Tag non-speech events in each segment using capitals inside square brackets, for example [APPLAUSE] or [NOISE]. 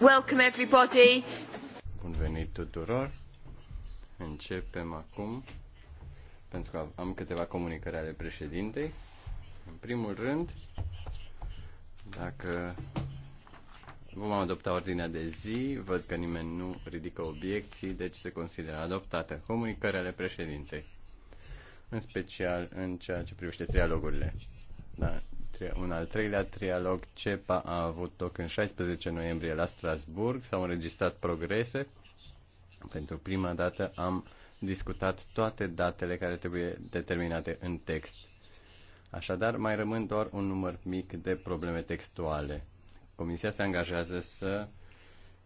welcome everybody. Bun venit tuturor. Începem acum pentru că am câteva comunicări ale președintei. În primul rând, dacă vom adopta ordinea de zi, văd că nimeni nu ridică obiecții, deci se consideră adoptată comunicarea ale președintei, în special în ceea ce privește trialogurile. Da, un al treilea trialog CEPA a avut loc în 16 noiembrie la Strasburg. S-au înregistrat progrese. Pentru prima dată am discutat toate datele care trebuie determinate în text. Așadar, mai rămân doar un număr mic de probleme textuale. Comisia se angajează să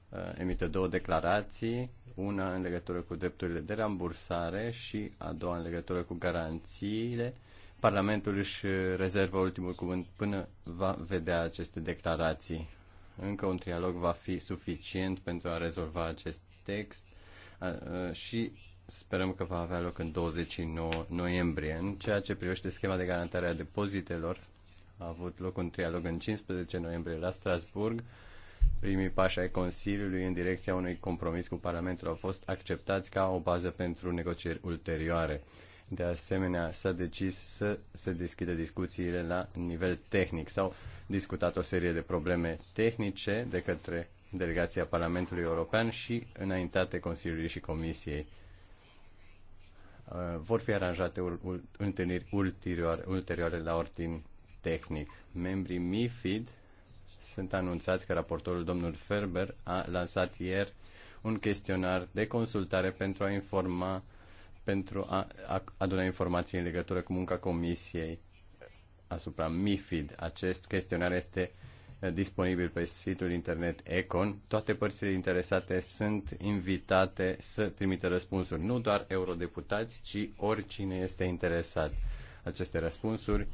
uh, emite două declarații, una în legătură cu drepturile de rambursare și a doua în legătură cu garanțiile Parlamentul își rezervă ultimul cuvânt până va vedea aceste declarații. Încă un trialog va fi suficient pentru a rezolva acest text și sperăm că va avea loc în 29 noiembrie. În ceea ce privește schema de garantare a depozitelor, a avut loc un trialog în 15 noiembrie la Strasburg. Primii pași ai Consiliului în direcția unui compromis cu Parlamentul au fost acceptați ca o bază pentru negocieri ulterioare. De asemenea, s-a decis să se deschidă discuțiile la nivel tehnic. S-au discutat o serie de probleme tehnice de către delegația Parlamentului European și înaintate Consiliului și Comisiei. Uh, vor fi aranjate întâlniri ulterioare, ulterioare la ordin tehnic. Membrii MIFID sunt anunțați că raportorul domnul Ferber a lansat ieri un chestionar de consultare pentru a informa pentru a aduna informații în legătură cu munca Comisiei asupra MIFID. Acest chestionar este eh, disponibil pe site-ul internet Econ. Toate părțile interesate sunt invitate să trimită răspunsuri, nu doar eurodeputați, ci oricine este interesat. Aceste răspunsuri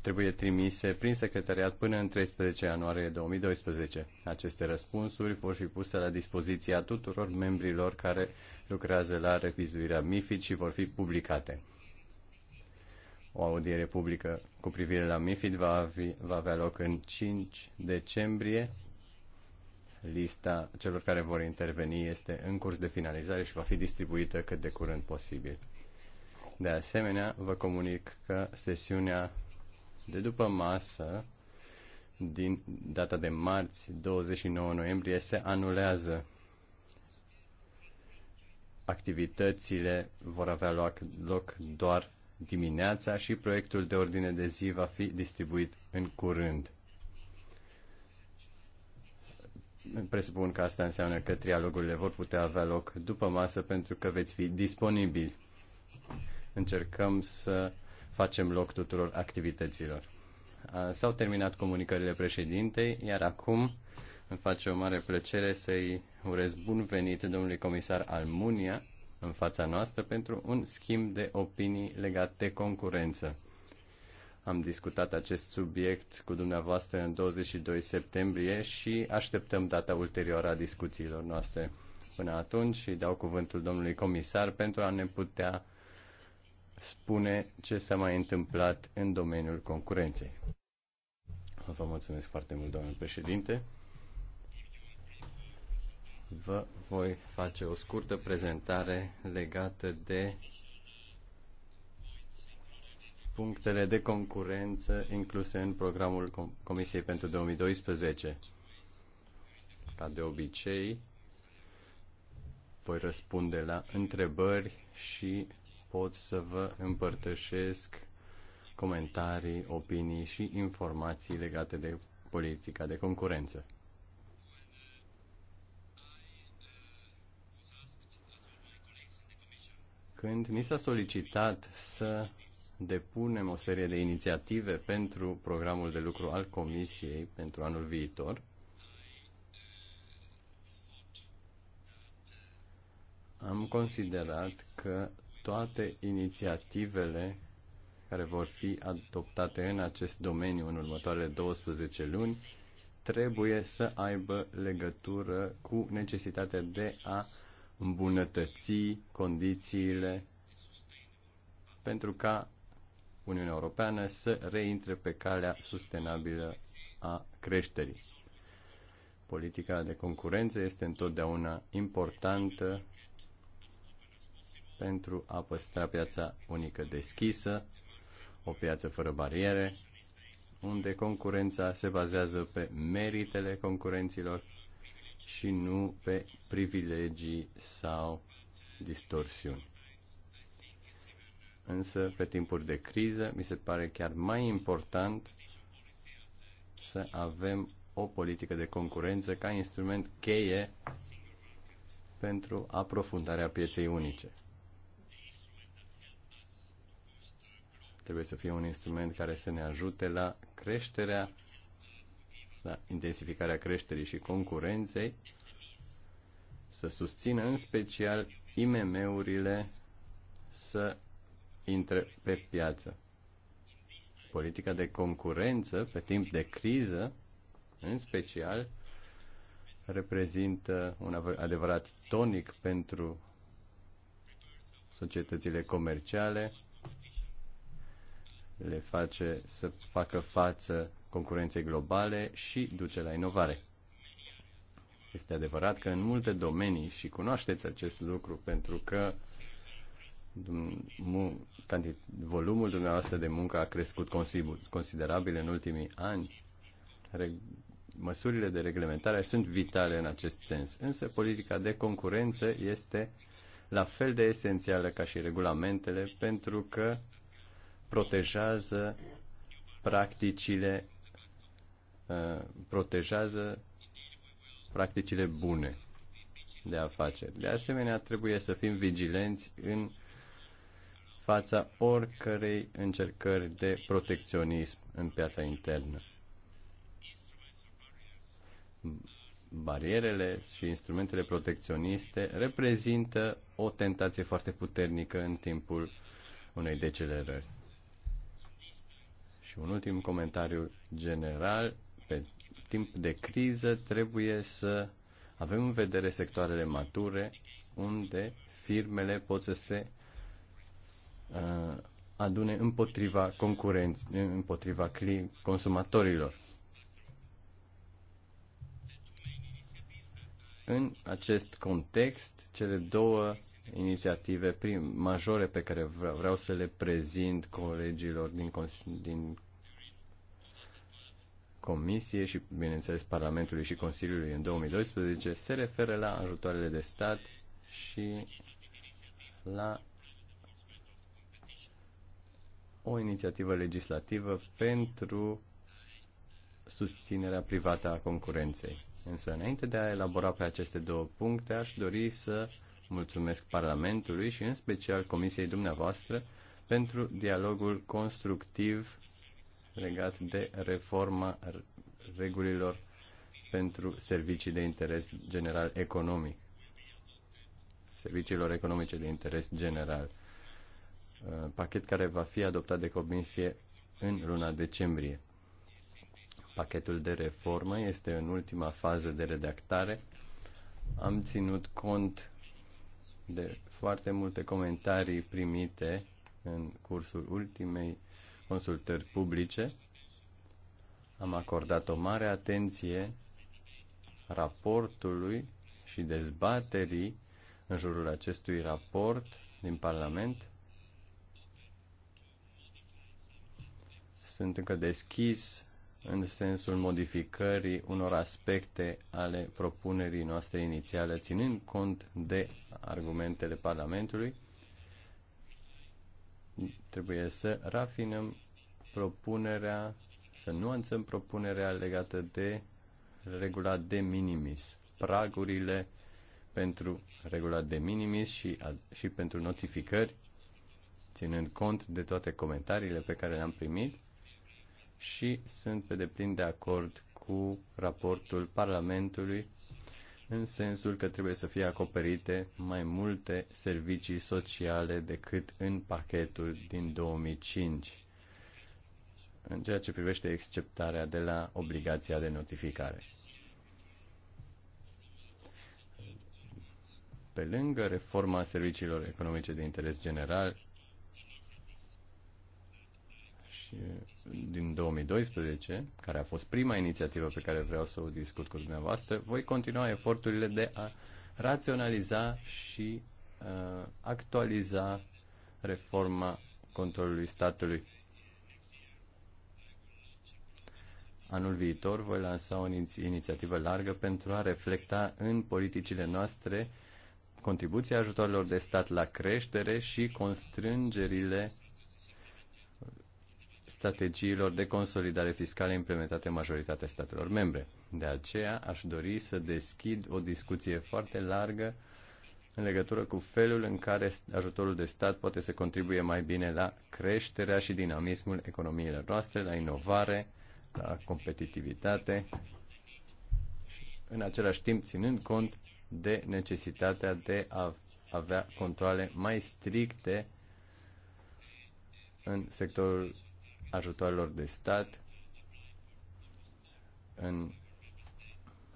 trebuie trimise prin secretariat până în 13 ianuarie 2012. Aceste răspunsuri vor fi puse la dispoziția tuturor membrilor care lucrează la revizuirea MIFID și vor fi publicate. O audiere publică cu privire la MIFID va, avi, va avea loc în 5 decembrie. Lista celor care vor interveni este în curs de finalizare și va fi distribuită cât de curând posibil. De asemenea, vă comunic că sesiunea de după masă din data de marți, 29 noiembrie, se anulează. Activitățile vor avea loc, loc doar dimineața și proiectul de ordine de zi va fi distribuit în curând. Presupun că asta înseamnă că trialogurile vor putea avea loc după masă pentru că veți fi disponibili. Încercăm să facem loc tuturor activităților. S-au terminat comunicările președintei, iar acum îmi face o mare plăcere să-i urez bun venit domnului comisar Almunia în fața noastră pentru un schimb de opinii legate de concurență. Am discutat acest subiect cu dumneavoastră în 22 septembrie și așteptăm data ulterioară a discuțiilor noastre. Până atunci îi dau cuvântul domnului comisar pentru a ne putea spune ce s-a mai întâmplat în domeniul concurenței. Vă mulțumesc foarte mult, domnul președinte. Vă voi face o scurtă prezentare legată de punctele de concurență incluse în programul Comisiei pentru 2012. Ca de obicei, voi răspunde la întrebări și pot să vă împărtășesc comentarii, opinii și informații legate de politica de concurență. Când ni s-a solicitat să depunem o serie de inițiative pentru programul de lucru al Comisiei pentru anul viitor, am considerat că toate inițiativele care vor fi adoptate în acest domeniu în următoarele 12 luni trebuie să aibă legătură cu necesitatea de a îmbunătăți condițiile pentru ca Uniunea Europeană să reintre pe calea sustenabilă a creșterii. Politica de concurență este întotdeauna importantă pentru a păstra piața unică deschisă, o piață fără bariere, unde concurența se bazează pe meritele concurenților și nu pe privilegii sau distorsiuni. Însă, pe timpuri de criză, mi se pare chiar mai important să avem o politică de concurență ca instrument cheie pentru aprofundarea pieței unice. Trebuie să fie un instrument care să ne ajute la creșterea, la intensificarea creșterii și concurenței, să susțină în special IMM-urile să intre pe piață. Politica de concurență pe timp de criză, în special, reprezintă un adevărat tonic pentru societățile comerciale le face să facă față concurenței globale și duce la inovare. Este adevărat că în multe domenii, și cunoașteți acest lucru pentru că volumul dumneavoastră de muncă a crescut considerabil în ultimii ani, măsurile de reglementare sunt vitale în acest sens. Însă politica de concurență este la fel de esențială ca și regulamentele pentru că protejează practicile uh, protejează practicile bune de afaceri. De asemenea, trebuie să fim vigilenți în fața oricărei încercări de protecționism în piața internă. Barierele și instrumentele protecționiste reprezintă o tentație foarte puternică în timpul unei decelerări. Și un ultim comentariu general, pe timp de criză trebuie să avem în vedere sectoarele mature unde firmele pot să se uh, adune împotriva concurenții, împotriva consumatorilor. În acest context, cele două inițiative prim, majore pe care vreau, vreau să le prezint colegilor din, din Comisie și, bineînțeles, Parlamentului și Consiliului în 2012 se referă la ajutoarele de stat și la o inițiativă legislativă pentru susținerea privată a concurenței. Însă, înainte de a elabora pe aceste două puncte, aș dori să uh, Mulțumesc Parlamentului și în special Comisiei dumneavoastră pentru dialogul constructiv legat de reforma regulilor pentru servicii de interes general economic, serviciilor economice de interes general, uh, pachet care va fi adoptat de Comisie în luna decembrie. Pachetul de reformă este în ultima fază de redactare. Am ținut cont de foarte multe comentarii primite în cursul ultimei consultări publice. Am acordat o mare atenție raportului și dezbaterii în jurul acestui raport din Parlament. Sunt încă deschis în sensul modificării unor aspecte ale propunerii noastre inițiale, ținând cont de argumentele Parlamentului, trebuie să rafinăm propunerea, să nuanțăm propunerea legată de regula de minimis, pragurile pentru regula de minimis și, și pentru notificări, ținând cont de toate comentariile pe care le-am primit, și sunt pe deplin de acord cu raportul Parlamentului în sensul că trebuie să fie acoperite mai multe servicii sociale decât în pachetul din 2005 în ceea ce privește exceptarea de la obligația de notificare. Pe lângă reforma serviciilor economice de interes general, și uh, din 2012, care a fost prima inițiativă pe care vreau să o discut cu dumneavoastră, voi continua eforturile de a raționaliza și uh, actualiza reforma controlului statului. Anul viitor voi lansa o inițiativă largă pentru a reflecta în politicile noastre contribuția ajutorilor de stat la creștere și constrângerile strategiilor de consolidare fiscală implementate în majoritatea statelor membre. De aceea aș dori să deschid o discuție foarte largă în legătură cu felul în care ajutorul de stat poate să contribuie mai bine la creșterea și dinamismul economiilor noastre, la inovare, la competitivitate și în același timp ținând cont de necesitatea de a avea controle mai stricte în sectorul ajutoarelor de stat în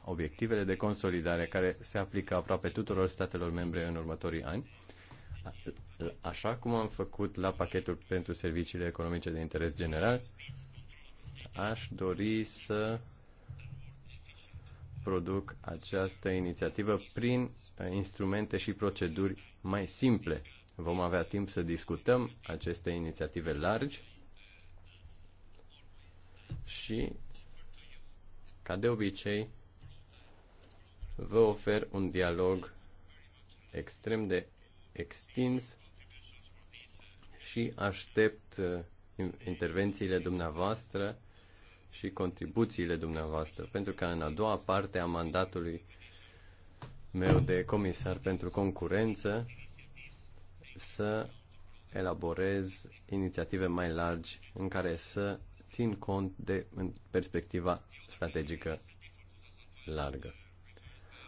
obiectivele de consolidare care se aplică aproape tuturor statelor membre în următorii ani, așa cum am făcut la pachetul pentru serviciile economice de interes general, aș dori să produc această inițiativă prin uh, instrumente și proceduri mai simple. Vom avea timp să discutăm aceste inițiative largi și, ca de obicei, vă ofer un dialog extrem de extins și aștept uh, intervențiile dumneavoastră și contribuțiile dumneavoastră, pentru că în a doua parte a mandatului meu de comisar pentru concurență să elaborez inițiative mai largi în care să țin cont de în perspectiva strategică largă.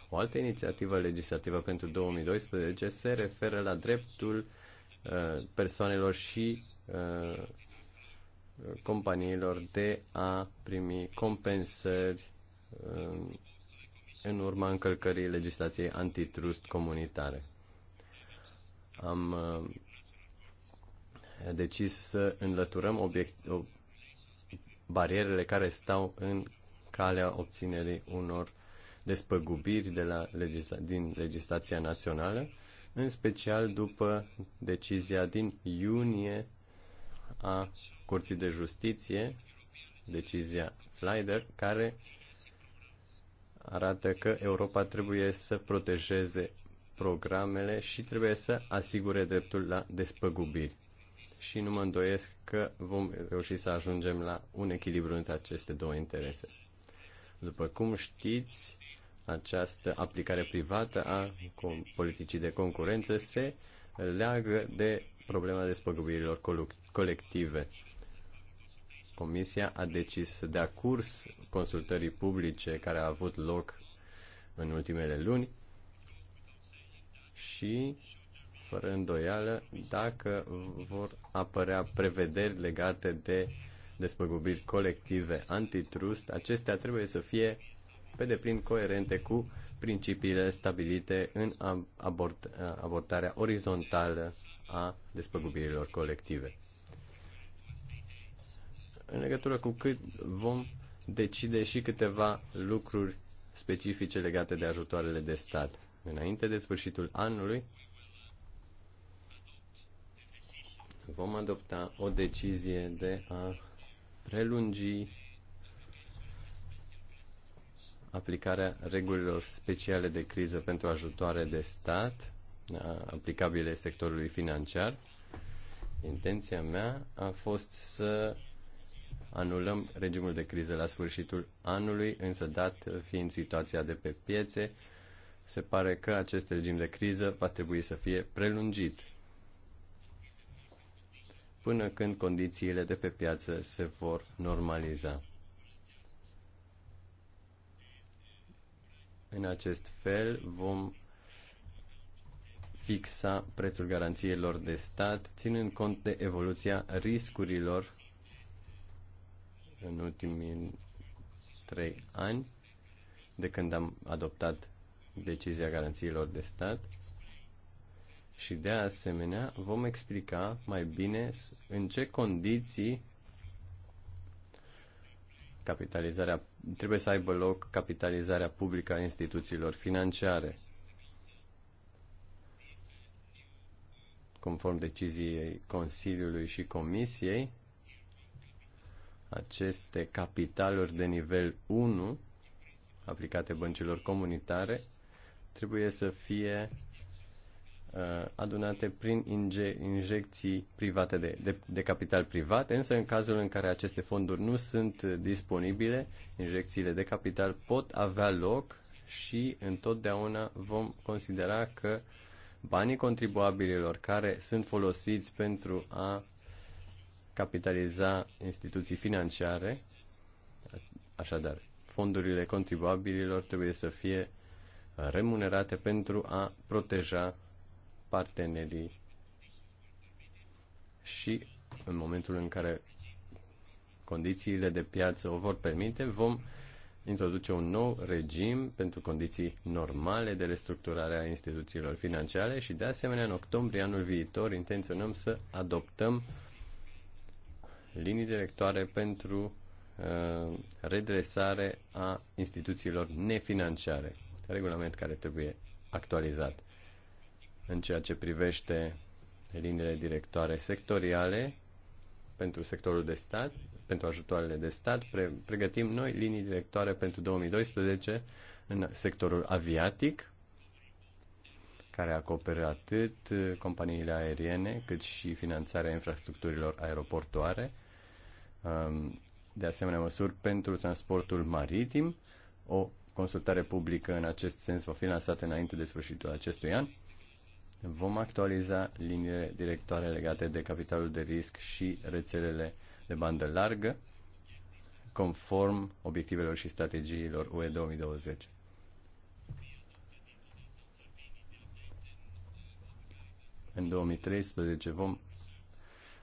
O altă inițiativă legislativă pentru 2012 se referă la dreptul uh, persoanelor și uh, companiilor de a primi compensări uh, în urma încălcării legislației antitrust comunitare. Am decis să înlăturăm obiect, barierele care stau în calea obținerii unor despăgubiri de la legisla- din legislația națională, în special după decizia din iunie a Curții de Justiție, decizia Flyder, care arată că Europa trebuie să protejeze programele și trebuie să asigure dreptul la despăgubiri și nu mă îndoiesc că vom reuși să ajungem la un echilibru între aceste două interese. După cum știți, această aplicare privată a politicii de concurență se leagă de problema despăgubirilor colective. Comisia a decis să dea curs consultării publice care a avut loc în ultimele luni și fără îndoială, dacă vor apărea prevederi legate de despăgubiri colective antitrust, acestea trebuie să fie pe deplin coerente cu principiile stabilite în abort, abortarea orizontală a despăgubirilor colective. În legătură cu cât vom decide și câteva lucruri specifice legate de ajutoarele de stat. Înainte de sfârșitul anului, vom adopta o decizie de a prelungi aplicarea regulilor speciale de criză pentru ajutoare de stat aplicabile sectorului financiar. Intenția mea a fost să anulăm regimul de criză la sfârșitul anului, însă dat fiind situația de pe piețe, se pare că acest regim de criză va trebui să fie prelungit până când condițiile de pe piață se vor normaliza. În acest fel vom fixa prețul garanțiilor de stat, ținând cont de evoluția riscurilor în ultimii trei ani, de când am adoptat decizia garanțiilor de stat și de asemenea vom explica mai bine în ce condiții capitalizarea trebuie să aibă loc capitalizarea publică a instituțiilor financiare conform deciziei Consiliului și Comisiei aceste capitaluri de nivel 1 aplicate băncilor comunitare trebuie să fie Uh, adunate prin inje- injecții private de, de, de capital privat, însă în cazul în care aceste fonduri nu sunt disponibile, injecțiile de capital pot avea loc și întotdeauna vom considera că banii contribuabililor care sunt folosiți pentru a capitaliza instituții financiare, așadar, fondurile contribuabililor trebuie să fie remunerate pentru a proteja partenerii și în momentul în care condițiile de piață o vor permite, vom introduce un nou regim pentru condiții normale de restructurare a instituțiilor financiare și, de asemenea, în octombrie anul viitor intenționăm să adoptăm linii directoare pentru uh, redresare a instituțiilor nefinanciare, regulament care trebuie actualizat în ceea ce privește liniile directoare sectoriale pentru sectorul de stat, pentru ajutoarele de stat, pre- pregătim noi linii directoare pentru 2012 în sectorul aviatic, care acoperă atât companiile aeriene, cât și finanțarea infrastructurilor aeroportoare, um, de asemenea măsuri pentru transportul maritim, o consultare publică în acest sens va fi lansată înainte de sfârșitul acestui an Vom actualiza liniile directoare legate de capitalul de risc și rețelele de bandă largă, conform obiectivelor și strategiilor UE 2020. În 2013 vom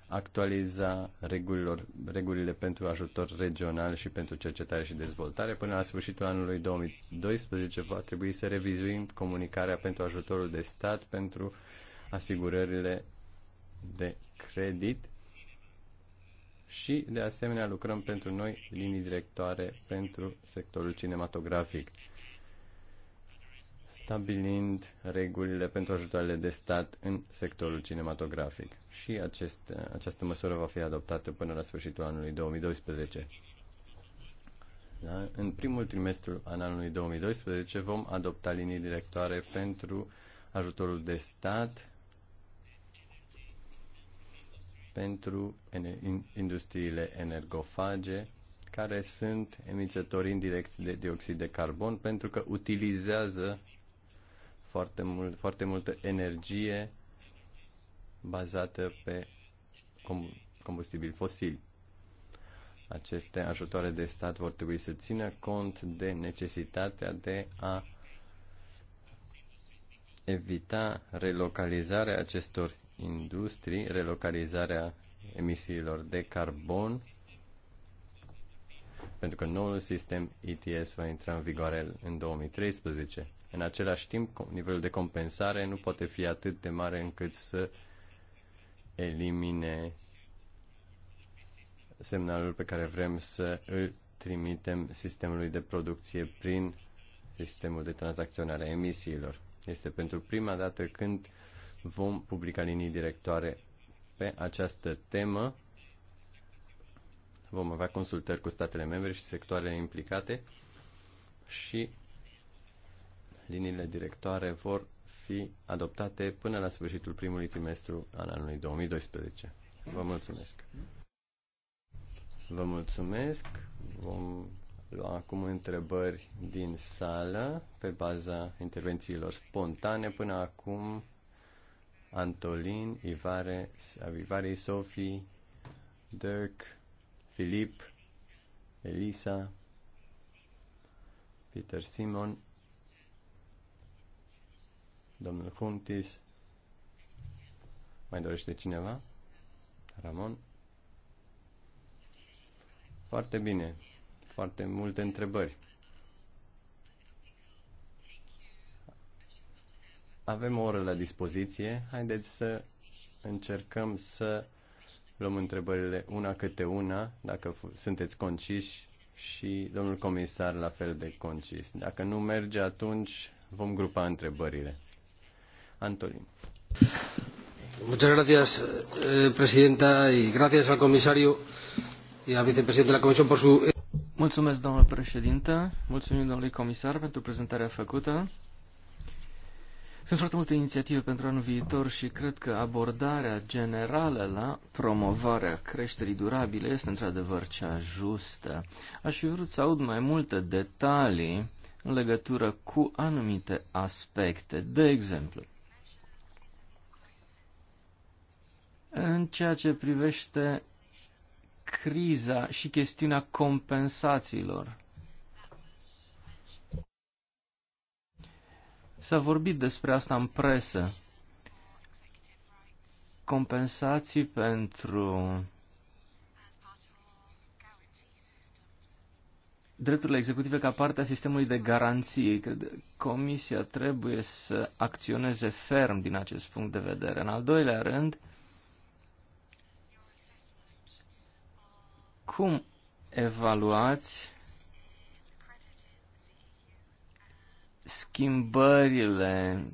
actualiza regulilor, regulile pentru ajutor regional și pentru cercetare și dezvoltare. Până la sfârșitul anului 2012 va trebui să revizuim comunicarea pentru ajutorul de stat pentru asigurările de credit și, de asemenea, lucrăm pentru noi linii directoare pentru sectorul cinematografic stabilind regulile pentru ajutoarele de stat în sectorul cinematografic. Și acest, această măsură va fi adoptată până la sfârșitul anului 2012. Da? În primul trimestru al anului 2012 vom adopta linii directoare pentru ajutorul de stat pentru industriile energofage care sunt emițători indirecți de dioxid de carbon pentru că utilizează foarte, mult, foarte multă energie bazată pe combustibili fosili. Aceste ajutoare de stat vor trebui să țină cont de necesitatea de a evita relocalizarea acestor industrii, relocalizarea emisiilor de carbon pentru că noul sistem ETS va intra în vigoare în 2013. În același timp, nivelul de compensare nu poate fi atât de mare încât să elimine semnalul pe care vrem să îl trimitem sistemului de producție prin sistemul de tranzacționare a emisiilor. Este pentru prima dată când vom publica linii directoare pe această temă Vom avea consultări cu statele membre și sectoarele implicate și liniile directoare vor fi adoptate până la sfârșitul primului trimestru al anului 2012. Vă mulțumesc! Vă mulțumesc! Vom lua acum întrebări din sală pe baza intervențiilor spontane. Până acum, Antolin, Ivare, Ivare, Sofie, Dirk, Filip, Elisa, Peter Simon, domnul Huntis. Mai dorește cineva? Ramon? Foarte bine. Foarte multe întrebări. Avem o oră la dispoziție. Haideți să încercăm să luăm întrebările una câte una, dacă sunteți conciși și domnul comisar la fel de concis. Dacă nu merge, atunci vom grupa întrebările. Antolin. Muchas gracias, eh, presidenta, y gracias al comisario y al vicepresidente de la Comisión por su... Mulțumesc, domnule președinte. Mulțumim, domnului comisar, pentru prezentarea făcută. Sunt foarte multe inițiative pentru anul viitor și cred că abordarea generală la promovarea creșterii durabile este într-adevăr cea justă. Aș fi vrut să aud mai multe detalii în legătură cu anumite aspecte. De exemplu, în ceea ce privește criza și chestiunea compensațiilor. S-a vorbit despre asta în presă. Compensații pentru drepturile executive ca parte a sistemului de garanții. Cred Comisia trebuie să acționeze ferm din acest punct de vedere. În al doilea rând, cum evaluați schimbările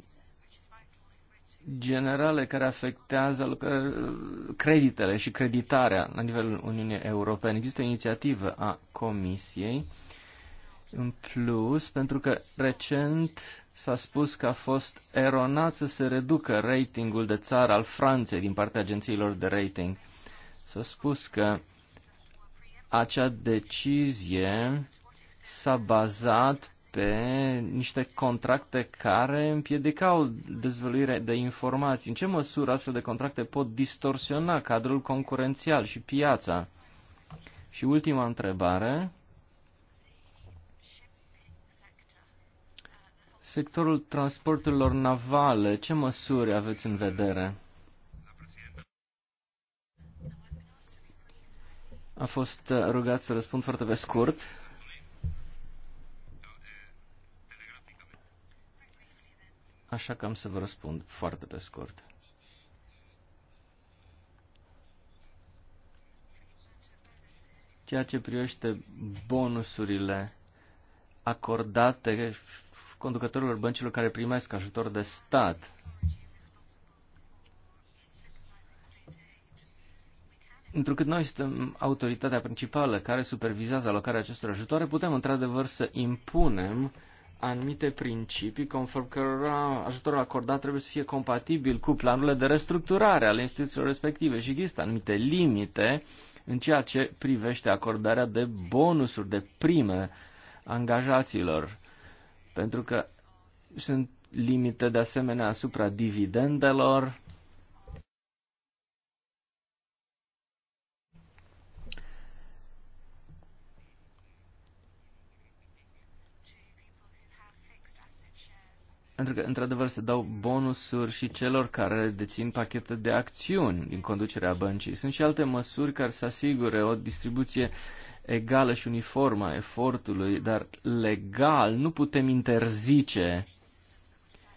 generale care afectează creditele și creditarea la nivelul Uniunii Europene. Există o inițiativă a Comisiei în plus, pentru că recent s-a spus că a fost eronat să se reducă ratingul de țară al Franței din partea agențiilor de rating. S-a spus că acea decizie s-a bazat pe niște contracte care împiedicau dezvăluirea de informații. În ce măsură astfel de contracte pot distorsiona cadrul concurențial și piața? Și ultima întrebare. Sectorul transporturilor navale, ce măsuri aveți în vedere? A fost uh, rugat să răspund foarte pe scurt. Așa că am să vă răspund foarte pe scurt. Ceea ce privește bonusurile acordate conducătorilor băncilor care primesc ajutor de stat. Întrucât noi suntem autoritatea principală care supervizează alocarea acestor ajutoare, putem într-adevăr să impunem anumite principii conform cărora ajutorul acordat trebuie să fie compatibil cu planurile de restructurare ale instituțiilor respective și există anumite limite în ceea ce privește acordarea de bonusuri, de prime angajaților, pentru că sunt limite de asemenea asupra dividendelor Pentru că, într-adevăr, se dau bonusuri și celor care dețin pachete de acțiuni din conducerea băncii. Sunt și alte măsuri care să asigure o distribuție egală și uniformă a efortului, dar legal nu putem interzice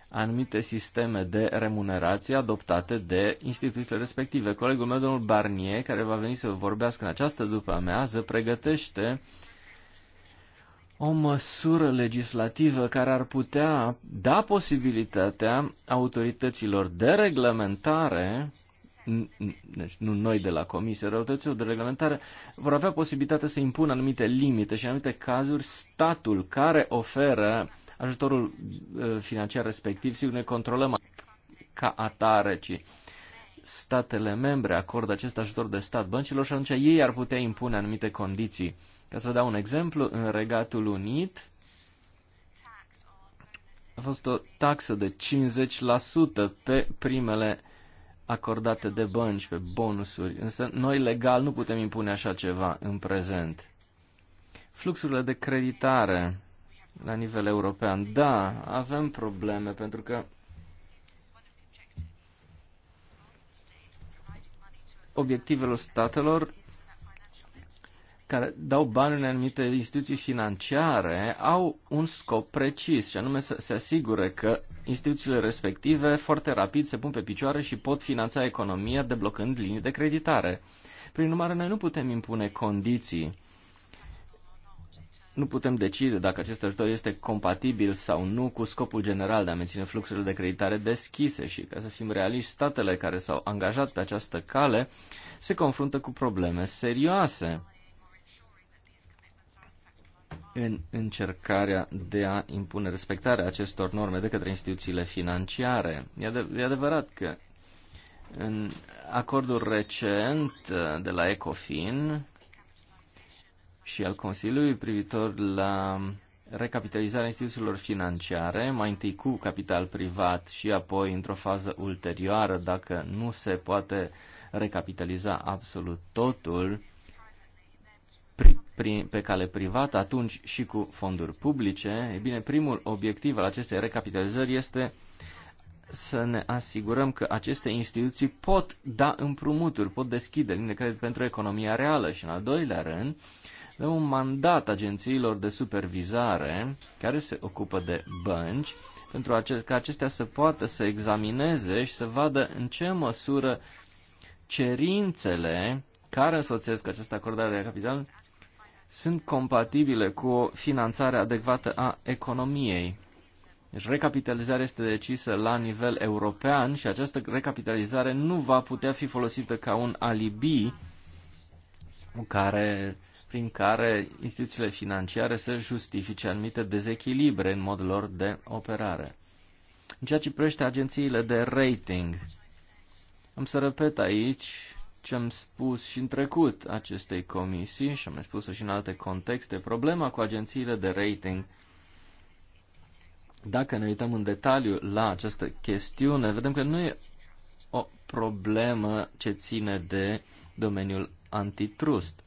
anumite sisteme de remunerație adoptate de instituțiile respective. Colegul meu, domnul Barnier, care va veni să vorbească în această după amiază, pregătește uh, o măsură legislativă care ar putea da posibilitatea autorităților de reglementare, deci nu noi de la comisie, autorităților de reglementare, vor avea posibilitatea să impună anumite limite și anumite cazuri statul care oferă ajutorul uh, financiar respectiv, sigur, ne controlăm ca atare, ci statele membre acordă acest ajutor de stat băncilor și atunci ei ar putea impune anumite condiții. Ca să vă dau un exemplu, în Regatul Unit a fost o taxă de 50% pe primele acordate de bănci, pe bonusuri, însă noi legal nu putem impune așa ceva în prezent. Fluxurile de creditare la nivel european, da, avem probleme pentru că obiectivelor statelor care dau bani în anumite instituții financiare au un scop precis și anume să se asigure că instituțiile respective foarte rapid se pun pe picioare și pot finanța economia deblocând linii de creditare. Prin urmare, noi nu putem impune condiții nu putem decide dacă acest ajutor este compatibil sau nu cu scopul general de a menține fluxurile de creditare deschise și, ca să fim realiști, statele care s-au angajat pe această cale se confruntă cu probleme serioase în încercarea de a impune respectarea acestor norme de către instituțiile financiare. E, adev- e adevărat că în acordul recent de la ECOFIN, și al Consiliului privitor la recapitalizarea instituțiilor financiare, mai întâi cu capital privat și apoi într-o fază ulterioară, dacă nu se poate recapitaliza absolut totul pri, pri, pe cale privată, atunci și cu fonduri publice. E bine, primul obiectiv al acestei recapitalizări este să ne asigurăm că aceste instituții pot da împrumuturi, pot deschide linii de credit pentru economia reală și, în al doilea rând, uh, avem un mandat agențiilor de supervizare care se ocupă de bănci pentru ca acestea să poată să examineze și să vadă în ce măsură cerințele care însoțesc această acordare de capital sunt compatibile cu o finanțare adecvată a economiei. Deci recapitalizarea este decisă la nivel european și această recapitalizare nu va putea fi folosită ca un alibi cu care prin care instituțiile financiare să justifice anumite dezechilibre în modul lor de operare. În ceea ce privește agențiile de rating, am să repet aici ce am spus și în trecut acestei comisii și am spus-o și în alte contexte, problema cu agențiile de rating dacă ne uităm în detaliu la această chestiune, vedem că nu e o problemă ce ține de domeniul antitrust.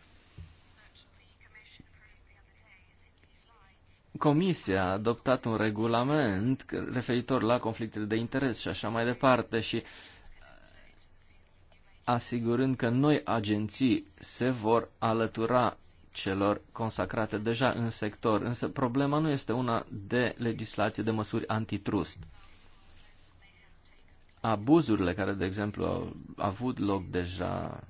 Comisia a adoptat un regulament referitor la conflictele de interes și așa mai departe și asigurând că noi agenții se vor alătura celor consacrate deja în sector, însă problema nu este una de legislație de măsuri antitrust. Abuzurile care, de exemplu, au avut loc deja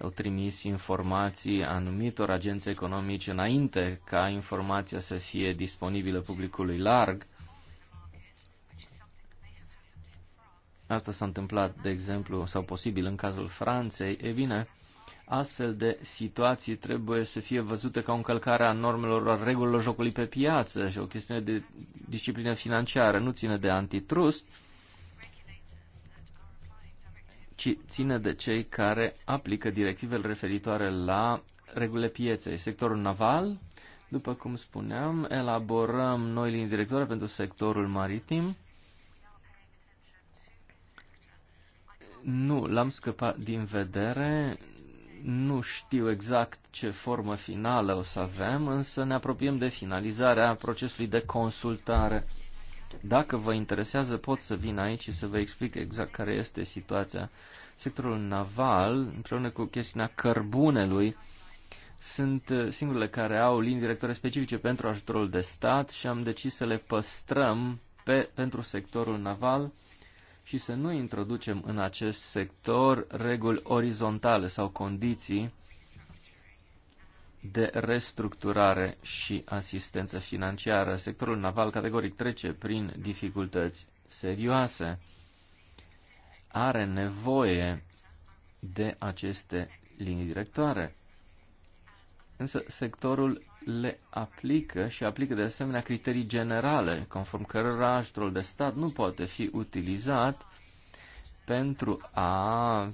s-au trimis informații anumitor agenți economici înainte ca informația să fie disponibilă publicului larg. Asta s-a întâmplat, de exemplu, sau posibil în cazul Franței. E bine, astfel de situații trebuie să fie văzute ca o încălcare a normelor, a regulilor jocului pe piață și o chestiune de disciplină financiară. Nu ține de antitrust, ci ține de cei care aplică directivele referitoare la regulile pieței. Sectorul naval, după cum spuneam, elaborăm noi linii directoare pentru sectorul maritim. Nu, l-am scăpat din vedere. Nu știu exact ce formă finală o să avem, însă ne apropiem de finalizarea procesului de consultare. Dacă vă interesează, pot să vin aici și să vă explic exact care este situația. Sectorul naval, împreună cu chestiunea cărbunelui, sunt uh, singurele care au linii directoare specifice pentru ajutorul de stat și am decis să le păstrăm pe, pentru sectorul naval și să nu introducem în acest sector reguli orizontale sau condiții de restructurare și asistență financiară. Sectorul naval categoric trece prin dificultăți serioase. Are nevoie de aceste linii directoare. Însă sectorul le aplică și aplică de asemenea criterii generale, conform cărora ajutorul de stat nu poate fi utilizat pentru a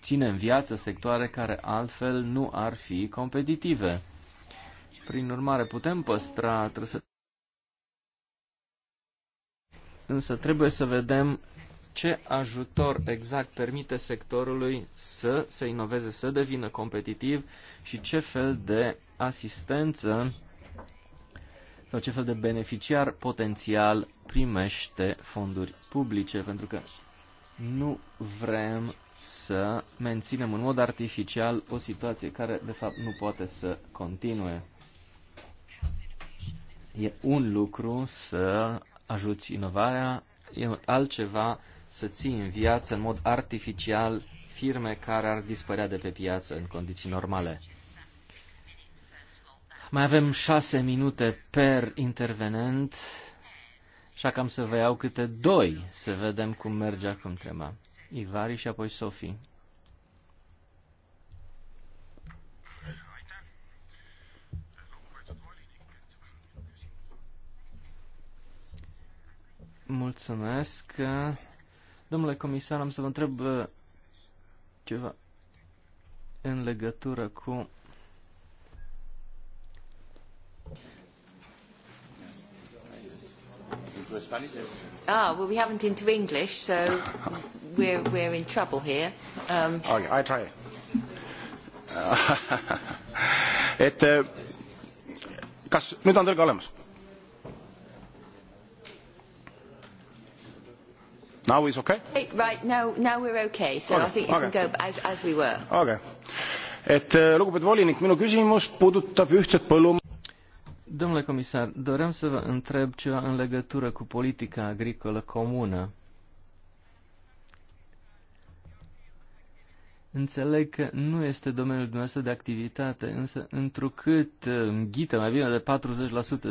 ține în viață sectoare care altfel nu ar fi competitive. Prin urmare, putem păstra trăsă... Însă trebuie să vedem ce ajutor exact permite sectorului să se inoveze, să devină competitiv și ce fel de asistență sau ce fel de beneficiar potențial primește fonduri publice, pentru că nu vrem să menținem în mod artificial o situație care, de fapt, nu poate să continue. E un lucru să ajuți inovarea, e altceva să ții în viață în mod artificial firme care ar dispărea de pe piață în condiții normale. Mai avem șase minute per intervenent, așa că am să vă iau câte doi să vedem cum merge acum trema. Ivari și apoi Sofie. Mulțumesc. Domnule comisar, am să vă întreb uh, ceva în legătură cu Ah, well, we haven't into English, so we're, we're in trouble here. Um, okay, I try. [LAUGHS] et äh, kas nüüd on tõlge olemas? Now is okay? Right, now, now we're okay, so okay. I think you okay. can go as, as we were. Okay. Et äh, lugupeetud volinik, minu küsimus puudutab ühtset põllum- Domnule comisar, doream să vă întreb ceva în legătură cu politica agricolă comună. Înțeleg că nu este domeniul dumneavoastră de activitate, însă întrucât înghită um, mai bine de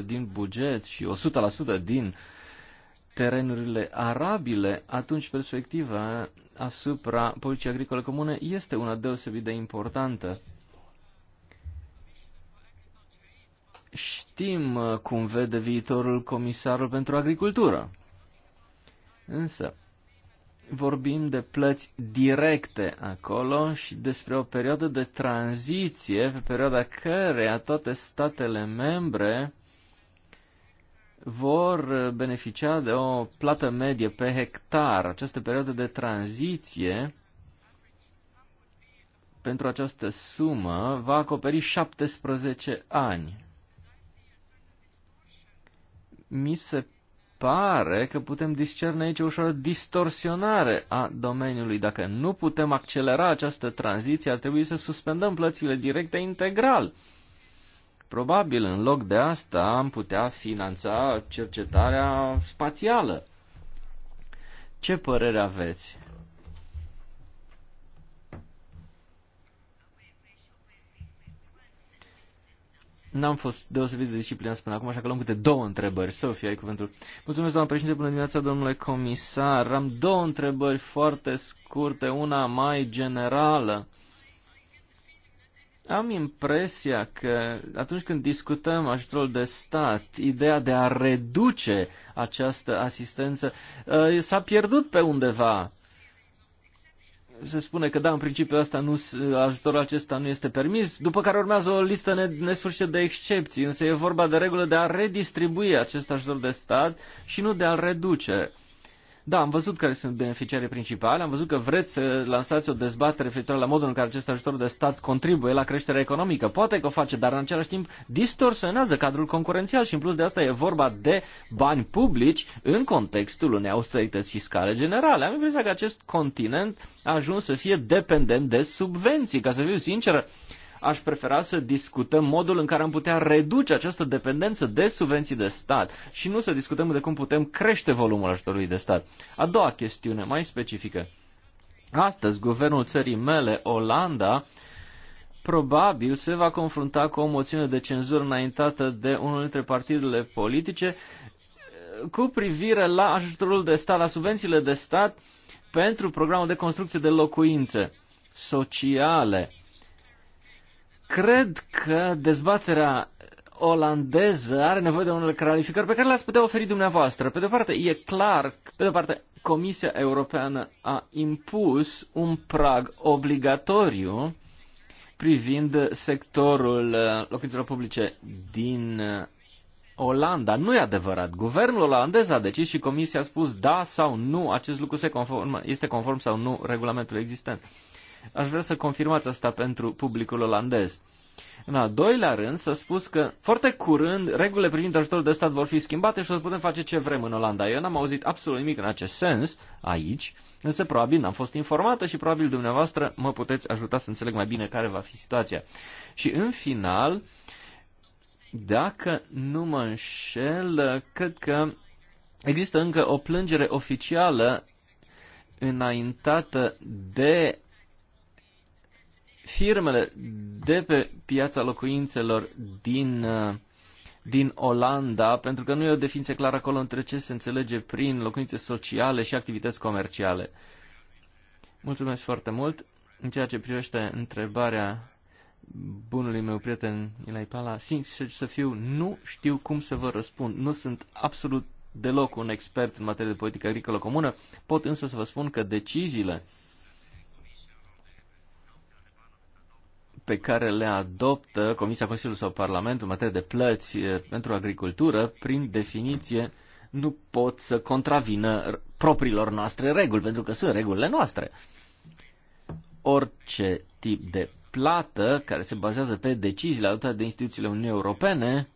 40% din buget și 100% din terenurile arabile, atunci perspectiva asupra politicii agricole comune este una deosebit de importantă. Știm uh, cum vede viitorul comisarul pentru agricultură. Însă, vorbim de plăți directe acolo și despre o perioadă de tranziție pe perioada căreia toate statele membre vor beneficia de o plată medie pe hectar. Această perioadă de tranziție pentru această sumă va acoperi 17 ani. Mi se pare că putem discerne aici o ușoară distorsionare a domeniului. Dacă nu putem accelera această tranziție, ar trebui să suspendăm plățile directe integral. Probabil, în loc de asta, am putea finanța cercetarea spațială. Ce părere aveți? N-am fost deosebit de disciplinat până acum, așa că luăm câte două întrebări. Sofia, ai cuvântul. Mulțumesc, doamna președinte, bună dimineața, domnule comisar. Am două întrebări foarte scurte, una mai generală. Am impresia că atunci când discutăm ajutorul de stat, ideea de a reduce această asistență uh, s-a pierdut pe undeva se spune că da, în principiu asta nu, ajutorul acesta nu este permis, după care urmează o listă nesfârșită de excepții, însă e vorba de regulă de a redistribui acest ajutor de stat și nu de a-l reduce. Da, am văzut care sunt beneficiarii principali, am văzut că vreți să lansați o dezbatere referitoare la modul în care acest ajutor de stat contribuie la creșterea economică. Poate că o face, dar în același timp distorsionează cadrul concurențial și în plus de asta e vorba de bani publici în contextul unei austerități fiscale generale. Am impresia că acest continent a ajuns să fie dependent de subvenții. Ca să fiu sinceră, aș prefera să discutăm modul în care am putea reduce această dependență de subvenții de stat și nu să discutăm de cum putem crește volumul ajutorului de stat. A doua chestiune, mai specifică. Astăzi, guvernul țării mele, Olanda, probabil se va confrunta cu o moțiune de cenzură înaintată de unul dintre partidele politice cu privire la ajutorul de stat, la subvențiile de stat pentru programul de construcție de locuințe sociale. Cred că dezbaterea olandeză are nevoie de unele clarificări pe care le-ați putea oferi dumneavoastră. Pe de-o parte, e clar, pe de-o parte, Comisia Europeană a impus un prag obligatoriu privind sectorul uh, locuințelor publice din uh, Olanda. Nu e adevărat. Guvernul olandez a decis și Comisia a spus da sau nu, acest lucru se conformă, este conform sau nu regulamentului existent. Aș vrea să confirmați asta pentru publicul olandez. În al doilea rând, s-a spus că foarte curând regulile privind ajutorul de stat vor fi schimbate și o să putem face ce vrem în Olanda. Eu n-am auzit absolut nimic în acest sens aici, însă probabil n-am fost informată și probabil dumneavoastră mă puteți ajuta să înțeleg mai bine care va fi situația. Și în final, dacă nu mă înșel, cred că există încă o plângere oficială înaintată de firmele de pe piața locuințelor din, uh, din Olanda, pentru că nu e o definiție clară acolo între ce se înțelege prin locuințe sociale și activități comerciale. Mulțumesc foarte mult. În ceea ce privește întrebarea bunului meu prieten Ilai Pala, sincer să fiu, nu știu cum să vă răspund. Nu sunt absolut deloc un expert în materie de politică agricolă comună, pot însă să vă spun că deciziile uh, pe care le adoptă Comisia Consiliului sau Parlamentul în materie de plăți eh, pentru agricultură, prin definiție, nu pot să contravină propriilor noastre reguli, pentru că sunt regulile noastre. Orice tip de plată care se bazează pe deciziile adoptate de instituțiile Uniunii Europene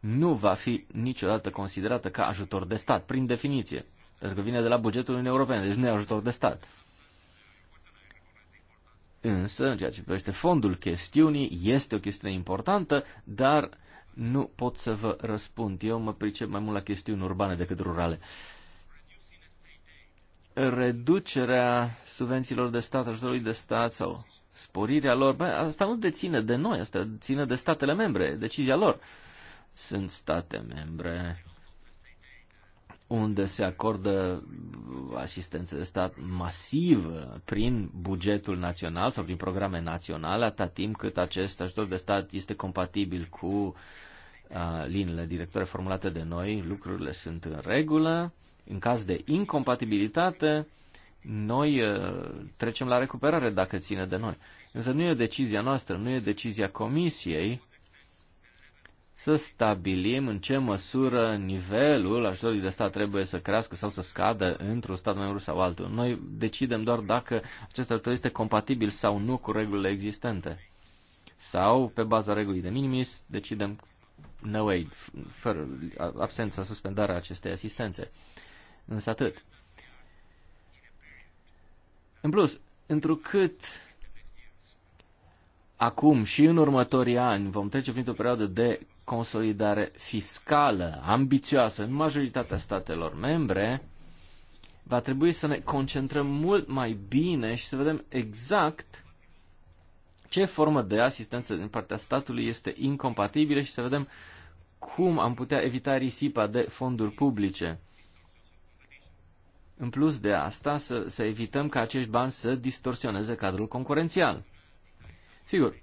nu va fi niciodată considerată ca ajutor de stat, prin definiție, pentru că vine de la bugetul Uniunii Europene, deci nu e ajutor de stat. Însă, în ceea ce privește fondul chestiunii, este o chestiune importantă, dar nu pot să vă răspund. Eu mă pricep mai mult la chestiuni urbane decât rurale. Reducerea subvențiilor de stat, ajutorului de stat sau sporirea lor, bă, asta nu deține de noi, asta deține de statele membre, decizia lor. Sunt state membre unde se acordă asistență de stat masivă prin bugetul național sau prin programe naționale, atât timp cât acest ajutor de stat este compatibil cu liniile directoare formulate de noi, lucrurile sunt în regulă. În caz de incompatibilitate, noi trecem la recuperare dacă ține de noi. Însă nu e decizia noastră, nu e decizia comisiei să stabilim în ce măsură nivelul ajutorului de stat trebuie să crească sau să scadă într-un stat membru sau altul. Noi decidem doar dacă acest ajutor este compatibil sau nu cu regulile existente. Sau, pe baza regulii de minimis, decidem no aid, fără absența, suspendarea acestei asistențe. Însă atât. În plus, întrucât acum și în următorii ani vom trece printr-o perioadă de consolidare fiscală ambițioasă în majoritatea statelor membre, va trebui să ne concentrăm mult mai bine și să vedem exact ce formă de asistență din partea statului este incompatibilă și să vedem cum am putea evita risipa de fonduri publice. În plus de asta, să, să evităm ca acești bani să distorsioneze cadrul concurențial. Sigur,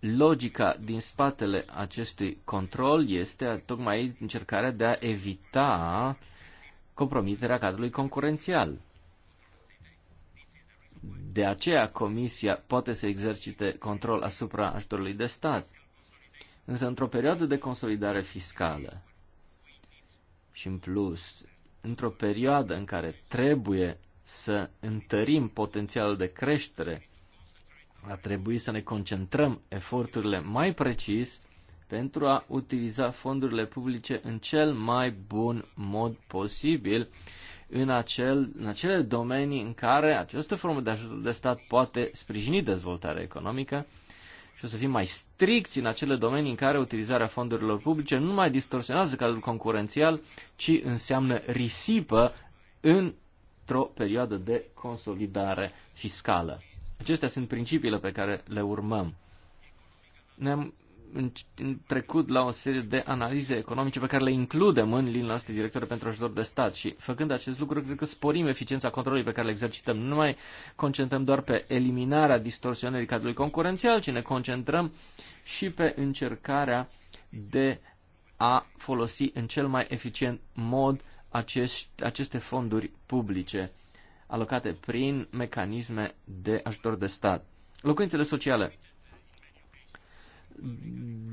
logica din spatele acestui control este tocmai încercarea de a evita compromiterea cadrului concurențial. De aceea Comisia poate să exercite control asupra ajutorului de stat. Însă într-o perioadă de consolidare fiscală și în plus, într-o perioadă în care trebuie să întărim potențialul de creștere a trebui să ne concentrăm eforturile mai precis pentru a utiliza fondurile publice în cel mai bun mod posibil în, acel, în acele domenii în care această formă de ajutor de stat poate sprijini dezvoltarea economică și o să fim mai stricți în acele domenii în care utilizarea fondurilor publice nu mai distorsionează cadrul concurențial, ci înseamnă risipă într-o perioadă de consolidare fiscală. Acestea sunt principiile pe care le urmăm. Ne-am trecut la o serie de analize economice pe care le includem în linia noastră directoră pentru ajutor de stat și făcând acest lucru cred că sporim eficiența controlului pe care le exercităm. Nu mai concentrăm doar pe eliminarea distorsionării cadrului concurențial, ci ne concentrăm și pe încercarea de a folosi în cel mai eficient mod acești, aceste fonduri publice alocate prin mecanisme de ajutor de stat. Locuințele sociale.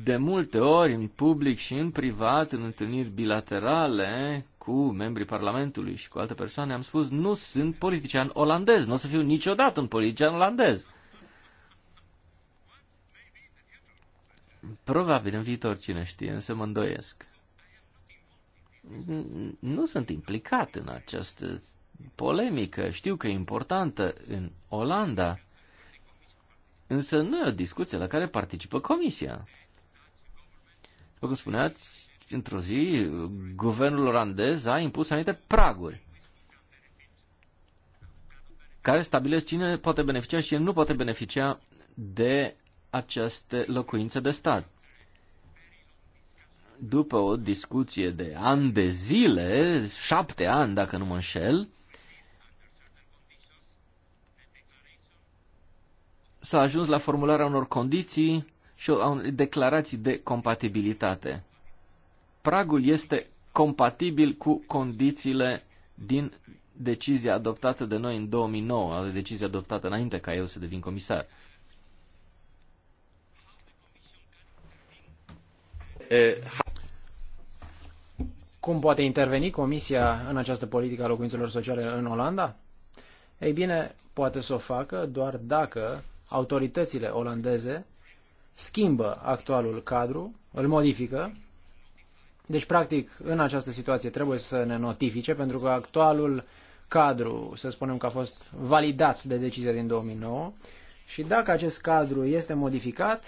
De multe ori, în public și în privat, în întâlniri bilaterale cu membrii Parlamentului și cu alte persoane, am spus, nu sunt politician olandez, nu o să fiu niciodată un politician olandez. Probabil în viitor, cine știe, însă mă îndoiesc. Nu sunt implicat în această polemică, știu că e importantă în Olanda, însă nu e o discuție la care participă Comisia. După cum spuneați, într-o zi, guvernul olandez a impus anumite praguri care stabilesc cine poate beneficia și cine nu poate beneficia de aceste locuințe de stat. După o discuție de ani de zile, șapte ani dacă nu mă înșel, s-a ajuns la formularea unor condiții și a unor declarații de compatibilitate. Pragul este compatibil cu condițiile din decizia adoptată de noi în 2009, decizia adoptată înainte ca eu să devin comisar. Cum poate interveni Comisia în această politică a locuințelor sociale în Olanda? Ei bine, poate să o facă doar dacă autoritățile olandeze schimbă actualul cadru, îl modifică, deci practic în această situație trebuie să ne notifice pentru că actualul cadru, să spunem că a fost validat de decizia din 2009 și dacă acest cadru este modificat,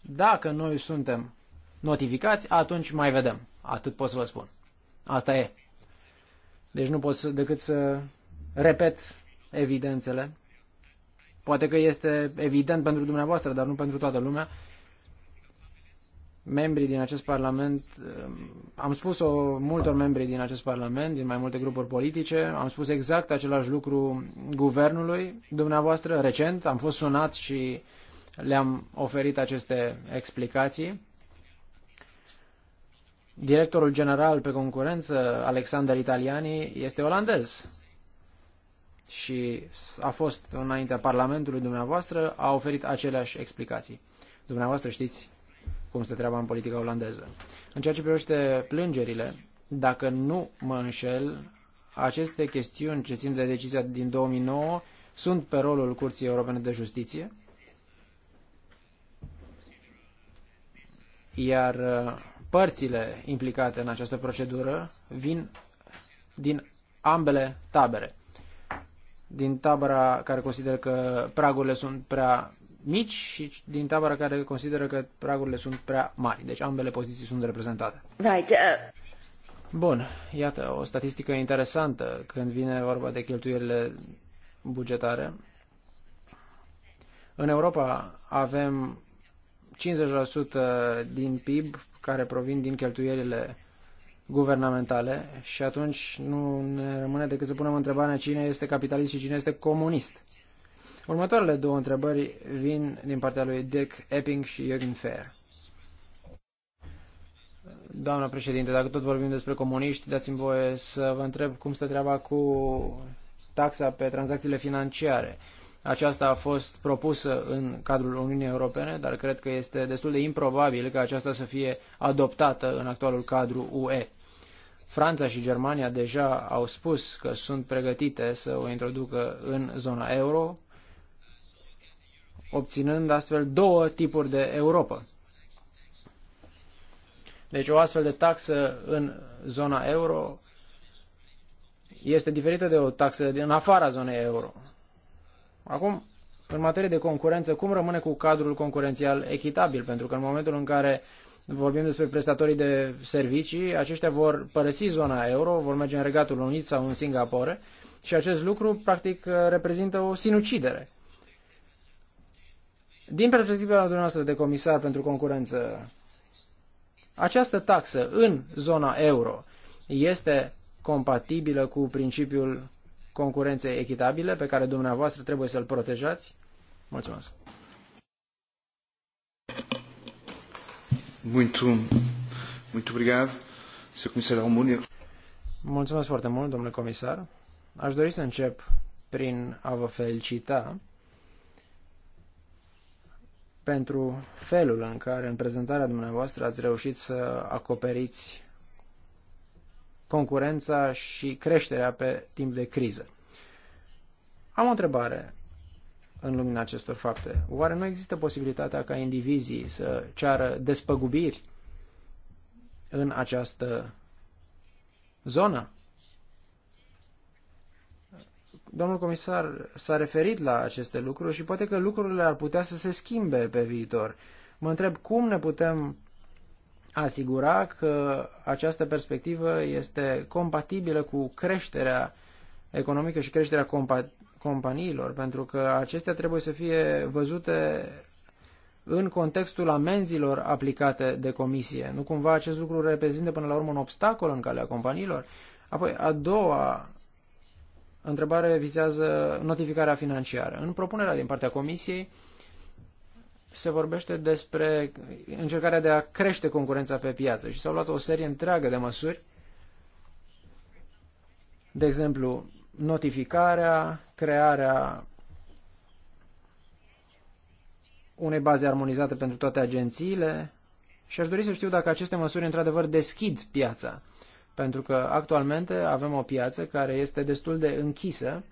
dacă noi suntem notificați, atunci mai vedem. Atât pot să vă spun. Asta e. Deci nu pot să, decât să repet evidențele Poate că este evident pentru dumneavoastră, dar nu pentru toată lumea. Membrii din acest parlament, um, am spus-o multor membri din acest parlament, din mai multe grupuri politice, am spus exact același lucru guvernului dumneavoastră recent, am fost sunat și le-am oferit aceste explicații. Directorul general pe concurență, Alexander Italiani, este olandez și a fost înaintea Parlamentului dumneavoastră, a oferit aceleași explicații. Dumneavoastră știți cum se treaba în politica olandeză. În ceea ce privește plângerile, dacă nu mă înșel, aceste chestiuni ce țin de decizia din 2009 sunt pe rolul Curții Europene de Justiție, iar uh, părțile implicate în această procedură vin din ambele tabere din tabăra care consideră că pragurile sunt prea mici și din tabăra care consideră că pragurile sunt prea mari. Deci ambele poziții sunt reprezentate. Right. Uh. Bun, iată o statistică interesantă când vine vorba de cheltuielile bugetare. În Europa avem 50% din PIB care provin din cheltuielile guvernamentale și atunci nu ne rămâne decât să punem întrebarea cine este capitalist și cine este comunist. Următoarele două întrebări vin din partea lui Dick Epping și Jürgen Fair. Doamna președinte, dacă tot vorbim despre comuniști, dați-mi voie să vă întreb cum stă treaba cu taxa pe tranzacțiile financiare. Aceasta a fost propusă în cadrul Uniunii Europene, dar cred că este destul de improbabil ca aceasta să fie adoptată în actualul cadru UE. Franța și Germania deja au spus că sunt pregătite să o introducă în zona euro, obținând astfel două tipuri de Europa. Deci o astfel de taxă în zona euro este diferită de o taxă din afara zonei euro. Acum, în materie de concurență, cum rămâne cu cadrul concurențial echitabil? Pentru că în momentul în care uh, vorbim despre prestatorii de servicii, aceștia vor părăsi zona euro, vor merge în Regatul Unit sau în Singapore și acest lucru practic reprezintă o sinucidere. Din perspectiva dumneavoastră de comisar pentru concurență, această taxă în zona euro este compatibilă cu principiul concurenței echitabile pe care dumneavoastră trebuie să-l protejați? Mulțumesc! Muito, muito obrigado, Sr. Comisar Almunia. Mulțumesc foarte mult, domnule comisar. Aș dori să încep prin a vă felicita pentru felul în care în prezentarea dumneavoastră ați reușit să acoperiți concurența și creșterea pe timp de criză. Am o întrebare în lumina acestor fapte? Oare nu există posibilitatea ca indivizii să ceară despăgubiri în această zonă? Domnul comisar s-a referit la aceste lucruri și poate că lucrurile ar putea să se schimbe pe viitor. Mă întreb cum ne putem asigura că această perspectivă este compatibilă cu creșterea economică și creșterea companiilor, pentru că acestea trebuie să fie văzute în contextul amenzilor aplicate de comisie. Nu cumva acest lucru reprezintă până la urmă un obstacol în calea companiilor? Apoi, a doua întrebare vizează notificarea financiară. În propunerea din partea comisiei se vorbește despre încercarea de a crește concurența pe piață și s-au luat o serie întreagă de măsuri. De exemplu, notificarea, crearea unei baze armonizate pentru toate agențiile și aș dori să știu dacă aceste măsuri într-adevăr deschid piața, pentru că actualmente avem o piață care este destul de închisă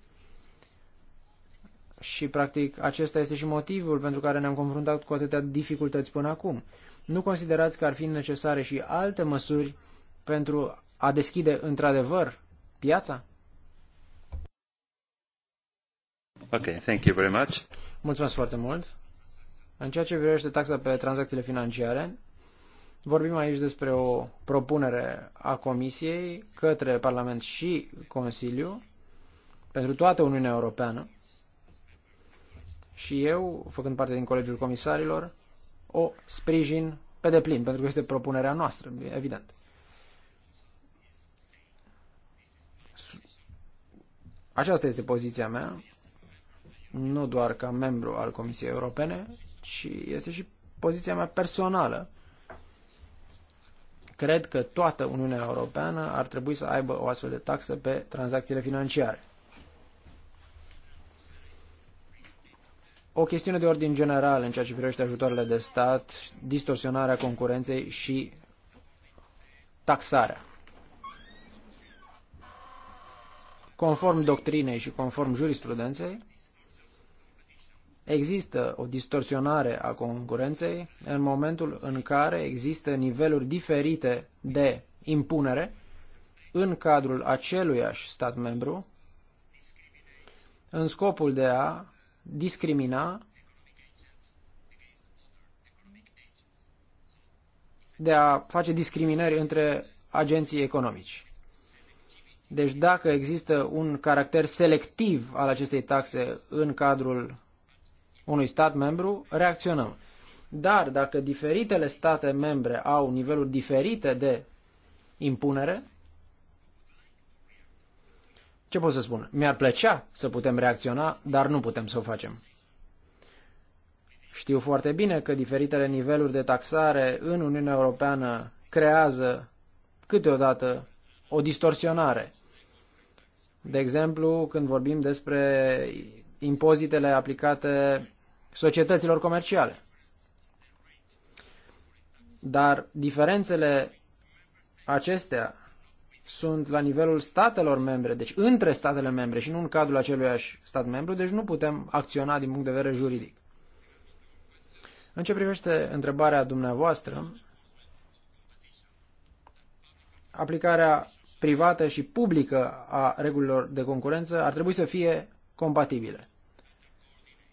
și practic acesta este și motivul pentru care ne-am confruntat cu atâtea dificultăți până acum. Nu considerați că ar fi necesare și alte măsuri pentru a deschide într-adevăr piața? Ok, thank you very much. Mulțumesc foarte mult. În ceea ce privește taxa pe tranzacțiile financiare, vorbim aici despre o propunere a Comisiei către Parlament și Consiliu pentru toată Uniunea Europeană și eu, făcând parte din Colegiul Comisarilor, o sprijin pe deplin, pentru că este propunerea noastră, evident. Aceasta este poziția mea nu doar ca membru al Comisiei Europene, ci este și poziția mea personală. Cred că toată Uniunea Europeană ar trebui să aibă o astfel de taxă pe tranzacțiile financiare. O chestiune de ordin general în ceea ce privește ajutoarele de stat, distorsionarea concurenței și taxarea. Conform doctrinei și conform jurisprudenței, Există o distorsionare a concurenței în momentul în care există niveluri diferite de impunere în cadrul aceluiași stat membru în scopul de a discrimina de a face discriminări între agenții economici. Deci dacă există un caracter selectiv al acestei taxe în cadrul unui stat membru, reacționăm. Dar dacă diferitele state membre au niveluri diferite de impunere, ce pot să spun? Mi-ar plăcea să putem reacționa, dar nu putem să o facem. Știu foarte bine că diferitele niveluri de taxare în Uniunea Europeană creează câteodată o distorsionare. De exemplu, când vorbim despre impozitele aplicate societăților comerciale. Dar diferențele acestea sunt la nivelul statelor membre, deci între statele membre și nu în cadrul aceluiași stat membru, deci nu putem acționa din punct de vedere juridic. În ce privește întrebarea dumneavoastră, aplicarea privată și publică a regulilor de concurență ar trebui să fie compatibile.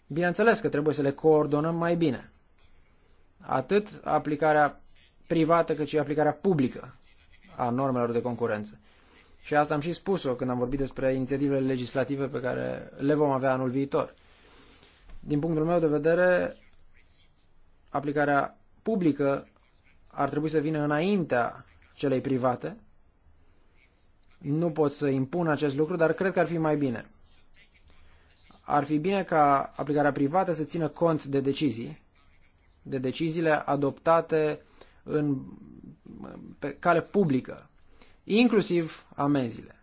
Bineînțeles că trebuie să le coordonăm mai bine. Atât aplicarea privată cât și aplicarea publică a normelor de concurență. Și asta am și spus-o când am vorbit despre inițiativele legislative pe care le vom avea anul viitor. Din punctul meu de vedere, aplicarea publică ar trebui să vină înaintea celei private. Nu pot să impun acest lucru, dar cred că ar fi mai bine ar fi bine ca aplicarea privată să țină cont de decizii, de deciziile adoptate în, pe cale publică, inclusiv amenziile.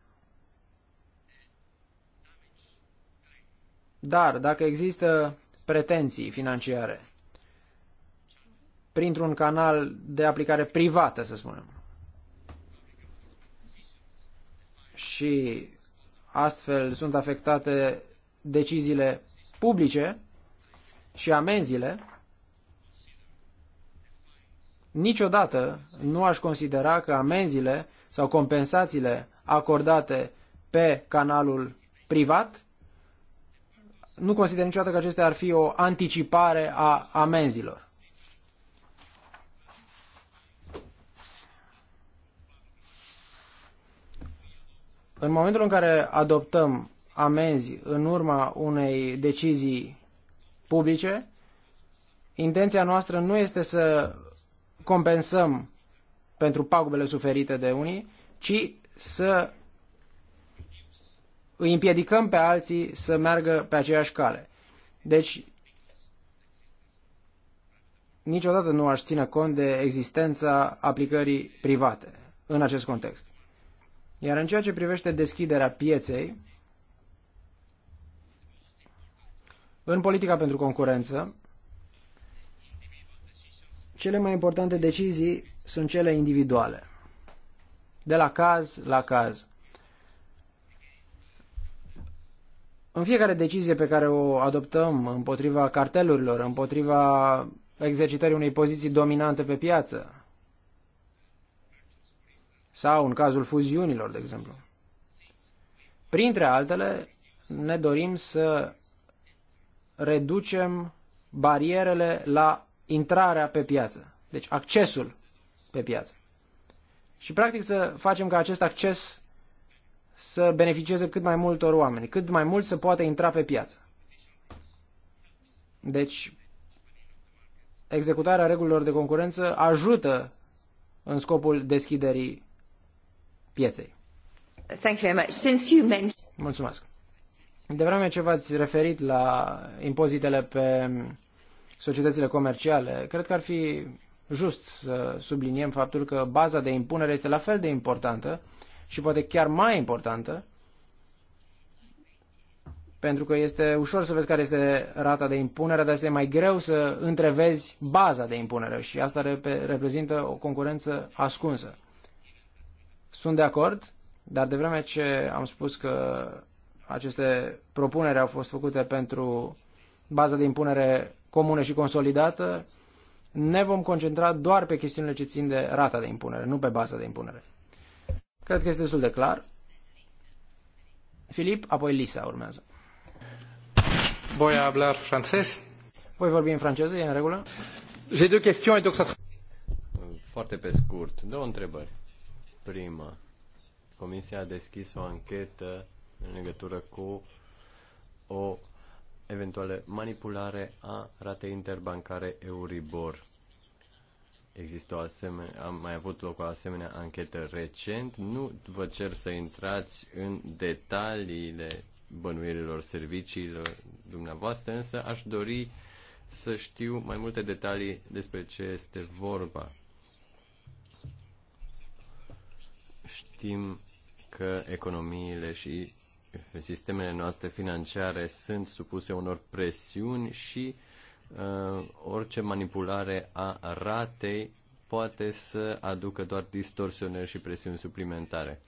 Dar dacă există pretenții financiare printr-un canal de aplicare privată, să spunem, și astfel sunt afectate deciziile publice și amenziile, niciodată nu aș considera că amenziile sau compensațiile acordate pe canalul privat, nu consider niciodată că acestea ar fi o anticipare a amenzilor. În momentul în care adoptăm amenzi în urma unei decizii publice, intenția noastră nu este să compensăm pentru pagubele suferite de unii, ci să îi împiedicăm pe alții să meargă pe aceeași cale. Deci, niciodată nu aș ține cont de existența aplicării private în acest context. Iar în ceea ce privește deschiderea pieței, În politica pentru concurență, cele mai importante decizii sunt cele individuale, de la caz la caz. În fiecare decizie pe care o adoptăm împotriva cartelurilor, împotriva exercitării unei poziții dominante pe piață, sau în cazul fuziunilor, de exemplu. Printre altele, ne dorim să reducem barierele la intrarea pe piață, deci accesul pe piață. Și practic să facem ca acest acces să beneficieze cât mai multor oameni, cât mai mult să poată intra pe piață. Deci, executarea regulilor de concurență ajută în scopul deschiderii pieței. Thank you very much. Since you mentioned... Mulțumesc. De vreme ce v-ați referit la impozitele pe societățile comerciale, cred că ar fi just să subliniem faptul că baza de impunere este la fel de importantă și poate chiar mai importantă, pentru că este ușor să vezi care este rata de impunere, dar este mai greu să întrevezi baza de impunere și asta rep- reprezintă o concurență ascunsă. Sunt de acord, dar de vreme ce am spus că aceste propuneri au fost făcute pentru baza de impunere comună și consolidată. Ne vom concentra doar pe chestiunile ce țin de rata de impunere, nu pe baza de impunere. Cred că este destul de clar. Filip, apoi Lisa urmează. Voi în francez? Voi vorbi în franceză, e în regulă? J'ai deux questions et donc ça Foarte pe scurt, două întrebări. Prima, Comisia a deschis o anchetă în legătură cu o eventuală manipulare a ratei interbancare Euribor. Există o asemenea, am mai avut loc o asemenea anchetă recent. Nu vă cer să intrați în detaliile bănuielilor serviciilor dumneavoastră, însă aș dori să știu mai multe detalii despre ce este vorba. Știm că economiile și sistemele noastre financiare sunt supuse unor presiuni și uh, orice manipulare a ratei poate să aducă doar distorsionări și presiuni suplimentare.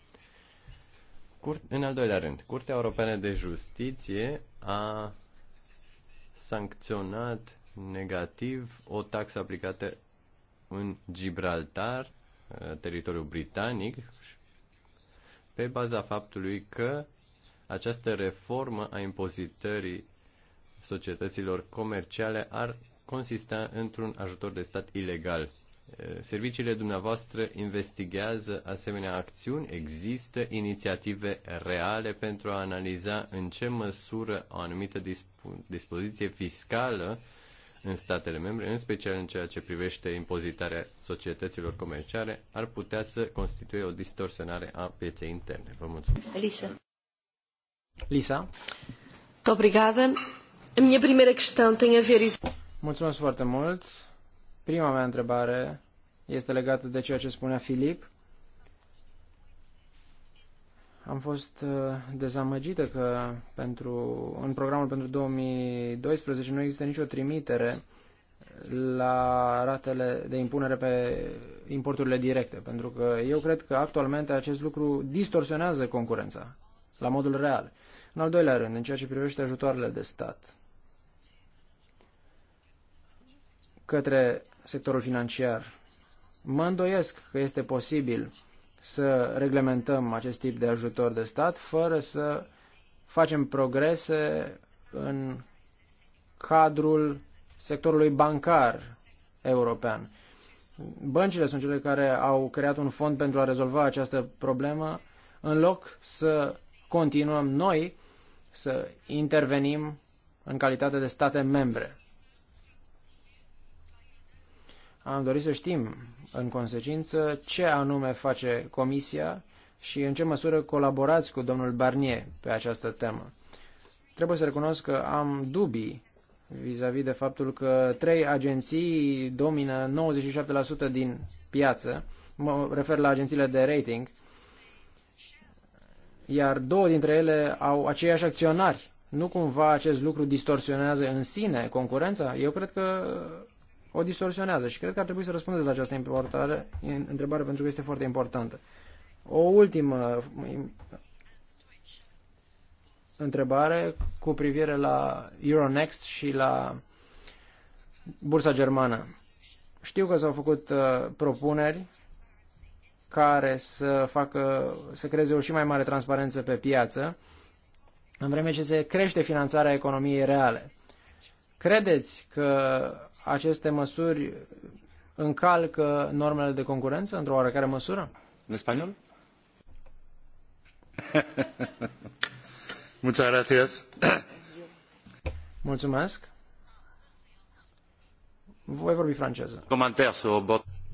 În al doilea rând, Curtea Europeană de Justiție a sancționat negativ o taxă aplicată în Gibraltar, uh, teritoriul britanic, pe baza faptului că această reformă a impozitării societăților comerciale ar consista într-un ajutor de stat ilegal. Serviciile dumneavoastră investigează asemenea acțiuni? Există inițiative reale pentru a analiza în ce măsură o anumită dispo- dispoziție fiscală în statele membre, în special în ceea ce privește impozitarea societăților comerciale, ar putea să constituie o distorsionare a pieței interne. Vă mulțumesc. Elisa. Lisa? Obrigada. A minha primeira questão tem a ver... Mulțumesc foarte mult. Prima mea întrebare este legată de ceea ce spunea Filip. Am fost uh, dezamăgită că pentru, în programul pentru 2012 nu există nicio trimitere la ratele de impunere pe importurile directe, pentru că eu cred că actualmente acest lucru distorsionează concurența la modul real. În al doilea rând, în ceea ce privește ajutoarele de stat către sectorul financiar, mă îndoiesc că este posibil să reglementăm acest tip de ajutor de stat fără să facem progrese în cadrul sectorului bancar european. Băncile sunt cele care au creat un fond pentru a rezolva această problemă în loc să continuăm noi să intervenim în calitate de state membre. Am dorit să știm, în consecință, ce anume face Comisia și în ce măsură colaborați cu domnul Barnier pe această temă. Trebuie să recunosc că am dubii vis-a-vis -vis de faptul că trei agenții domină 97% din piață. Mă refer la agențiile de rating iar două dintre ele au aceiași acționari. Nu cumva acest lucru distorsionează în sine concurența? Eu cred că o distorsionează și cred că ar trebui să răspundeți la această importare întrebare pentru că este foarte importantă. O ultimă întrebare cu privire la Euronext și la bursa germană. Știu că s-au făcut uh, propuneri care să facă, să creeze o și mai mare transparență pe piață, în vreme ce se crește finanțarea economiei reale. Credeți că aceste măsuri încalcă normele de concurență într-o oarecare măsură? În spaniol? [LAUGHS] Muchas gracias. Mulțumesc. Voi vorbi franceză. Comentar sur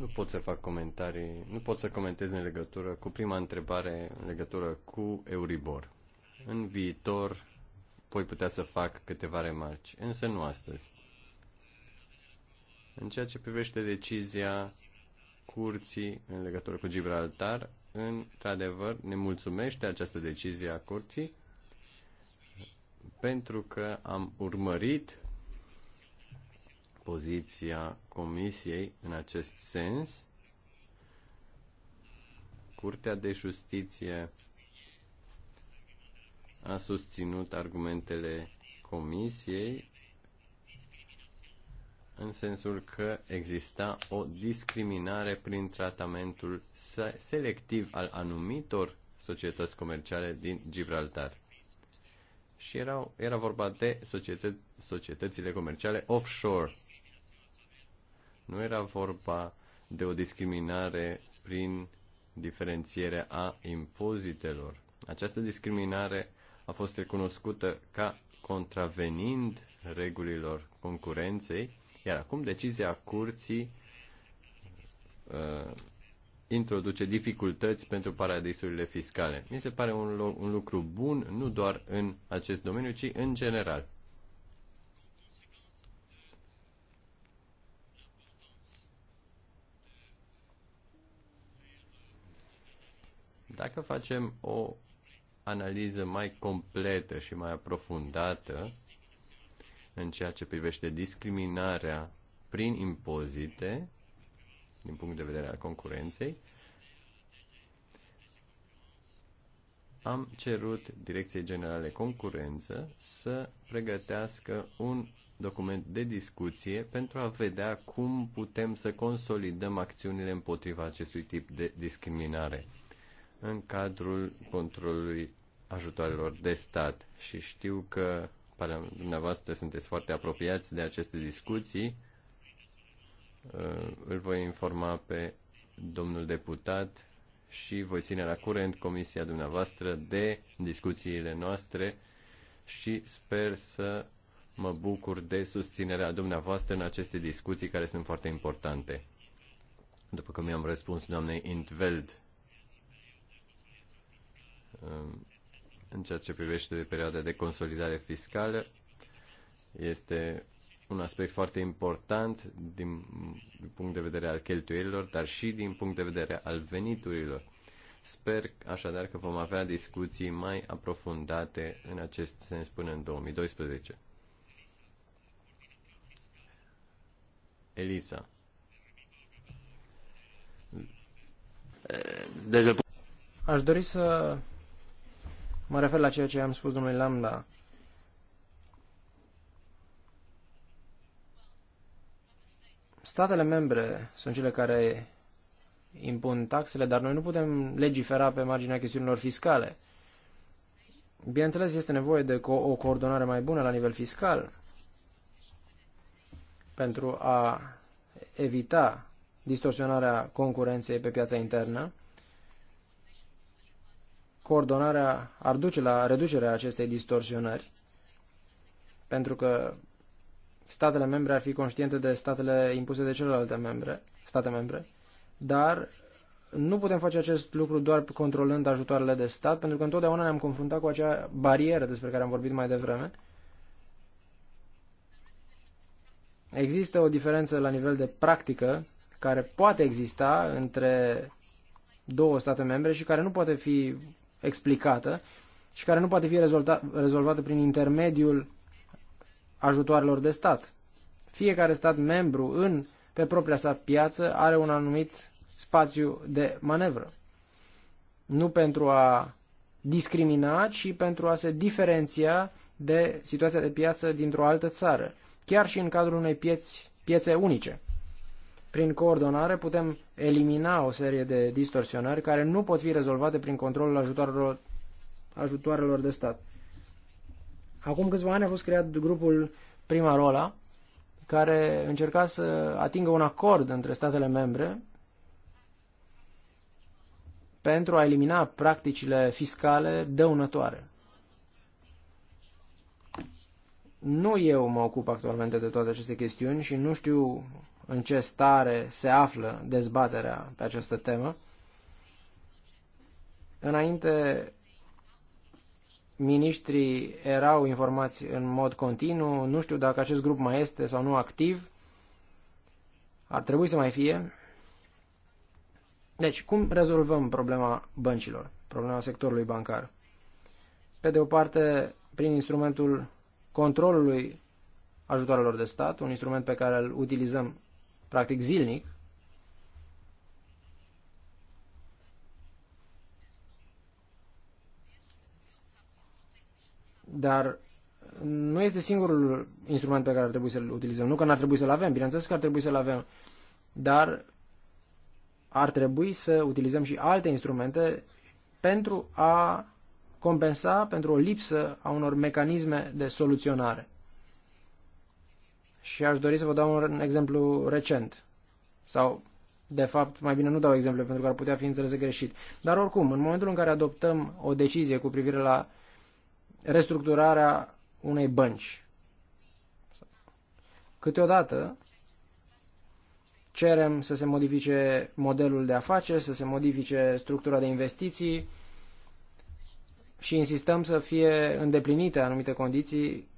nu pot să fac comentarii, nu pot să comentez în legătură cu prima întrebare în legătură cu Euribor. În viitor voi putea să fac câteva remarci, însă nu astăzi. În ceea ce privește decizia curții în legătură cu Gibraltar, într-adevăr ne mulțumește această decizie a curții pentru că am urmărit poziția Comisiei în acest sens. Curtea de Justiție a susținut argumentele Comisiei în sensul că exista o discriminare prin tratamentul selectiv al anumitor societăți comerciale din Gibraltar. Și erau, era vorba de societă, societățile comerciale offshore, nu era vorba de o discriminare prin diferențiere a impozitelor. Această discriminare a fost recunoscută ca contravenind regulilor concurenței, iar acum decizia curții uh, introduce dificultăți pentru paradisurile fiscale. Mi se pare un, un lucru bun, nu doar în acest domeniu, ci în general. Dacă facem o analiză mai completă și mai aprofundată în ceea ce privește discriminarea prin impozite, din punct de vedere al concurenței, am cerut Direcției Generale Concurență să pregătească un document de discuție pentru a vedea cum putem să consolidăm acțiunile împotriva acestui tip de discriminare în cadrul controlului ajutoarelor de stat. Și știu că dumneavoastră sunteți foarte apropiați de aceste discuții. Uh, îl voi informa pe domnul deputat și voi ține la curent comisia dumneavoastră de discuțiile noastre și sper să mă bucur de susținerea dumneavoastră în aceste discuții care sunt foarte importante. După cum i-am răspuns doamnei Intveld, Um, în ceea ce privește perioada de consolidare fiscală. Este un aspect foarte important din, punct de vedere al cheltuielilor, dar și din punct de vedere al veniturilor. Sper așadar că vom avea discuții mai aprofundate în acest sens până în 2012. Elisa. Aș dori să Mă refer la ceea ce am spus domnului Lambda. Statele membre sunt cele care impun taxele, dar noi nu putem legifera pe marginea chestiunilor fiscale. Bineînțeles, este nevoie de co- o coordonare mai bună la nivel fiscal pentru a evita distorsionarea concurenței pe piața internă coordonarea ar duce la reducerea acestei distorsionări, pentru că statele membre ar fi conștiente de statele impuse de celelalte membre, state membre, dar nu putem face acest lucru doar controlând ajutoarele de stat, pentru că întotdeauna ne-am confruntat cu acea barieră despre care am vorbit mai devreme. Există o diferență la nivel de practică care poate exista între două state membre și care nu poate fi explicată și care nu poate fi rezolvată prin intermediul ajutoarelor de stat. Fiecare stat membru în, pe propria sa piață are un anumit spațiu de manevră. Nu pentru a discrimina, ci pentru a se diferenția de situația de piață dintr-o altă țară, chiar și în cadrul unei pieți, piețe unice. Prin coordonare putem elimina o serie de distorsionări care nu pot fi rezolvate prin controlul ajutoarelor, ajutoarelor de stat. Acum câțiva ani a fost creat grupul Prima Rola, care încerca să atingă un acord între statele membre pentru a elimina practicile fiscale dăunătoare. Nu eu mă ocup actualmente de toate aceste chestiuni și nu știu în ce stare se află dezbaterea pe această temă. Înainte, miniștrii erau informați în mod continuu, nu știu dacă acest grup mai este sau nu activ, ar trebui să mai fie. Deci, cum rezolvăm problema băncilor, problema sectorului bancar? Pe de o parte, prin instrumentul controlului ajutoarelor de stat, un instrument pe care îl utilizăm practic zilnic, dar nu este singurul instrument pe care ar trebui să-l utilizăm. Nu că n-ar trebui să-l avem, bineînțeles că ar trebui să-l avem, dar ar trebui să utilizăm și alte instrumente pentru a compensa pentru o lipsă a unor mecanisme de soluționare. Și aș dori să vă dau un exemplu recent. Sau, de fapt, mai bine nu dau exemple pentru că ar putea fi înțeles greșit. Dar oricum, în momentul în care adoptăm o decizie cu privire la restructurarea unei bănci, câteodată cerem să se modifice modelul de afaceri, să se modifice structura de investiții și insistăm să fie îndeplinite anumite condiții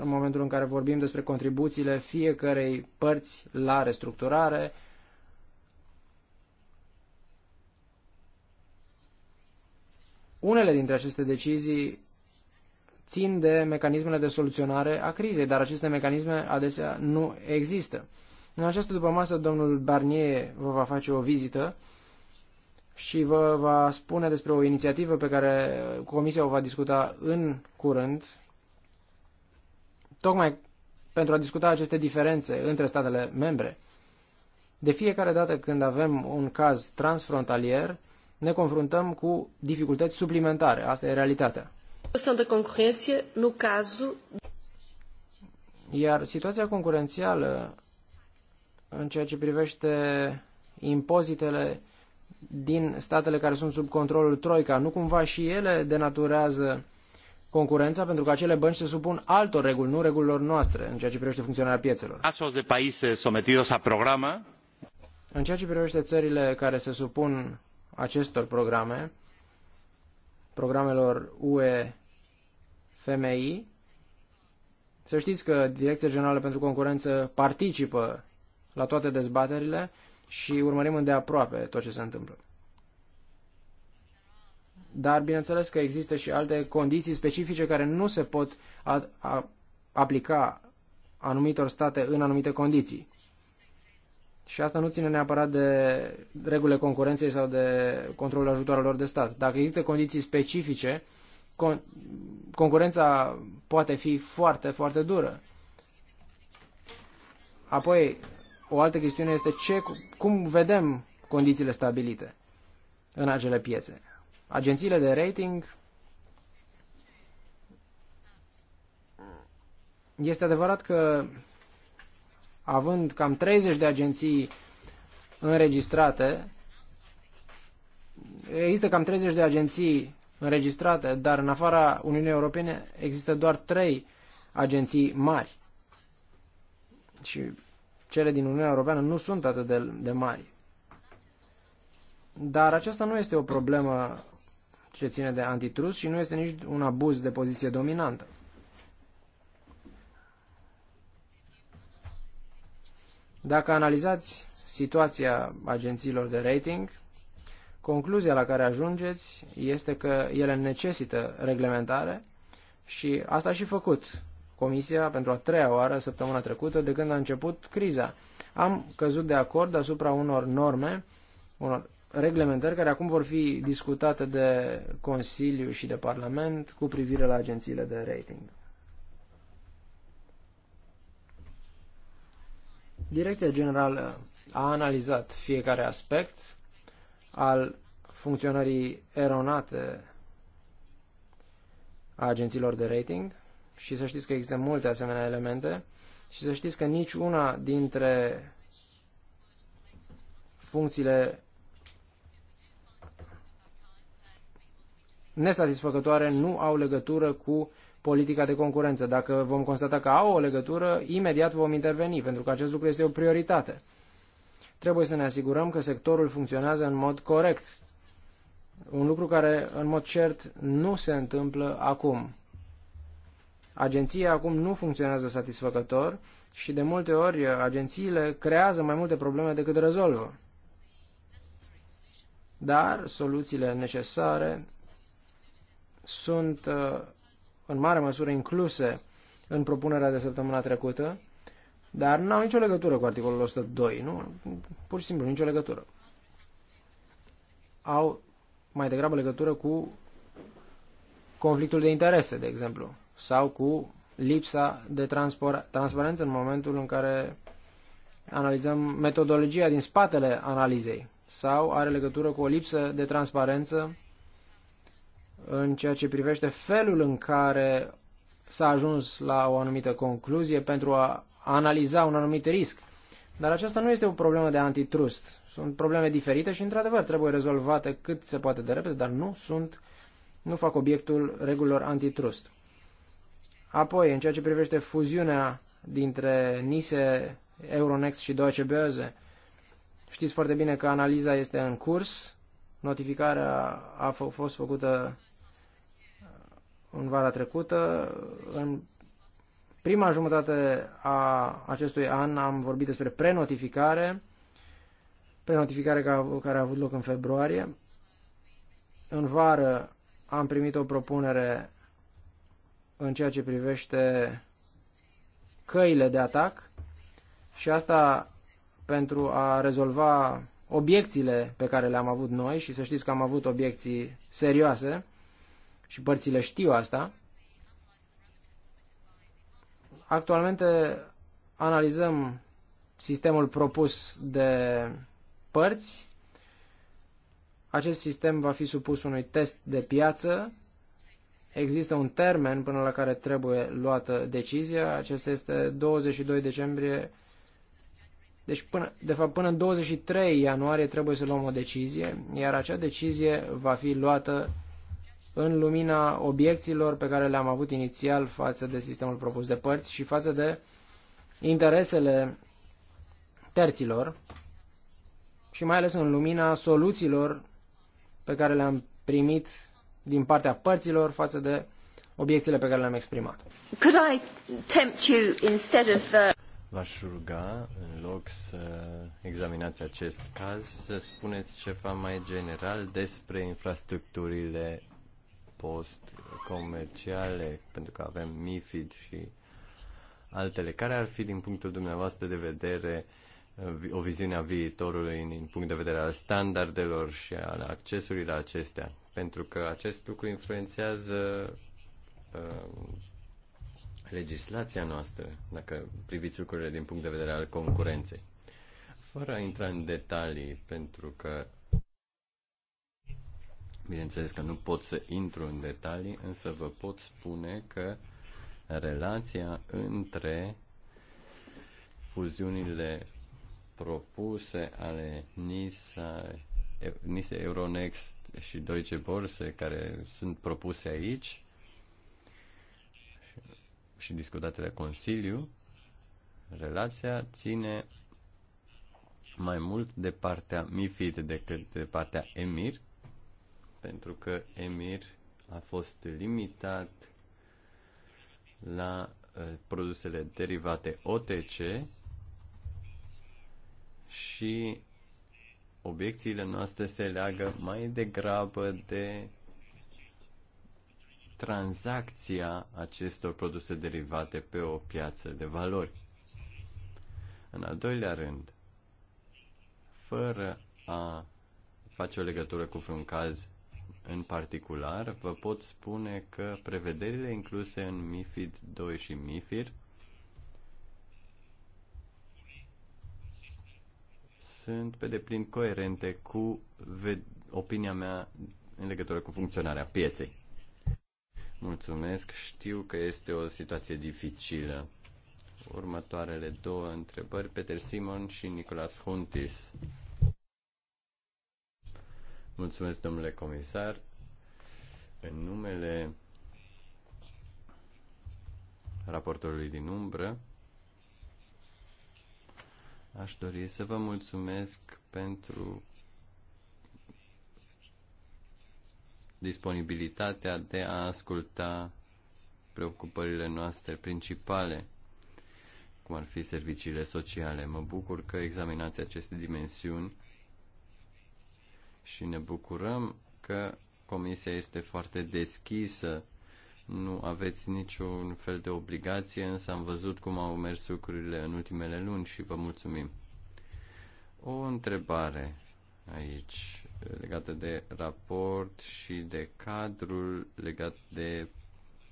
în momentul în care vorbim despre contribuțiile fiecarei părți la restructurare. Unele dintre aceste decizii țin de mecanismele de soluționare a crizei, dar aceste mecanisme adesea nu există. În această masă domnul Barnier vă va face o vizită și vă va spune despre o inițiativă pe care Comisia o va discuta în curând, tocmai pentru a discuta aceste diferențe între statele membre. De fiecare dată când avem un caz transfrontalier, ne confruntăm cu dificultăți suplimentare. Asta e realitatea. Iar situația concurențială în ceea ce privește impozitele din statele care sunt sub controlul Troica, nu cumva și ele denaturează concurența pentru că acele bănci se supun altor reguli, nu regulilor noastre în ceea ce privește funcționarea piețelor. Casos de países eh, sometidos a programa. În ceea ce privește țările care se supun acestor programe, programelor UE FMI, să știți că Direcția Generală pentru Concurență participă la toate dezbaterile și urmărim îndeaproape tot ce se întâmplă dar bineînțeles că există și alte condiții specifice care nu se pot a, a, aplica anumitor state în anumite condiții. Și asta nu ține neapărat de regulile concurenței sau de controlul ajutoarelor de stat. Dacă există condiții specifice, con- concurența poate fi foarte, foarte dură. Apoi, o altă chestiune este ce, cum vedem condițiile stabilite în acele piețe. Agențiile de rating este adevărat că având cam 30 de agenții înregistrate, există cam 30 de agenții înregistrate, dar în afara Uniunii Europene există doar 3 agenții mari. Și cele din Uniunea Europeană nu sunt atât de, de mari. Dar aceasta nu este o problemă ce ține de antitrust și nu este nici un abuz de poziție dominantă. Dacă analizați situația agențiilor de rating, concluzia la care ajungeți este că ele necesită reglementare și asta a și făcut Comisia pentru a treia oară săptămâna trecută de când a început criza. Am căzut de acord asupra unor norme, unor reglementări care acum vor fi discutate de Consiliu și de Parlament cu privire la agențiile de rating. Direcția Generală a analizat fiecare aspect al funcționării eronate a agențiilor de rating și să știți că există multe asemenea elemente și să știți că nici una dintre funcțiile nesatisfăcătoare nu au legătură cu politica de concurență. Dacă vom constata că au o legătură, imediat vom interveni, pentru că acest lucru este o prioritate. Trebuie să ne asigurăm că sectorul funcționează în mod corect. Un lucru care, în mod cert, nu se întâmplă acum. Agenția acum nu funcționează satisfăcător și de multe ori agențiile creează mai multe probleme decât rezolvă. Dar soluțiile necesare sunt uh, în mare măsură incluse în propunerea de săptămâna trecută, dar nu au nicio legătură cu articolul 102, nu? Pur și simplu, nicio legătură. Au mai degrabă legătură cu conflictul de interese, de exemplu, sau cu lipsa de transparență în momentul în care analizăm metodologia din spatele analizei, sau are legătură cu o lipsă de transparență în ceea ce privește felul în care s-a ajuns la o anumită concluzie pentru a analiza un anumit risc. Dar aceasta nu este o problemă de antitrust. Sunt probleme diferite și, într-adevăr, trebuie rezolvate cât se poate de repede, dar nu sunt, nu fac obiectul regulilor antitrust. Apoi, în ceea ce privește fuziunea dintre NISE, Euronext și Deutsche Börse, știți foarte bine că analiza este în curs, notificarea a fost făcută în vara trecută. În prima jumătate a acestui an am vorbit despre prenotificare, prenotificare care a avut loc în februarie. În vară am primit o propunere în ceea ce privește căile de atac și asta pentru a rezolva obiecțiile pe care le-am avut noi și să știți că am avut obiecții serioase și părțile știu asta. Actualmente analizăm sistemul propus de părți. Acest sistem va fi supus unui test de piață. Există un termen până la care trebuie luată decizia. Acesta este 22 decembrie. Deci, până, de fapt, până în 23 ianuarie trebuie să luăm o decizie, iar acea decizie va fi luată în lumina obiecțiilor pe care le-am avut inițial față de sistemul propus de părți și față de interesele terților și mai ales în lumina soluțiilor pe care le-am primit din partea părților față de obiecțiile pe care le-am exprimat. Could I tempt you instead of, uh... V-aș ruga, în loc să examinați acest caz, să spuneți ceva mai general despre infrastructurile fost comerciale, pentru că avem MIFID și altele. Care ar fi, din punctul dumneavoastră de vedere, o viziune a viitorului din punct de vedere al standardelor și al accesului la acestea? Pentru că acest lucru influențează uh, legislația noastră, dacă priviți lucrurile din punct de vedere al concurenței. Fără a intra în detalii, pentru că Bineînțeles că nu pot să intru în detalii, însă vă pot spune că relația între fuziunile propuse ale NISA, NISA Euronext și Deutsche Börse care sunt propuse aici și discutate la Consiliu, relația ține mai mult de partea MIFID decât de partea EMIR pentru că Emir a fost limitat la uh, produsele derivate OTC și obiecțiile noastre se leagă mai degrabă de tranzacția acestor produse derivate pe o piață de valori. În al doilea rând, fără a face o legătură cu vreun caz în particular, vă pot spune că prevederile incluse în MIFID 2 și MIFIR sunt pe deplin coerente cu opinia mea în legătură cu funcționarea pieței. Mulțumesc, știu că este o situație dificilă. Următoarele două întrebări, Peter Simon și Nicolas Huntis. Mulțumesc, domnule comisar. În numele raportorului din umbră, aș dori să vă mulțumesc pentru disponibilitatea de a asculta preocupările noastre principale, cum ar fi serviciile sociale. Mă bucur că examinați aceste dimensiuni și ne bucurăm că comisia este foarte deschisă. Nu aveți niciun fel de obligație, însă am văzut cum au mers lucrurile în ultimele luni și vă mulțumim. O întrebare aici legată de raport și de cadrul legat de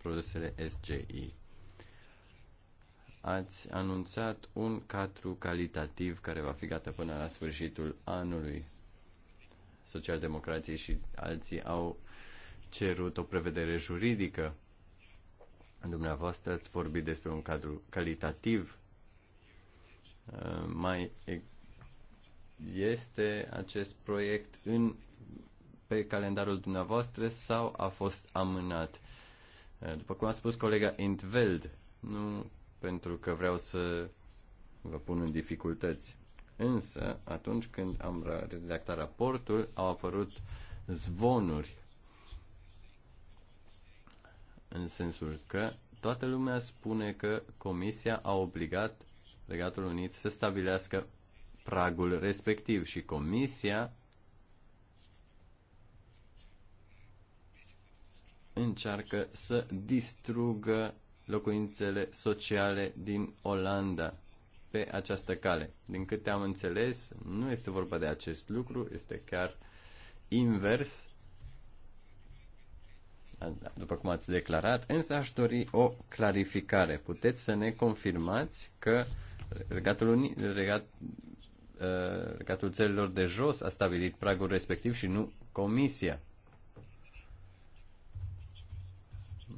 produsele SGI. Ați anunțat un cadru calitativ care va fi gata până la sfârșitul anului socialdemocrații și alții au cerut o prevedere juridică. Dumneavoastră ați vorbit despre un cadru calitativ. Uh, mai este acest proiect în, pe calendarul dumneavoastră sau a fost amânat? Uh, după cum a spus colega Intveld, nu pentru că vreau să vă pun în dificultăți. Însă, atunci când am redactat raportul, au apărut zvonuri în sensul că toată lumea spune că Comisia a obligat Regatul Unit să stabilească pragul respectiv și Comisia încearcă să distrugă locuințele sociale din Olanda pe această cale. Din câte am înțeles, nu este vorba de acest lucru, este chiar invers, după cum ați declarat, însă aș dori o clarificare. Puteți să ne confirmați că Regatul, Uni, Regat, uh, Regatul Țărilor de Jos a stabilit pragul respectiv și nu Comisia.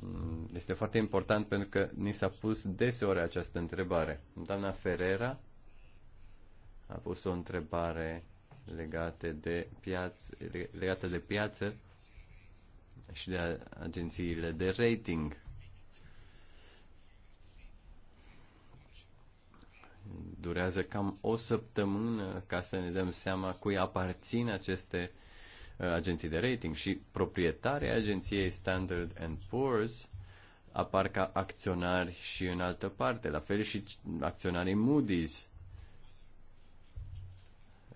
Mm, este foarte important pentru că ni s-a pus deseori această întrebare. Doamna Ferrera a pus o întrebare legată de piață, legată de piață și de agențiile de rating. Durează cam o săptămână ca să ne dăm seama cui aparțin aceste uh, Uh, agenții de rating și proprietarii agenției Standard and Poor's apar ca acționari și în altă parte, la fel și acționarii Moody's.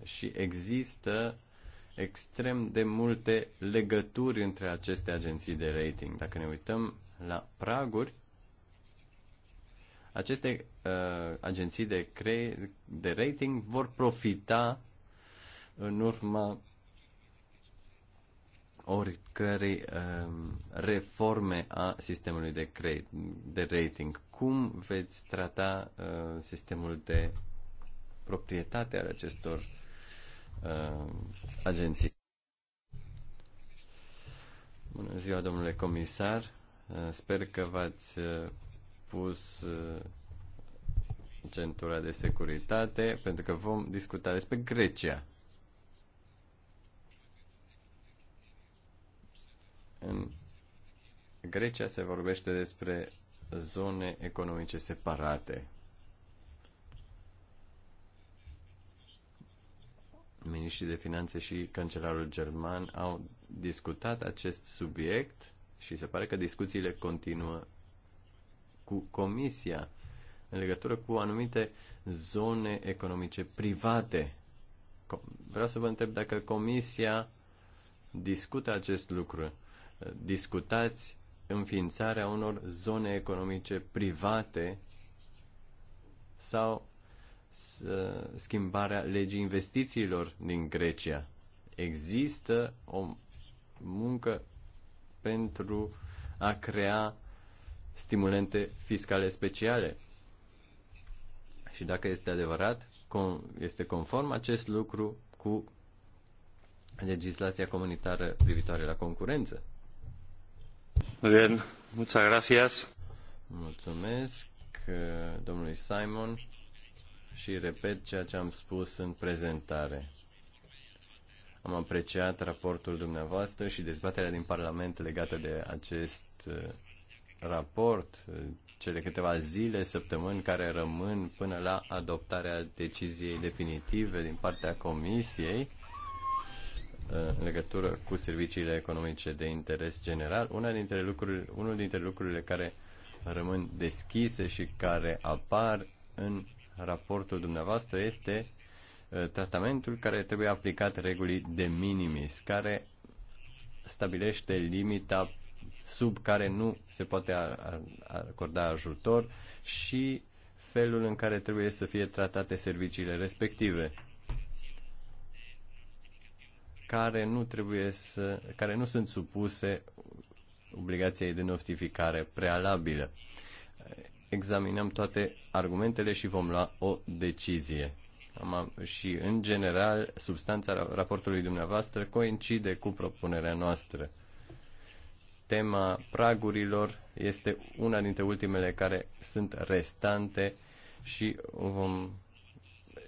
Și există extrem de multe legături între aceste agenții de rating. Dacă ne uităm la praguri, aceste uh, agenții de, cre- de rating vor profita în urma oricărei um, reforme a sistemului de, cre- de rating. Cum veți trata uh, sistemul de proprietate al acestor uh, agenții? Bună ziua, domnule comisar. Uh, sper că v-ați uh, pus uh, centura de securitate pentru că vom discuta despre Grecia În Grecia se vorbește despre zone economice separate. Ministrii de Finanțe și Cancelarul German au discutat acest subiect și se pare că discuțiile continuă cu Comisia în legătură cu anumite zone economice private. Vreau să vă întreb dacă Comisia discută acest lucru discutați înființarea unor zone economice private sau schimbarea legii investițiilor din Grecia. Există o muncă pentru a crea stimulente fiscale speciale. Și dacă este adevărat, este conform acest lucru cu legislația comunitară privitoare la concurență bien, muchas gracias. Mulțumesc eh, domnului Simon și repet ceea ce am spus în prezentare. Am apreciat raportul dumneavoastră și dezbaterea din Parlament legată de acest eh, raport, eh, cele câteva zile, săptămâni care rămân până la adoptarea deciziei definitive din partea Comisiei Uh, în legătură cu serviciile economice de interes general, una dintre lucruri, unul dintre lucrurile care rămân deschise și care apar în raportul dumneavoastră este uh, tratamentul care trebuie aplicat regulii de minimis, care stabilește limita sub care nu se poate acorda ajutor și felul în care trebuie să fie tratate serviciile respective care nu trebuie să, care nu sunt supuse obligației de notificare prealabilă. Examinăm toate argumentele și vom lua o decizie. Am, și, în general, substanța raportului dumneavoastră coincide cu propunerea noastră. Tema pragurilor este una dintre ultimele care sunt restante și o vom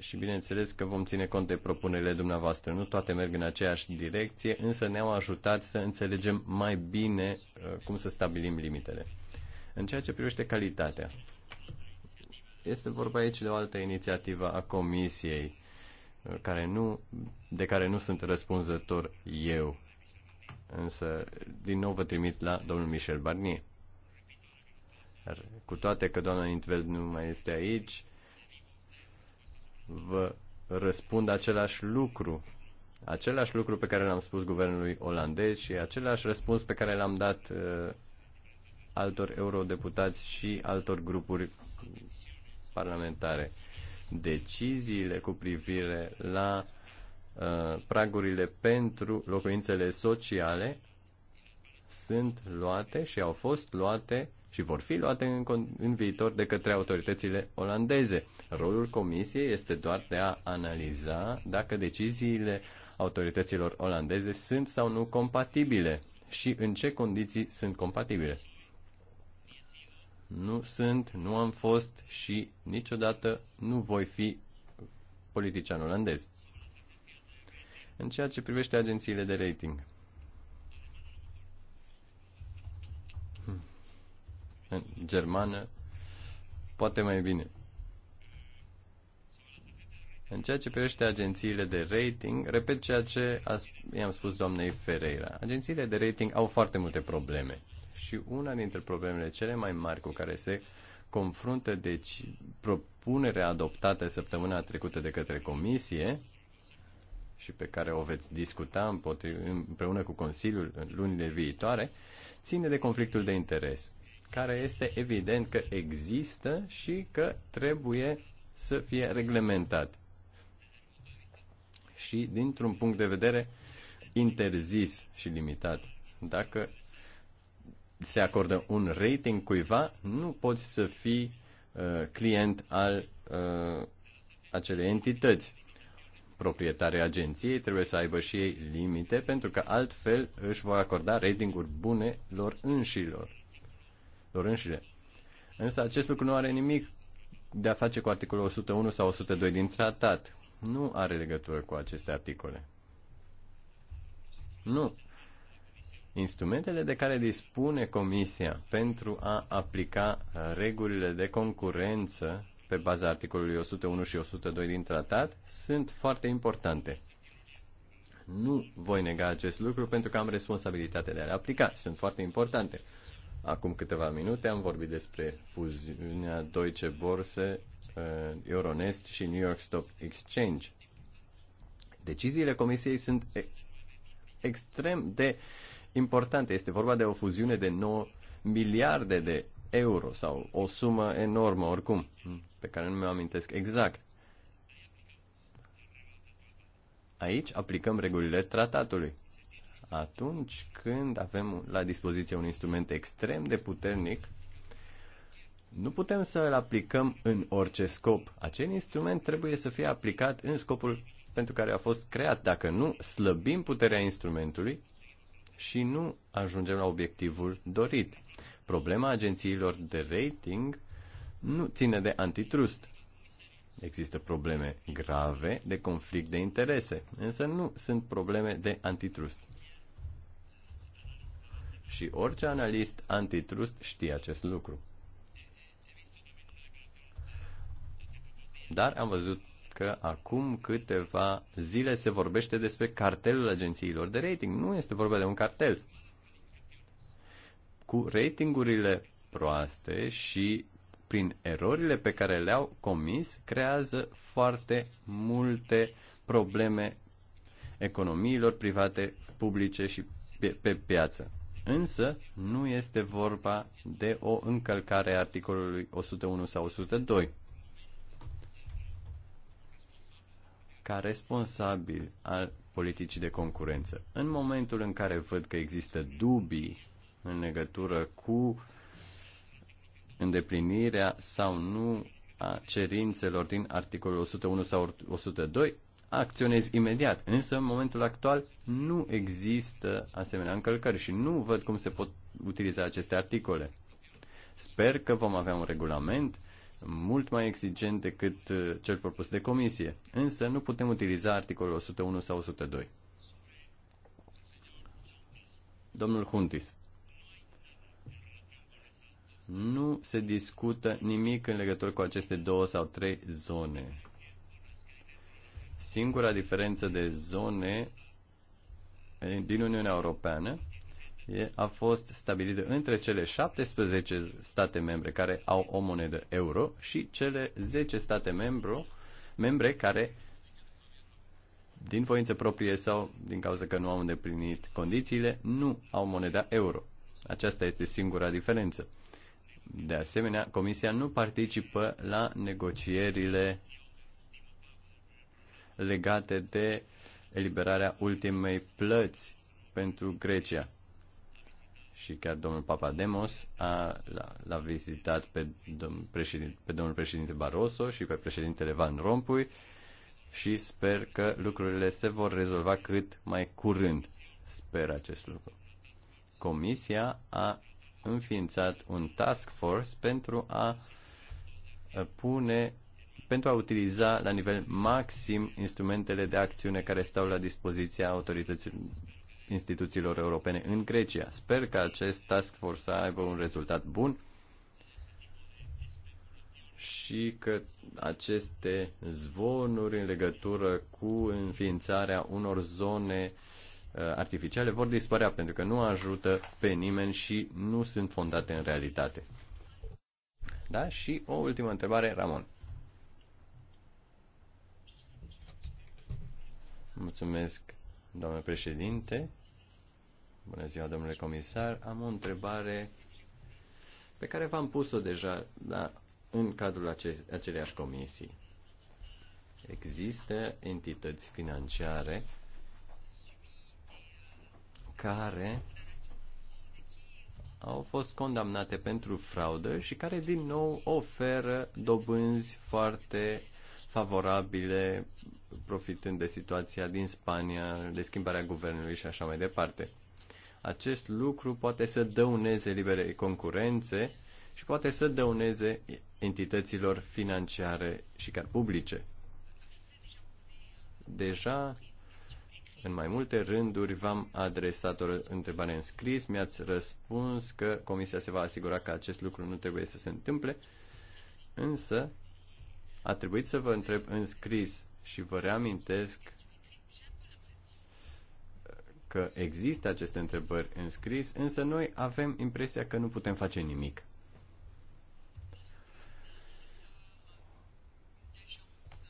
și bineînțeles că vom ține cont de propunerile dumneavoastră. Nu toate merg în aceeași direcție, însă ne-au ajutat să înțelegem mai bine uh, cum să stabilim limitele. În ceea ce privește calitatea, este vorba aici de o altă inițiativă a Comisiei uh, care nu, de care nu sunt răspunzător eu. Însă, din nou vă trimit la domnul Michel Barnier. Cu toate că doamna Intveld nu mai este aici, vă răspund același lucru. Același lucru pe care l-am spus guvernului olandez și același răspuns pe care l-am dat uh, altor eurodeputați și altor grupuri parlamentare. Deciziile cu privire la uh, pragurile pentru locuințele sociale sunt luate și au fost luate uh, și vor fi luate în, în viitor de către autoritățile olandeze. Rolul comisiei este doar de a analiza dacă deciziile autorităților olandeze sunt sau nu compatibile și în ce condiții sunt compatibile. Nu sunt, nu am fost și niciodată nu voi fi politician olandez. În ceea ce privește agențiile de rating, în germană poate mai bine. În ceea ce privește agențiile de rating, repet ceea ce i-am spus doamnei Ferreira. Agențiile de rating au foarte multe probleme și una dintre problemele cele mai mari cu care se confruntă deci propunerea adoptată săptămâna trecută de către comisie și pe care o veți discuta împreună cu Consiliul în lunile viitoare, ține de conflictul de interes care este evident că există și că trebuie să fie reglementat. Și dintr-un punct de vedere interzis și limitat. Dacă se acordă un rating cuiva, nu poți să fii uh, client al uh, acelei entități. Proprietarii agenției trebuie să aibă și ei limite, pentru că altfel își vor acorda ratinguri bune lor înșilor lor înșine. Însă acest lucru nu are nimic de a face cu articolul 101 sau 102 din tratat. Nu are legătură cu aceste articole. Nu. Instrumentele de care dispune Comisia pentru a aplica uh, regulile de concurență pe baza articolului 101 și 102 din tratat sunt foarte importante. Nu voi nega acest lucru pentru că am responsabilitatea de a le aplica. Sunt foarte importante. Acum câteva minute am vorbit despre fuziunea Deutsche Börse, eh, Euronest și New York Stock Exchange. Deciziile Comisiei sunt extrem de importante. Este vorba de o fuziune de 9 miliarde de euro sau o sumă enormă oricum, hmm, pe care nu mi-o amintesc exact. Aici aplicăm regulile tratatului atunci când avem la dispoziție un instrument extrem de puternic, nu putem să îl aplicăm în orice scop. Acel instrument trebuie să fie aplicat în scopul pentru care a fost creat. Dacă nu, slăbim puterea instrumentului și nu ajungem la obiectivul dorit. Problema agențiilor de rating nu ține de antitrust. Există probleme grave de conflict de interese, însă nu sunt probleme de antitrust. Și orice analist antitrust știe acest lucru. Dar am văzut că acum câteva zile se vorbește despre cartelul agențiilor de rating. Nu este vorba de un cartel. Cu ratingurile proaste și prin erorile pe care le-au comis, creează foarte multe probleme economiilor private, publice și pe, pe piață. Însă nu este vorba de o încălcare a articolului 101 sau 102. Ca responsabil al politicii de concurență, în momentul în care văd că există dubii în legătură cu îndeplinirea sau nu a cerințelor din articolul 101 sau 102, acționez imediat. Însă, în momentul actual, nu există asemenea încălcări și nu văd cum se pot utiliza aceste articole. Sper că vom avea un regulament mult mai exigent decât uh, cel propus de comisie, însă nu putem utiliza articolul 101 sau 102. Domnul Huntis, nu se discută nimic în legătură cu aceste două sau trei zone Singura diferență de zone din Uniunea Europeană a fost stabilită între cele 17 state membre care au o monedă euro și cele 10 state membru, membre care din voință proprie sau din cauza că nu au îndeplinit condițiile, nu au moneda euro. Aceasta este singura diferență. De asemenea, Comisia nu participă la negocierile legate de eliberarea ultimei plăți pentru Grecia. Și chiar domnul Papademos a, l-a vizitat pe, domn, președin, pe domnul președinte Barroso și pe președintele Van Rompuy și sper că lucrurile se vor rezolva cât mai curând. Sper acest lucru. Comisia a înființat un task force pentru a pune pentru a utiliza la nivel maxim instrumentele de acțiune care stau la dispoziția autorităților instituțiilor europene în Grecia. Sper că acest task force să aibă un rezultat bun și că aceste zvonuri în legătură cu înființarea unor zone uh, artificiale vor dispărea pentru că nu ajută pe nimeni și nu sunt fondate în realitate. Da? Și o ultimă întrebare, Ramon. Mulțumesc, domnule președinte. Bună ziua, domnule comisar. Am o întrebare pe care v-am pus-o deja da, în cadrul ace- aceleiași comisii. Există entități financiare care au fost condamnate pentru fraudă și care din nou oferă dobânzi foarte favorabile profitând de situația din Spania, de schimbarea guvernului și așa mai departe. Acest lucru poate să dăuneze libere concurențe și poate să dăuneze entităților financiare și chiar publice. Deja în mai multe rânduri v-am adresat o întrebare în scris, mi-ați răspuns că Comisia se va asigura că acest lucru nu trebuie să se întâmple, însă a trebuit să vă întreb în scris și vă reamintesc că există aceste întrebări în scris, însă noi avem impresia că nu putem face nimic.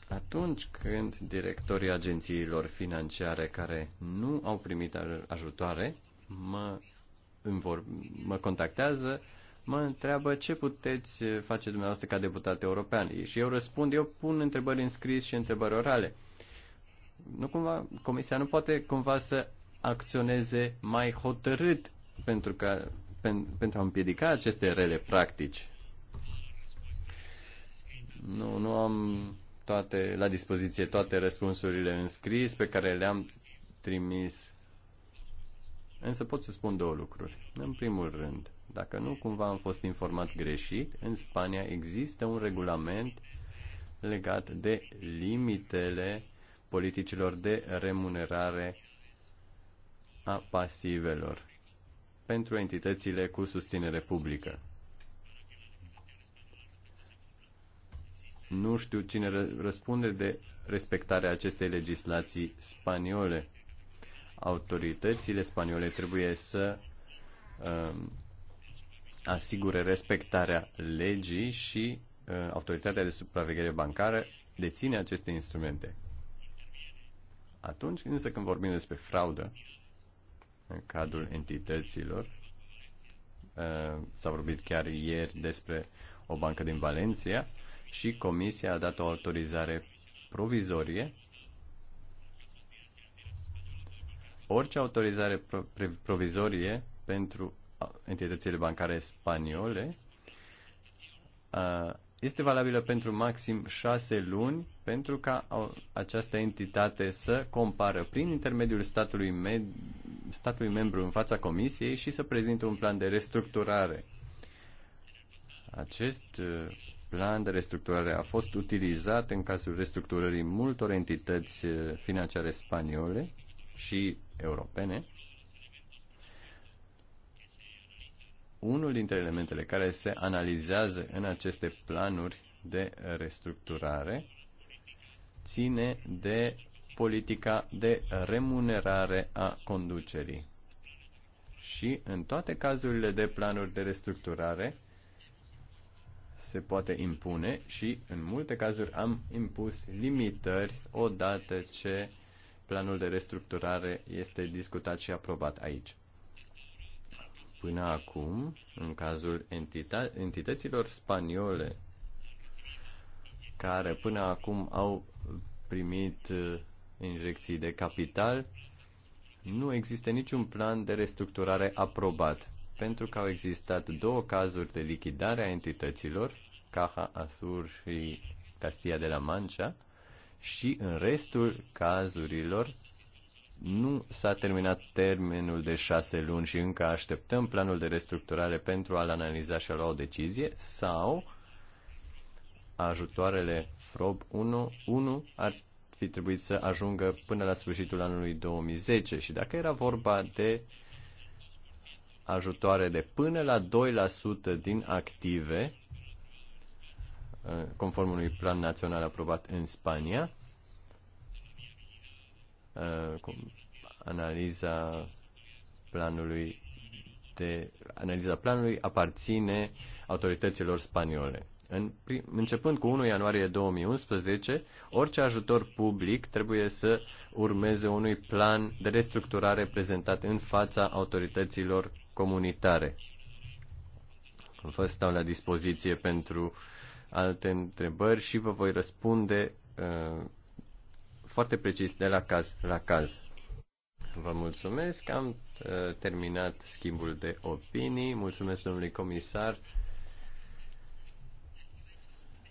Atunci când directorii agențiilor financiare care nu au primit ajutoare mă, vor, mă contactează uh, mă întreabă ce puteți face dumneavoastră ca deputat european. Și eu răspund, eu pun întrebări în scris și întrebări orale. Nu cumva, comisia nu poate cumva să acționeze mai hotărât pentru, că, pen, pentru a împiedica aceste rele practici. Nu, nu am toate, la dispoziție toate răspunsurile în scris pe care le-am trimis. Însă pot să spun două lucruri. În primul rând, dacă nu, cumva am fost informat greșit, în Spania există un regulament legat de limitele politicilor de remunerare a pasivelor pentru entitățile cu susținere publică. Nu știu cine răspunde de respectarea acestei legislații spaniole. Autoritățile spaniole trebuie să um, asigure respectarea legii și uh, autoritatea de supraveghere bancară deține aceste instrumente. Atunci, însă, când vorbim despre fraudă în cadrul entităților, uh, s-a vorbit chiar ieri despre o bancă din Valencia și Comisia a dat o autorizare provizorie orice autorizare provizorie pentru entitățile bancare spaniole este valabilă pentru maxim șase luni pentru ca această entitate să compară prin intermediul statului, med- statului membru în fața comisiei și să prezinte un plan de restructurare. Acest plan de restructurare a fost utilizat în cazul restructurării multor entități financiare spaniole și europene unul dintre elementele care se analizează în aceste planuri de restructurare ține de politica de remunerare a conducerii. Și în toate cazurile de planuri de restructurare se poate impune și în multe cazuri am impus limitări odată ce planul de restructurare este discutat și aprobat aici. Până acum, în cazul entita- entităților spaniole care până acum au primit uh, injecții de capital, nu există niciun plan de restructurare aprobat, pentru că au existat două cazuri de lichidare a entităților, Caja Asur și Castilla de la Mancha, și în restul cazurilor nu s-a terminat termenul de șase luni și încă așteptăm planul de restructurare pentru a-l analiza și a lua o decizie sau ajutoarele FROB 1, 1 ar fi trebuit să ajungă până la sfârșitul anului 2010 și dacă era vorba de ajutoare de până la 2% din active, conform unui plan național aprobat în Spania, Uh, analiza planului de analiza planului aparține autorităților spaniole. În, începând cu 1 ianuarie 2011, orice ajutor public trebuie să urmeze unui plan de restructurare prezentat în fața autorităților comunitare. Vă stau la dispoziție pentru alte întrebări și vă voi răspunde uh, foarte precis de la caz la caz. Vă mulțumesc, am uh, terminat schimbul de opinii. Mulțumesc domnului comisar.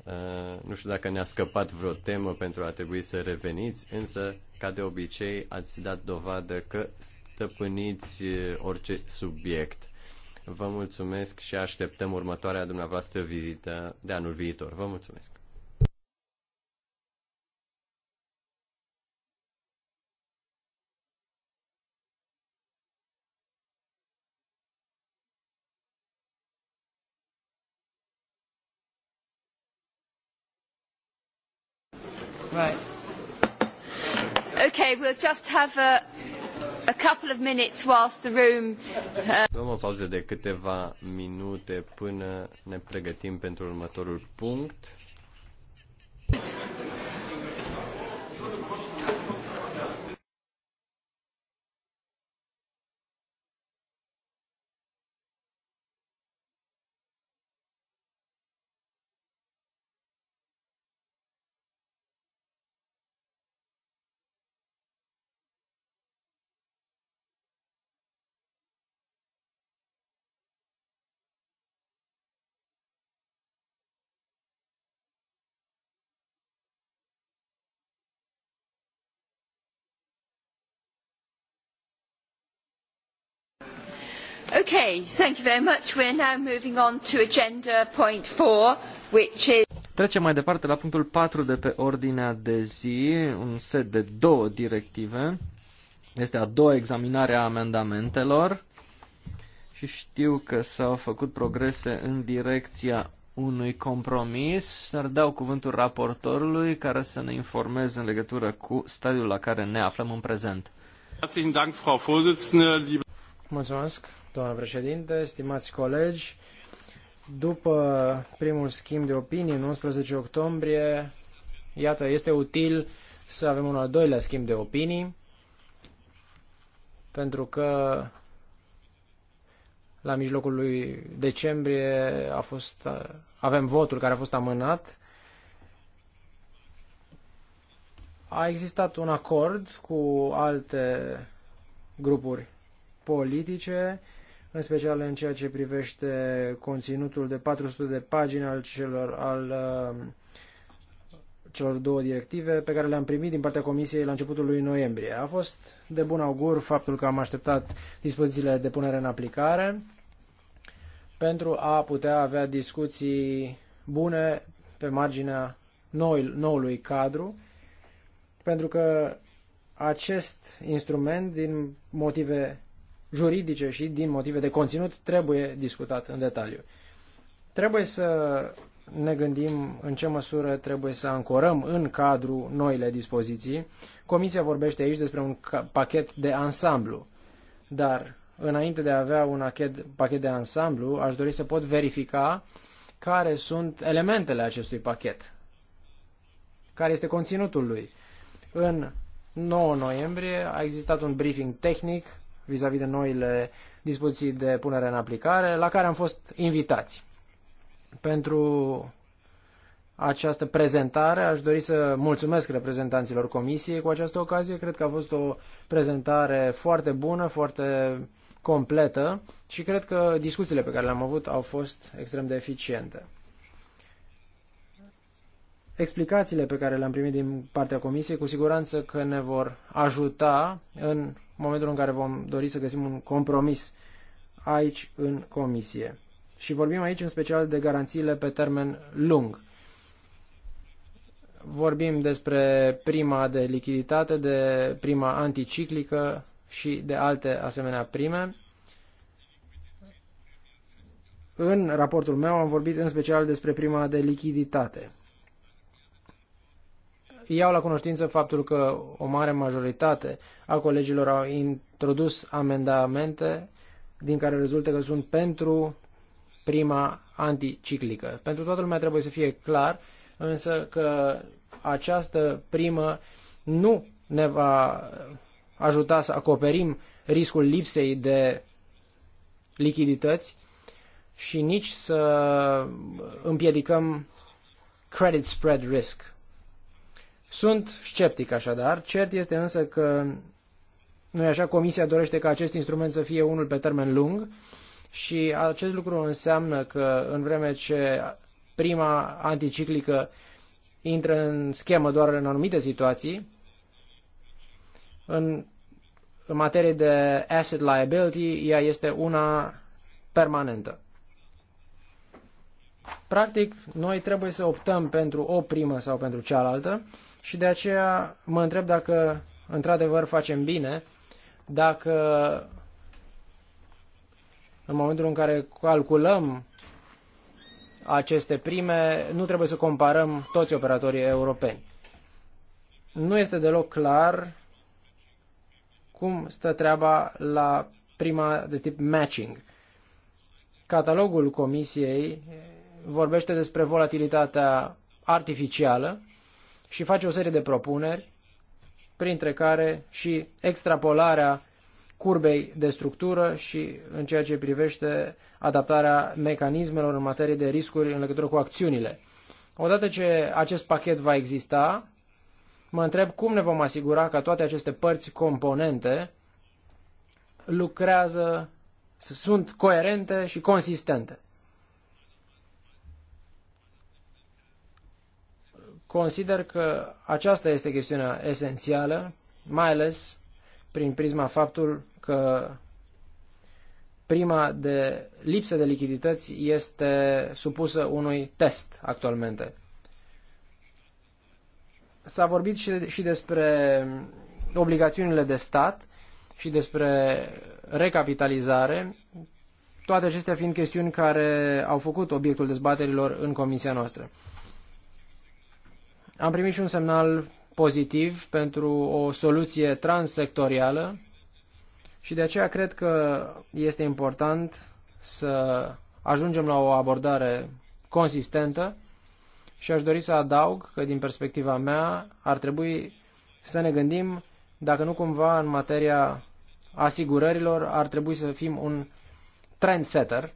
Uh, nu știu dacă ne-a scăpat vreo temă pentru a trebui să reveniți, însă, ca de obicei, ați dat dovadă că stăpâniți uh, orice subiect. Vă mulțumesc și așteptăm următoarea dumneavoastră vizită de anul viitor. Vă mulțumesc! Right. Okay, we'll just have a, a couple of minutes whilst the room... Uh... Luăm o pauză de câteva minute până ne pregătim pentru următorul punct. Okay, thank you very much. We're now moving on to agenda point which is Trecem mai departe la punctul 4 de pe ordinea de zi, un set de două directive. Este a doua examinare a amendamentelor și știu că s-au făcut progrese în direcția unui compromis, dar dau cuvântul raportorului care să ne informeze în legătură cu stadiul la care ne aflăm în prezent. Mulțumesc, doamnă președinte, stimați colegi. După primul schimb de opinii, în 11 octombrie, iată, este util să avem un al doilea schimb de opinii, pentru că la mijlocul lui decembrie a fost, avem votul care a fost amânat. A existat un acord cu alte grupuri politice în special în ceea ce privește conținutul de 400 de pagini al celor, al, um, celor două directive pe care le-am primit din partea Comisiei la începutul lui noiembrie. A fost de bun augur faptul că am așteptat dispozițiile de punere în aplicare pentru a putea avea discuții bune pe marginea noului, noului cadru, pentru că acest instrument, din motive juridice și din motive de conținut trebuie discutat în detaliu. Trebuie să ne gândim în ce măsură trebuie să ancorăm în cadrul noile dispoziții. Comisia vorbește aici despre un pachet de ansamblu, dar înainte de a avea un pachet de ansamblu, aș dori să pot verifica care sunt elementele acestui pachet, care este conținutul lui. În 9 noiembrie a existat un briefing tehnic vis-a-vis -vis de noile dispoziții de punere în aplicare, la care am fost invitați. Pentru această prezentare aș dori să mulțumesc reprezentanților comisiei cu această ocazie. Cred că a fost o prezentare foarte bună, foarte completă și cred că discuțiile pe care le-am avut au fost extrem de eficiente. Explicațiile pe care le-am primit din partea Comisiei cu siguranță că ne vor ajuta în momentul în care vom dori să găsim un compromis aici în comisie. Și vorbim aici în special de garanțiile pe termen lung. Vorbim despre prima de lichiditate, de prima anticiclică și de alte asemenea prime. În raportul meu am vorbit în special despre prima de lichiditate iau la cunoștință faptul că o mare majoritate a colegilor au introdus amendamente din care rezultă că sunt pentru prima anticiclică. Pentru toată lumea trebuie să fie clar, însă că această primă nu ne va ajuta să acoperim riscul lipsei de lichidități și nici să împiedicăm credit spread risk, sunt sceptic așadar, cert este însă că nu așa, Comisia dorește ca acest instrument să fie unul pe termen lung și acest lucru înseamnă că în vreme ce prima anticiclică intră în schemă doar în anumite situații, în, în materie de asset liability, ea este una permanentă. Practic, noi trebuie să optăm pentru o primă sau pentru cealaltă și de aceea mă întreb dacă într-adevăr facem bine, dacă în momentul în care calculăm aceste prime, nu trebuie să comparăm toți operatorii europeni. Nu este deloc clar cum stă treaba la prima de tip matching. Catalogul comisiei vorbește despre volatilitatea artificială și face o serie de propuneri, printre care și extrapolarea curbei de structură și în ceea ce privește adaptarea mecanismelor în materie de riscuri în legătură cu acțiunile. Odată ce acest pachet va exista, mă întreb cum ne vom asigura că toate aceste părți componente lucrează, sunt coerente și consistente. Consider că aceasta este chestiunea esențială, mai ales prin prisma faptul că prima de lipsă de lichidități este supusă unui test actualmente. S-a vorbit și, și despre obligațiunile de stat și despre recapitalizare, toate acestea fiind chestiuni care au făcut obiectul dezbaterilor în comisia noastră. Am primit și un semnal pozitiv pentru o soluție transsectorială și de aceea cred că este important să ajungem la o abordare consistentă și aș dori să adaug că din perspectiva mea ar trebui să ne gândim dacă nu cumva în materia asigurărilor ar trebui să fim un trendsetter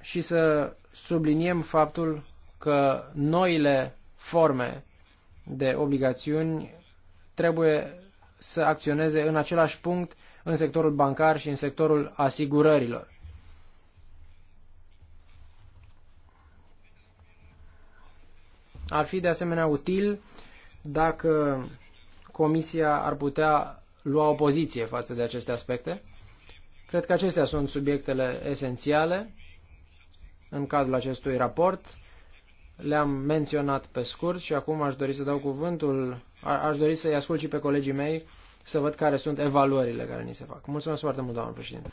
și să subliniem faptul că noile forme de obligațiuni trebuie să acționeze în același punct în sectorul bancar și în sectorul asigurărilor. Ar fi de asemenea util dacă Comisia ar putea lua o poziție față de aceste aspecte. Cred că acestea sunt subiectele esențiale în cadrul acestui raport le-am menționat pe scurt și acum aș dori să dau cuvântul, a, aș dori să-i ascult și pe colegii mei să văd care sunt evaluările care ni se fac. Mulțumesc foarte mult, doamnă președinte.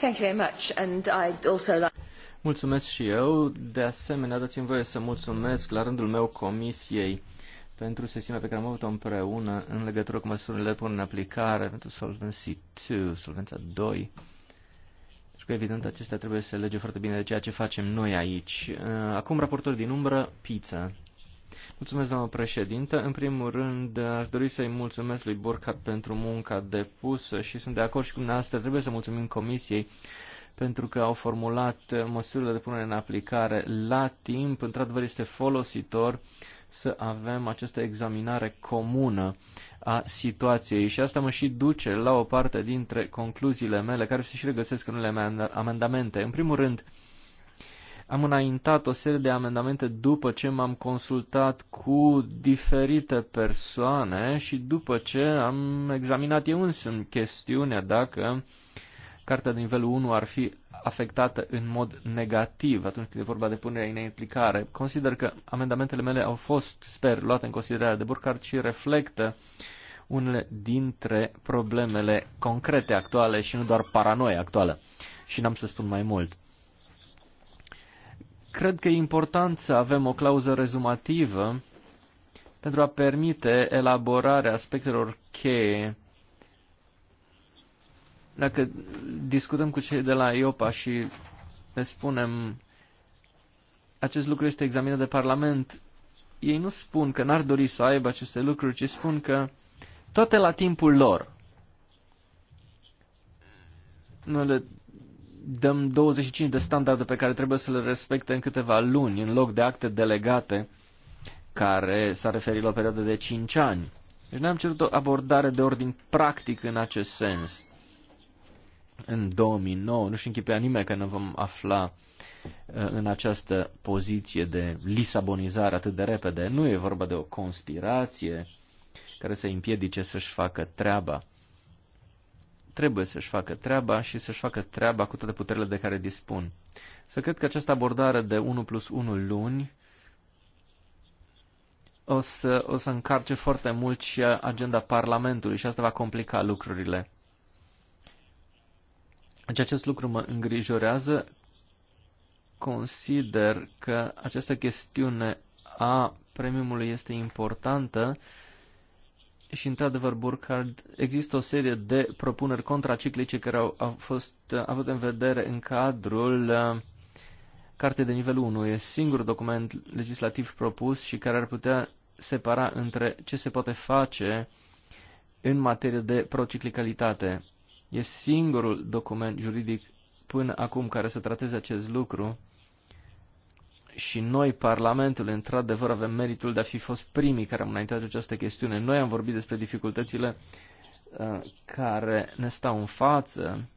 Thank you very much and I'd also like... Mulțumesc și eu. De asemenea, dați-mi voie să mulțumesc la rândul meu comisiei pentru sesiunea pe care am avut-o împreună în legătură cu măsurile de în aplicare pentru Solvency 2, Solvența 2. Pentru că, evident, acestea trebuie să se lege foarte bine de ceea ce facem noi aici. Uh, acum, raportor din umbră, pizza. Mulțumesc, doamnă președintă. În primul rând, aș dori să-i mulțumesc lui Borcat pentru munca depusă și sunt de acord și cu dumneavoastră. Trebuie să mulțumim comisiei pentru că au formulat măsurile de punere în aplicare la timp. Într-adevăr, este folositor să avem această examinare comună a situației. Și asta mă și duce la o parte dintre concluziile mele, care se și regăsesc în unele amendamente. În primul rând, am înaintat o serie de amendamente după ce m-am consultat cu diferite persoane și după ce am examinat eu însumi chestiunea dacă cartea de nivelul 1 ar fi afectată în mod negativ atunci când e vorba de punerea în implicare. Consider că amendamentele mele au fost, sper, luate în considerare de Burcar, și reflectă unele dintre problemele concrete actuale și nu doar paranoia actuală. Și n-am să spun mai mult. Cred că e important să avem o clauză rezumativă pentru a permite elaborarea aspectelor cheie dacă discutăm cu cei de la IOPA și le spunem acest lucru este examinat de Parlament, ei nu spun că n-ar dori să aibă aceste lucruri, ci spun că toate la timpul lor. Noi le dăm 25 de standarde pe care trebuie să le respecte în câteva luni, în loc de acte delegate care s-a referit la o perioadă de 5 ani. Deci ne-am cerut o abordare de ordin practic în acest sens în 2009. Nu-și închipea nimeni că ne vom afla uh, în această poziție de lisabonizare atât de repede. Nu e vorba de o conspirație care să împiedice să-și facă treaba. Trebuie să-și facă treaba și să-și facă treaba cu toate puterile de care dispun. Să cred că această abordare de 1 plus 1 luni o să, o să încarce foarte mult și agenda Parlamentului și asta va complica lucrurile. Deci acest lucru mă îngrijorează. Consider că această chestiune a premiumului este importantă și, într-adevăr, Burkhard, există o serie de propuneri contraciclice care au, au fost uh, avut în vedere în cadrul uh, Cartei de nivel 1. E singurul document legislativ propus și care ar putea separa între ce se poate face în materie de prociclicalitate. E singurul document juridic până acum care să trateze acest lucru și noi, Parlamentul, într-adevăr, avem meritul de a fi fost primii care am înaintat această chestiune. Noi am vorbit despre dificultățile uh, care ne stau în față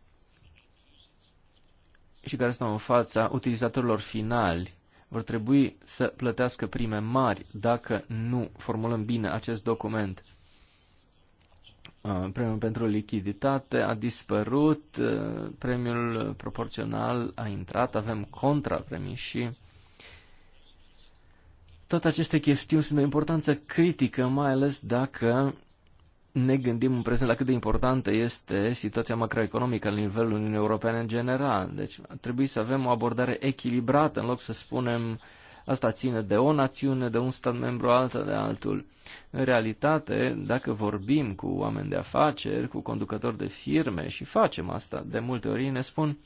și care stau în fața utilizatorilor finali. Vor trebui să plătească prime mari dacă nu formulăm bine acest document. Uh, premiul pentru lichiditate a dispărut, uh, premiul proporțional a intrat, avem contrapremii și toate aceste chestiuni sunt de importanță critică, mai ales dacă ne gândim în prezent la cât de importantă este situația macroeconomică la nivelul Uniunii Europene în general. Deci trebuie să avem o abordare echilibrată în loc să spunem uh, Asta ține de o națiune, de un stat membru, altă de altul. În realitate, dacă vorbim cu oameni de afaceri, cu conducători de firme și facem asta, de multe ori ne spun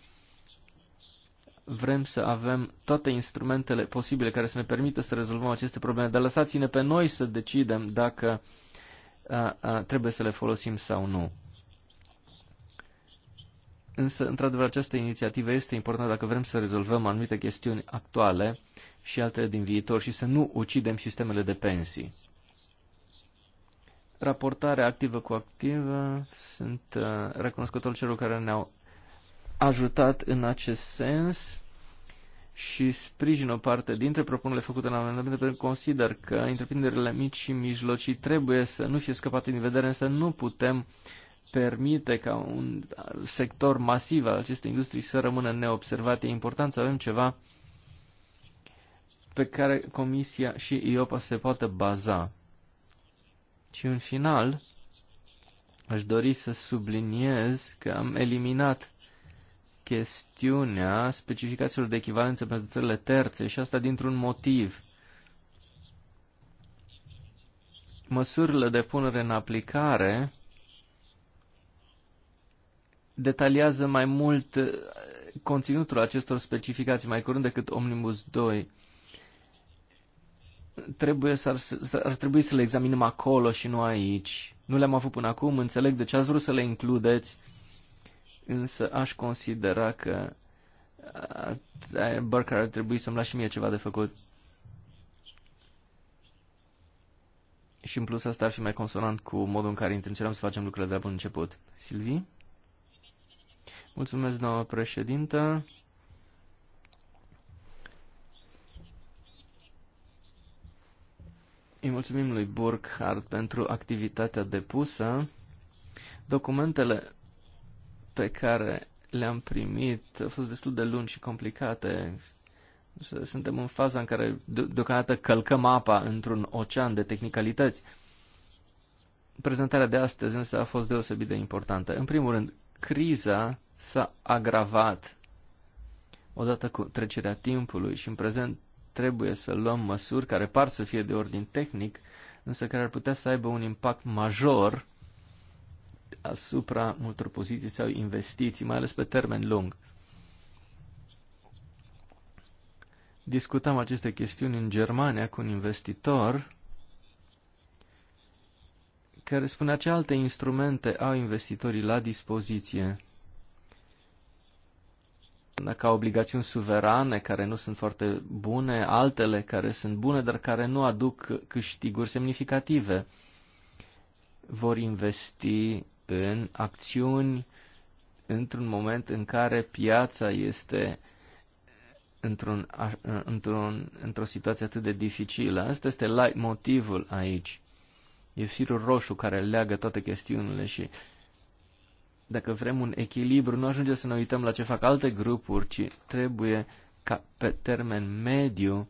vrem să avem toate instrumentele posibile care să ne permită să rezolvăm aceste probleme, dar lăsați-ne pe noi să decidem dacă a, a, trebuie să le folosim sau nu. Însă, într-adevăr, această inițiativă este importantă dacă vrem să rezolvăm anumite chestiuni actuale și altele din viitor și să nu ucidem sistemele de pensii. Raportarea activă cu activă sunt uh, recunoscători celor care ne-au ajutat în acest sens și sprijin o parte dintre propunerile făcute în amendamente pentru că consider că întreprinderile mici și mijlocii trebuie să nu fie scăpate din vedere, însă nu putem permite ca un sector masiv al acestei industrii să rămână neobservat. E important să avem ceva uh, pe care Comisia și IOPA se poate baza. Și în final, aș dori să subliniez că am eliminat chestiunea specificațiilor de echivalență pentru țările terțe și asta dintr-un motiv. Măsurile de punere în aplicare detaliază mai mult eh, conținutul acestor specificații mai curând decât Omnibus 2 trebuie să ar, să ar trebui să le examinăm acolo și nu aici. Nu le-am avut până acum, înțeleg de ce ați vrut să le includeți, însă aș considera că ar, Burke ar trebui să-mi lași și mie ceva de făcut. Și în plus asta ar fi mai consonant cu modul în care intenționăm să facem lucrurile de la bun început. Silvi? Mulțumesc, doamna președintă. Îi mulțumim lui Burkhardt pentru activitatea depusă. Documentele pe care le-am primit au fost destul de lungi și complicate. Suntem în faza în care de deocamdată călcăm apa într-un ocean de tehnicalități. Prezentarea de astăzi însă a fost deosebit de importantă. În primul rând, criza s-a agravat odată cu trecerea timpului și în prezent trebuie să luăm măsuri care par să fie de ordin tehnic, însă care ar putea să aibă un impact major asupra multor poziții sau investiții, mai ales pe termen lung. Discutam aceste chestiuni în Germania cu un investitor care spunea ce alte instrumente au investitorii la dispoziție ca obligațiuni suverane care nu sunt foarte bune, altele care sunt bune, dar care nu aduc câștiguri semnificative. Vor investi în acțiuni într-un moment în care piața este într-un, într-un, într-o situație atât de dificilă. Asta este light motivul aici. E firul roșu care leagă toate chestiunile și dacă vrem un echilibru, nu ajunge să ne uităm la ce fac alte grupuri, ci trebuie ca pe termen mediu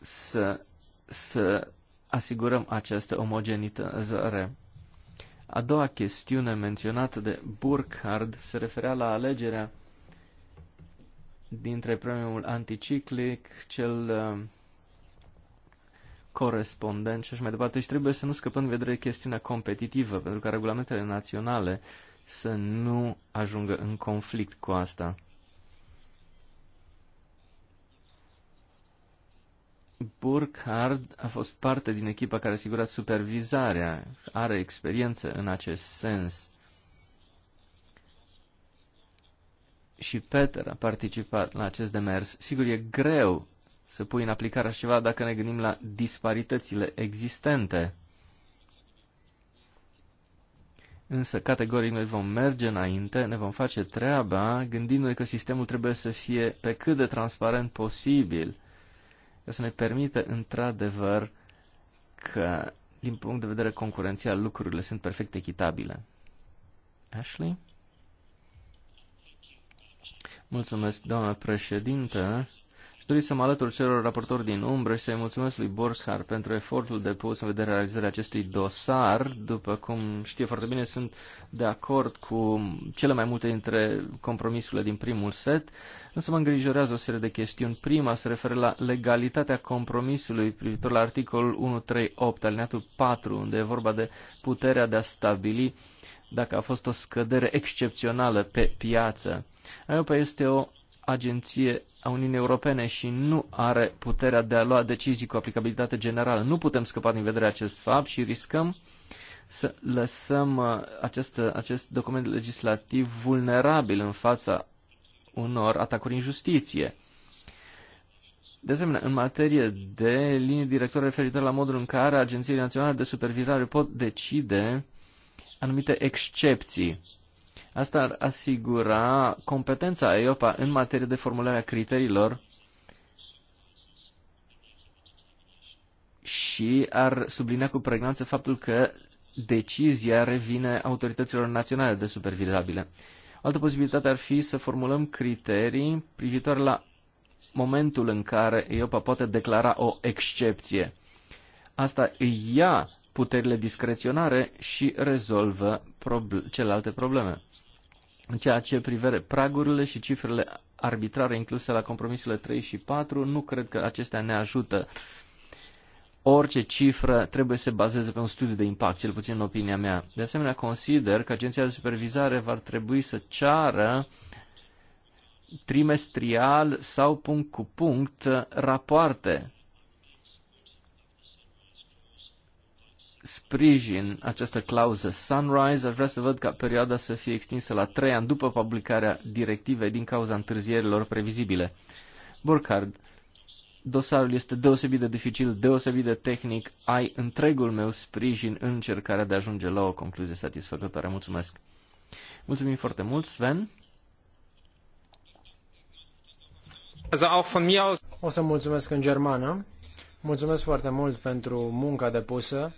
să, să asigurăm această omogenitate. A doua chestiune menționată de Burkhard se referea la alegerea dintre premiul anticiclic, cel uh, corespondent și așa mai departe. Și deci trebuie să nu scăpăm vedere chestiunea competitivă, pentru ca regulamentele naționale să nu ajungă în conflict cu asta. Burkhard a fost parte din echipa care a asigurat supervizarea, are experiență în acest sens. Și Peter a participat la acest demers. Sigur, e greu să pui în aplicare așa ceva dacă ne gândim la disparitățile existente. Însă, categoric, noi vom merge înainte, ne vom face treaba, gândindu-ne că sistemul trebuie să fie pe cât de transparent posibil, să ne permită, într-adevăr, că, din punct de vedere concurențial, lucrurile sunt perfect echitabile. Ashley? Mulțumesc, doamna președintă dori să mă alătur celor raportori din umbră și să-i mulțumesc lui Borshar pentru efortul depus în vederea realizării acestui dosar. După cum știe foarte bine, sunt de acord cu cele mai multe dintre compromisurile din primul set, însă mă îngrijorează o serie de chestiuni. Prima se referă la legalitatea compromisului privitor la articolul 138, alineatul 4, unde e vorba de puterea de a stabili dacă a fost o scădere excepțională pe piață. Aiopa este o agenție a Uniunii Europene și nu are puterea de a lua decizii cu aplicabilitate generală. Nu putem scăpa din vedere acest fapt și riscăm să lăsăm uh, acest, uh, acest document legislativ vulnerabil în fața unor atacuri în justiție. De asemenea, în materie de linii directoare referitoare la modul în care agențiile naționale de supervizare pot decide anumite excepții Asta ar asigura competența EIOPA în materie de formulare a criteriilor și ar sublinea cu pregnanță faptul că decizia revine autorităților naționale de supervizabile. O altă posibilitate ar fi să formulăm criterii privitoare la momentul în care EIOPA poate declara o excepție. Asta îi ia puterile discreționare și rezolvă proble- celelalte probleme. În ceea ce privește pragurile și cifrele arbitrare incluse la compromisurile 3 și 4, nu cred că acestea ne ajută. Orice cifră trebuie să se bazeze pe un studiu de impact, cel puțin în opinia mea. De asemenea, consider că agenția de supervizare va trebui să ceară trimestrial sau punct cu punct rapoarte sprijin această clauză Sunrise. Aș vrea să văd ca perioada să fie extinsă la trei ani după publicarea directivei din cauza întârzierilor previzibile. Burkhard, dosarul este deosebit de dificil, deosebit de tehnic. Ai întregul meu sprijin în încercarea de a ajunge la o concluzie satisfăcătoare. Mulțumesc! Mulțumim foarte mult, Sven! O să mulțumesc în germană. Mulțumesc foarte mult pentru munca depusă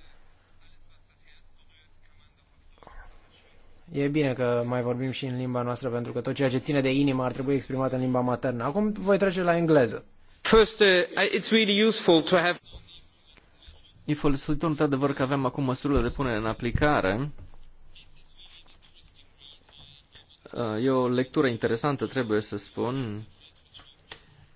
E bine că mai vorbim și în limba noastră, pentru că tot ceea ce ține de inimă ar trebui exprimat în limba maternă. Acum voi trece la engleză. First, uh, it's really useful to have... E folositor într-adevăr că avem acum măsurile de punere în aplicare. Uh, e o lectură interesantă, trebuie să spun.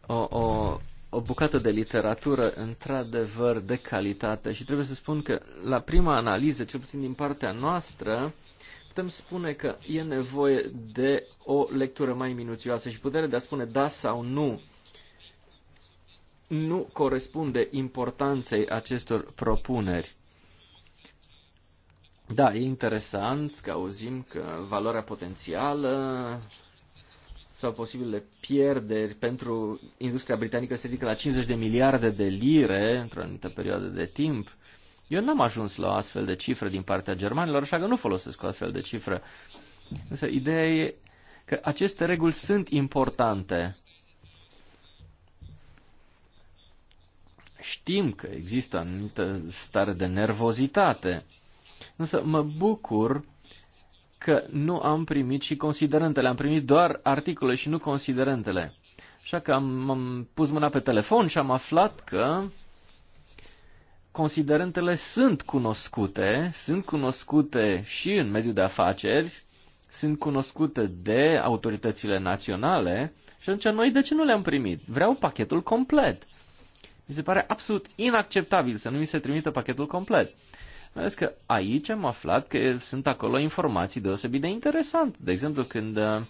O, o, o bucată de literatură într-adevăr de calitate și trebuie să spun că la prima analiză, cel puțin din partea noastră, putem spune că e nevoie de o lectură mai minuțioasă și puterea de a spune da sau nu nu corespunde importanței acestor propuneri. Da, e interesant că auzim că valoarea potențială sau posibile pierderi pentru industria britanică se ridică la 50 de miliarde de lire într-o anumită perioadă de timp. Eu n-am ajuns la o astfel de cifră din partea germanilor, așa că nu folosesc o astfel de cifră. Însă ideea e că aceste reguli sunt importante. Știm că există anumită stare de nervozitate, însă mă bucur că nu am primit și considerentele, am primit doar articole și nu considerentele. Așa că am, am pus mâna pe telefon și am aflat că considerentele sunt cunoscute, sunt cunoscute și în mediul de afaceri, sunt cunoscute de autoritățile naționale și atunci noi de ce nu le-am primit? Vreau pachetul complet. Mi se pare absolut inacceptabil să nu mi se trimită pachetul complet. Mai ales că aici am aflat că sunt acolo informații deosebit de interesante. De exemplu, când uh,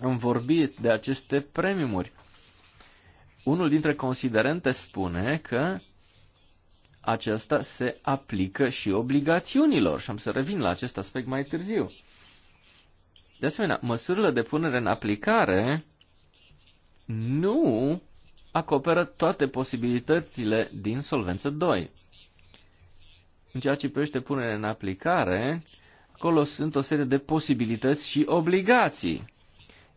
am vorbit de aceste premiumuri, unul dintre considerente spune că aceasta se aplică și obligațiunilor și am să revin la acest aspect mai târziu. De asemenea, măsurile de punere în aplicare nu acoperă toate posibilitățile din Solvență 2. În ceea ce privește punerea în aplicare, acolo sunt o serie de posibilități și obligații.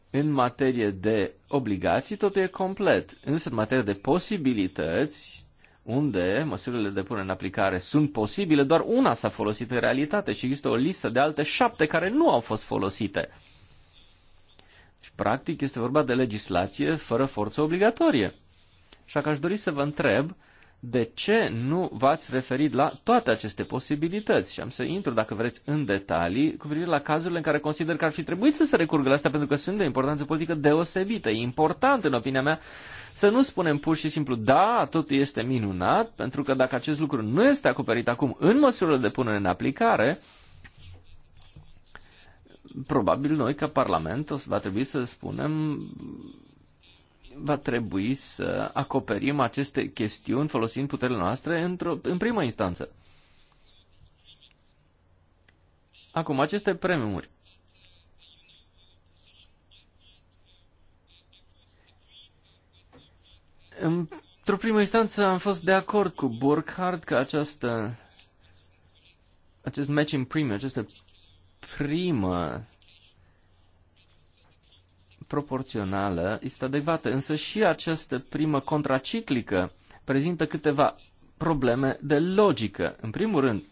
În materie de obligații totul e complet, însă în materie de posibilități unde măsurile de punere în aplicare sunt posibile, doar una s-a folosit în realitate și există o listă de alte șapte care nu au fost folosite. Și deci, practic este vorba de legislație fără forță obligatorie. Așa că aș dori să vă întreb de ce nu v-ați referit la toate aceste posibilități? Și am să intru, dacă vreți, în detalii cu privire la cazurile în care consider că ar fi trebuit să se recurgă la asta pentru că sunt de importanță politică deosebită. E important, în opinia mea, să nu spunem pur și simplu, da, totul este minunat, pentru că dacă acest lucru nu este acoperit acum în măsurile de punere în aplicare, probabil noi, ca Parlament, o să va trebui să spunem va trebui să acoperim aceste chestiuni folosind puterile noastre într-o, în primă instanță. Acum, aceste premiumuri. Într-o primă instanță am fost de acord cu Burkhardt că această, acest match premium, această primă proporțională este adecvată, însă și această primă contraciclică prezintă câteva probleme de logică. În primul rând,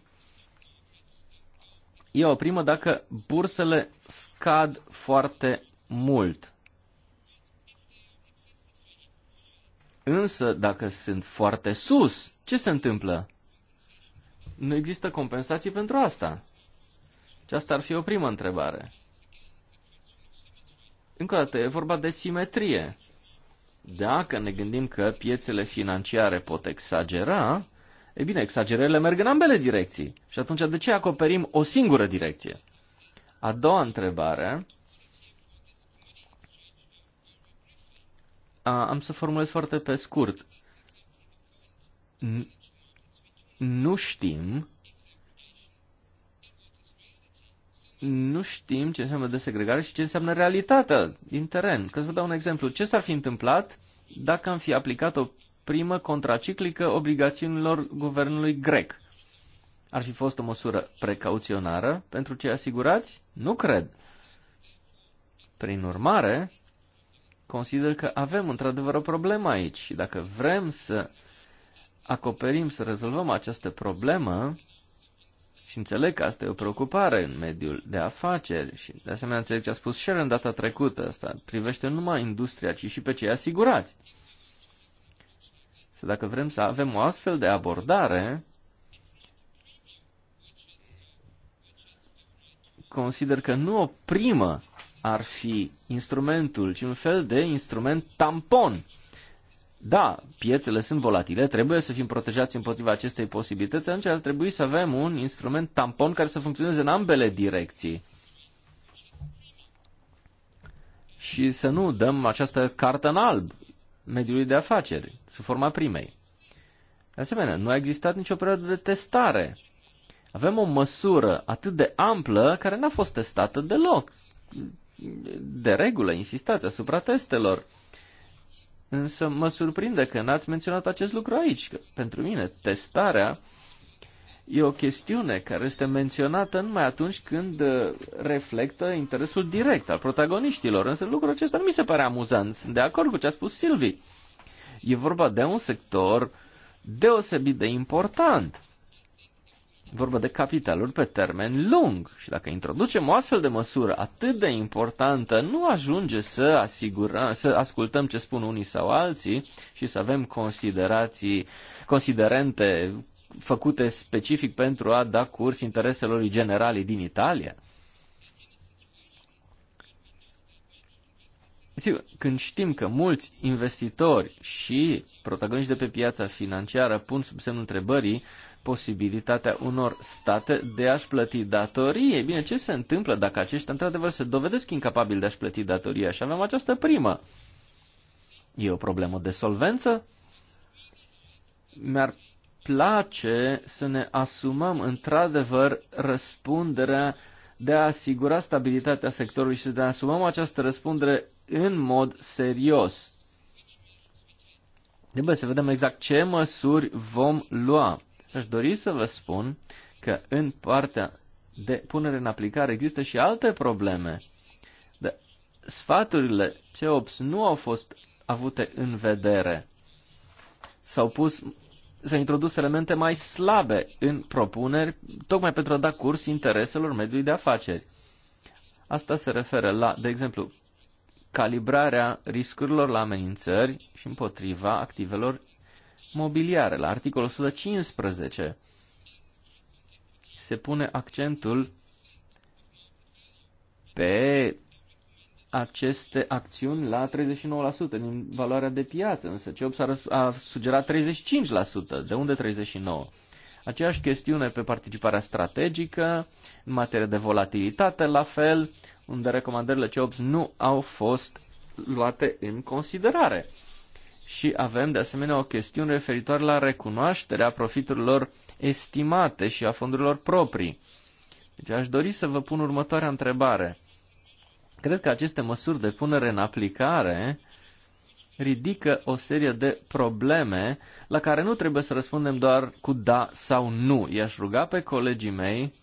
e o primă dacă bursele scad foarte mult. Însă, dacă sunt foarte sus, ce se întâmplă? Nu există compensații pentru asta. Aceasta ar fi o primă întrebare. Încă o dată, e vorba de simetrie. Dacă ne gândim că piețele financiare pot exagera, e bine, exagerele merg în ambele direcții. Și atunci de ce acoperim o singură direcție? A doua întrebare. A, am să formulez foarte pe scurt. Nu știm nu știm ce înseamnă desegregare și ce înseamnă realitatea din teren. Că să vă dau un exemplu. Ce s-ar fi întâmplat dacă am fi aplicat o primă contraciclică obligațiunilor guvernului grec? Ar fi fost o măsură precauționară pentru cei asigurați? Nu cred. Prin urmare, consider că avem într-adevăr o problemă aici și dacă vrem să acoperim, să rezolvăm această problemă, și înțeleg că asta e o preocupare în mediul de afaceri și de asemenea înțeleg ce a spus Sharon data trecută. Asta privește nu numai industria, ci și pe cei asigurați. Să dacă vrem să avem o astfel de abordare, consider că nu o primă ar fi instrumentul, ci un fel de instrument tampon da, piețele sunt volatile, trebuie să fim protejați împotriva acestei posibilități, atunci ar trebui să avem un instrument tampon care să funcționeze în ambele direcții. Și să nu dăm această cartă în alb mediului de afaceri, sub forma primei. De asemenea, nu a existat nicio perioadă de testare. Avem o măsură atât de amplă care n-a fost testată deloc. De regulă, insistați asupra testelor. Însă mă surprinde că n-ați menționat acest lucru aici, că pentru mine testarea e o chestiune care este menționată numai atunci când uh, reflectă interesul direct al protagoniștilor, însă lucrul acesta nu mi se pare amuzant. Sunt de acord cu ce a spus Silvi. E vorba de un sector deosebit de important vorba de capitaluri pe termen lung. Și dacă introducem o astfel de măsură atât de importantă, nu ajunge să, asigurăm, să ascultăm ce spun unii sau alții și să avem considerații, considerente făcute specific pentru a da curs intereselor generale din Italia. Sigur, când știm că mulți investitori și protagoniști de pe piața financiară pun sub semnul întrebării uh, posibilitatea unor state de a-și plăti datorie. Bine, ce se întâmplă dacă aceștia într-adevăr se dovedesc incapabili de a-și plăti datoria? Și avem această primă. E o problemă de solvență? Mi-ar place să ne asumăm într-adevăr răspunderea de a asigura stabilitatea sectorului și să ne asumăm această răspundere în mod serios. Trebuie să vedem exact ce măsuri vom lua. Aș dori să vă spun că în partea de punere în aplicare există și alte probleme. De sfaturile CEOPS nu au fost avute în vedere. S-au pus s-au introdus elemente mai slabe în propuneri, tocmai pentru a da curs intereselor mediului de afaceri. Asta se referă la, de exemplu, calibrarea riscurilor la amenințări și împotriva activelor mobiliare. La articolul 115 se pune accentul pe aceste acțiuni la 39% din valoarea de piață, însă CEOPS a, a sugerat 35%. De unde 39%? Aceeași chestiune pe participarea strategică, în materie de volatilitate, la fel, unde recomandările CEOPS nu au fost luate în considerare și avem de asemenea o chestiune referitoare la recunoașterea profiturilor estimate și a fondurilor proprii. Deci aș dori să vă pun următoarea întrebare. Cred că aceste măsuri de punere în aplicare ridică o serie de probleme la care nu trebuie să răspundem doar cu da sau nu. I-aș ruga pe colegii mei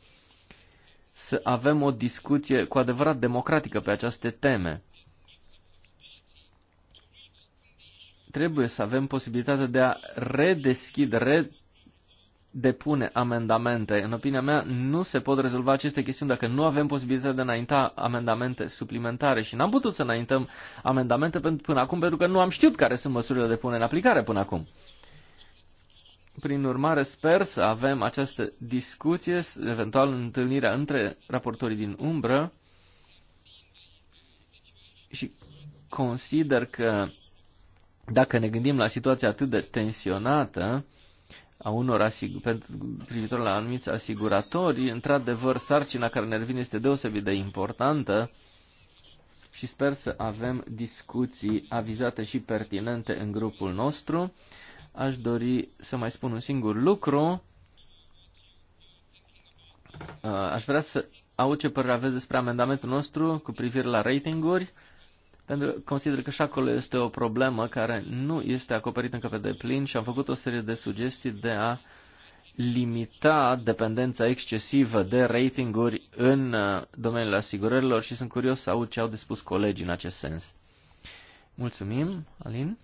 să avem o discuție cu adevărat democratică pe aceste teme. trebuie să avem posibilitatea de a redeschide, redepune depune amendamente. În opinia mea, nu se pot rezolva aceste chestiuni dacă nu avem posibilitatea de a înainta amendamente suplimentare și n-am putut să înaintăm amendamente până acum pentru că nu am știut care sunt măsurile de pune în aplicare până acum. Prin urmare, sper să avem această discuție, eventual întâlnirea între raportorii din umbră și consider că dacă ne gândim la situația atât de tensionată a unor privitor la anumiți asiguratori, într-adevăr, sarcina care ne revine este deosebit de importantă și sper să avem discuții avizate și pertinente în grupul nostru. Aș dori să mai spun un singur lucru. Uh, aș vrea să aud ce părere aveți despre amendamentul nostru cu privire la ratinguri pentru că consider că și acolo este o problemă care nu este acoperită încă pe deplin și am făcut o serie de sugestii de a limita dependența excesivă de ratinguri în uh, domeniul asigurărilor și sunt curios să aud ce au de spus colegii în acest sens. Mulțumim, Alin.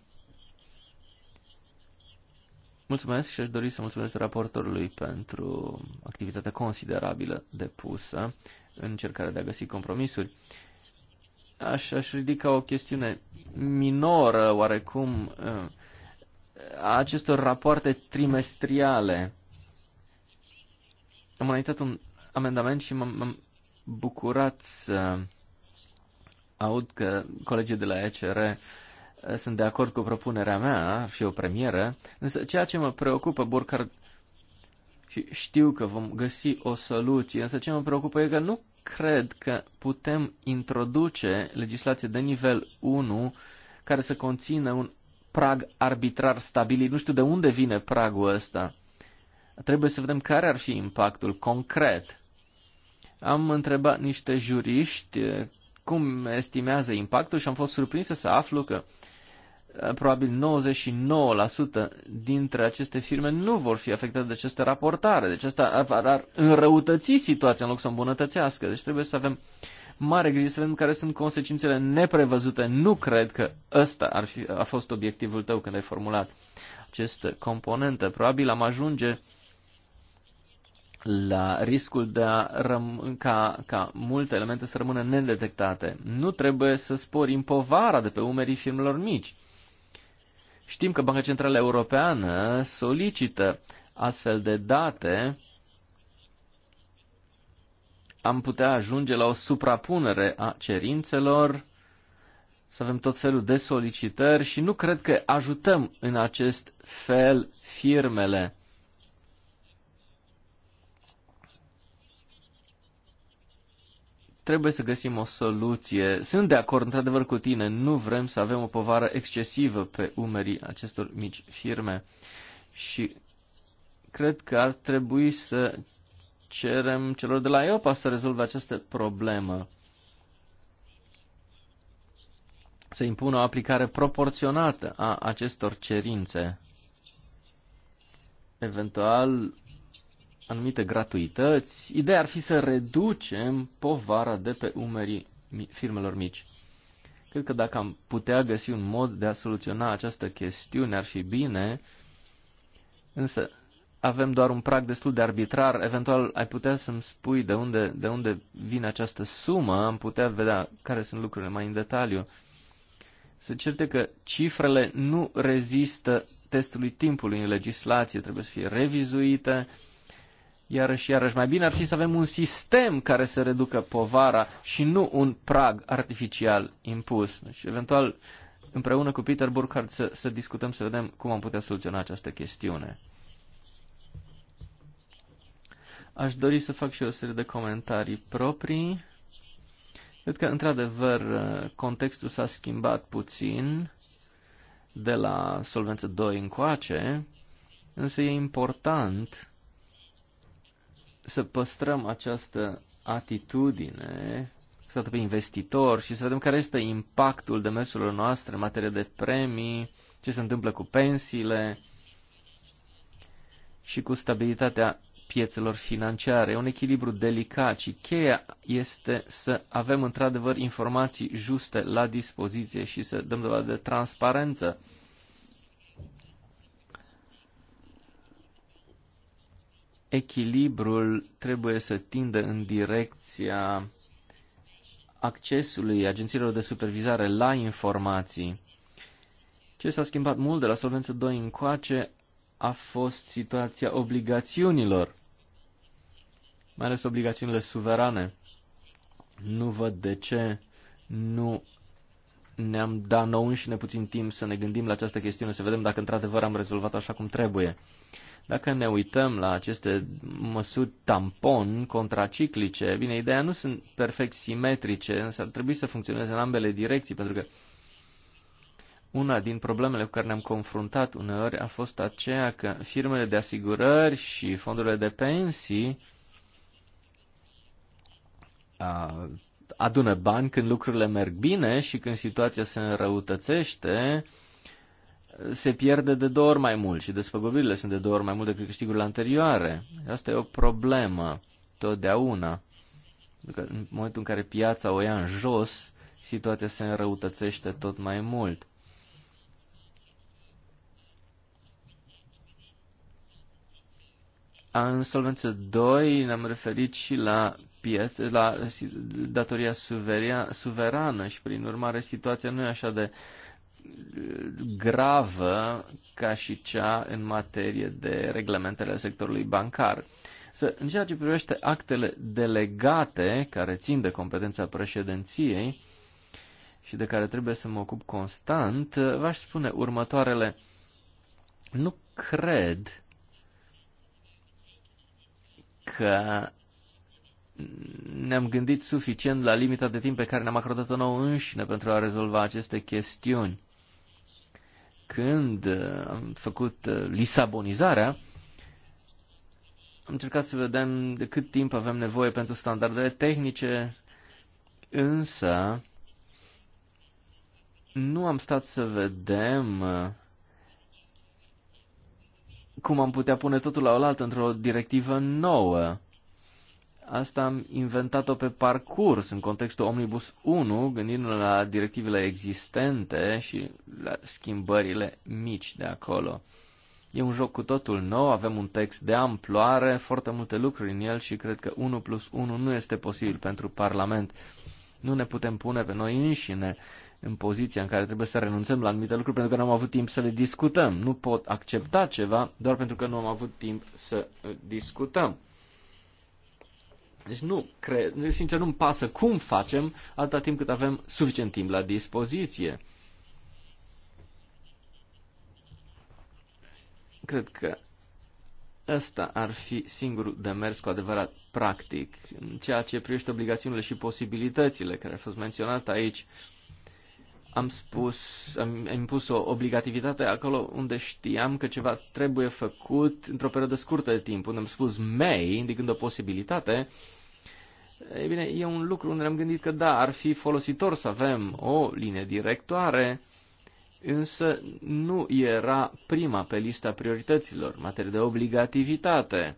Mulțumesc și aș dori să mulțumesc raportorului pentru activitatea considerabilă depusă în încercarea de a găsi compromisuri aș, aș ridica o chestiune minoră, oarecum, uh, a acestor rapoarte trimestriale. Am înaintat un amendament și m-am bucurat să aud că colegii de la ECR uh, sunt de acord cu propunerea mea, ar fi o premieră, însă ceea ce mă preocupă, Burkhard, și știu că vom găsi o soluție, însă ce mă preocupă e că nu cred că putem introduce legislație de nivel 1 care să conțină un prag arbitrar stabilit. Nu știu de unde vine pragul ăsta. Trebuie să vedem care ar fi impactul concret. Am întrebat niște juriști eh, cum estimează impactul și am fost surprins să aflu că probabil 99% dintre aceste firme nu vor fi afectate de aceste raportare. Deci asta ar, ar înrăutăți situația în loc să o îmbunătățească. Deci trebuie să avem mare grijă să vedem care sunt consecințele neprevăzute. Nu cred că ăsta ar fi, a fost obiectivul tău când ai formulat aceste componente. Probabil am ajunge la riscul de a răm- ca, ca multe elemente să rămână nedetectate. Nu trebuie să în povara de pe umerii firmelor mici Știm că Banca Centrală Europeană solicită astfel de date, am putea ajunge la o suprapunere a cerințelor, să avem tot felul de solicitări și nu cred că ajutăm în acest fel firmele. trebuie să găsim o soluție. Sunt de acord, într-adevăr, cu tine. Nu vrem să avem o povară excesivă pe umerii acestor mici firme. Și cred că ar trebui să cerem celor de la EOPA să rezolve această problemă. Să impună o aplicare proporționată a acestor cerințe. Eventual, anumite gratuități. Ideea ar fi să reducem povara de pe umerii firmelor mici. Cred că dacă am putea găsi un mod de a soluționa această chestiune, ar fi bine, însă avem doar un prag destul de arbitrar. Eventual, ai putea să-mi spui de unde, de unde vine această sumă, am putea vedea care sunt lucrurile mai în detaliu. Se certe că cifrele nu rezistă testului timpului în legislație, trebuie să fie revizuite, uh, iarăși, iarăși. Mai bine ar fi să avem un sistem care să reducă povara și nu un prag artificial impus. și deci, eventual, împreună cu Peter Burkhardt să, să discutăm, să vedem cum am putea soluționa această chestiune. Aș dori să fac și o serie de comentarii proprii. Cred că, într-adevăr, contextul s-a schimbat puțin de la Solvență 2 încoace, însă e important să păstrăm această atitudine axată pe investitor și să vedem care este impactul demersurilor noastre în materie de premii, ce se întâmplă cu pensiile și cu stabilitatea piețelor financiare. E un echilibru delicat și cheia este să avem într-adevăr informații juste la dispoziție și să dăm dovadă de transparență echilibrul trebuie să tindă în direcția accesului agențiilor de supervizare la informații. Ce s-a schimbat mult de la Solvență 2 încoace a fost situația obligațiunilor, mai ales obligațiunile suverane. Nu văd de ce nu ne-am dat nou ne puțin timp să ne gândim la această chestiune, să vedem dacă într-adevăr am rezolvat așa cum trebuie. Dacă ne uităm la aceste măsuri tampon, contraciclice, bine, ideea nu sunt perfect simetrice, însă ar trebui să funcționeze în ambele direcții, pentru că una din problemele cu care ne-am confruntat uneori a fost aceea că firmele de asigurări și fondurile de pensii adună bani când lucrurile merg bine și când situația se înrăutățește, se pierde de două ori mai mult și despăgubirile sunt de două ori mai mult decât câștigurile anterioare. Asta e o problemă totdeauna. că în momentul în care piața o ia în jos, situația se înrăutățește tot mai mult. În Solvență 2 ne-am referit și la, piețe, la datoria suveria, suverană și prin urmare situația nu e așa de uh, gravă ca și cea în materie de reglementele sectorului bancar. Să, în ceea ce privește actele delegate care țin de competența președinției și de care trebuie să mă ocup constant, v-aș spune următoarele. Nu cred că ne-am gândit suficient la limita de timp pe care ne-am acordat-o nouă înșine pentru a rezolva aceste chestiuni când uh, am făcut uh, lisabonizarea, am încercat să vedem de cât timp avem nevoie pentru standardele tehnice, însă nu am stat să vedem uh, cum am putea pune totul la oaltă într-o directivă nouă. Asta am inventat-o pe parcurs, în contextul Omnibus 1, gândindu-ne la directivele existente și la schimbările mici de acolo. E un joc cu totul nou, avem un text de amploare, foarte multe lucruri în el și cred că 1 plus 1 nu este posibil pentru Parlament. Nu ne putem pune pe noi înșine în poziția în care trebuie să renunțăm la anumite lucruri pentru că nu am avut timp să le discutăm. Nu pot accepta ceva doar pentru că nu am avut timp să discutăm. Deci nu cred, sincer nu-mi pasă cum facem atâta timp cât avem suficient timp la dispoziție. Cred că ăsta ar fi singurul demers cu adevărat practic. În ceea ce privește obligațiunile și posibilitățile care au fost menționate aici, am spus, am impus o obligativitate acolo unde știam că ceva trebuie făcut într-o perioadă scurtă de timp, unde am spus may, indicând o posibilitate, e bine, e un lucru unde am gândit că da, ar fi folositor să avem o linie directoare, însă nu era prima pe lista priorităților, materie de obligativitate.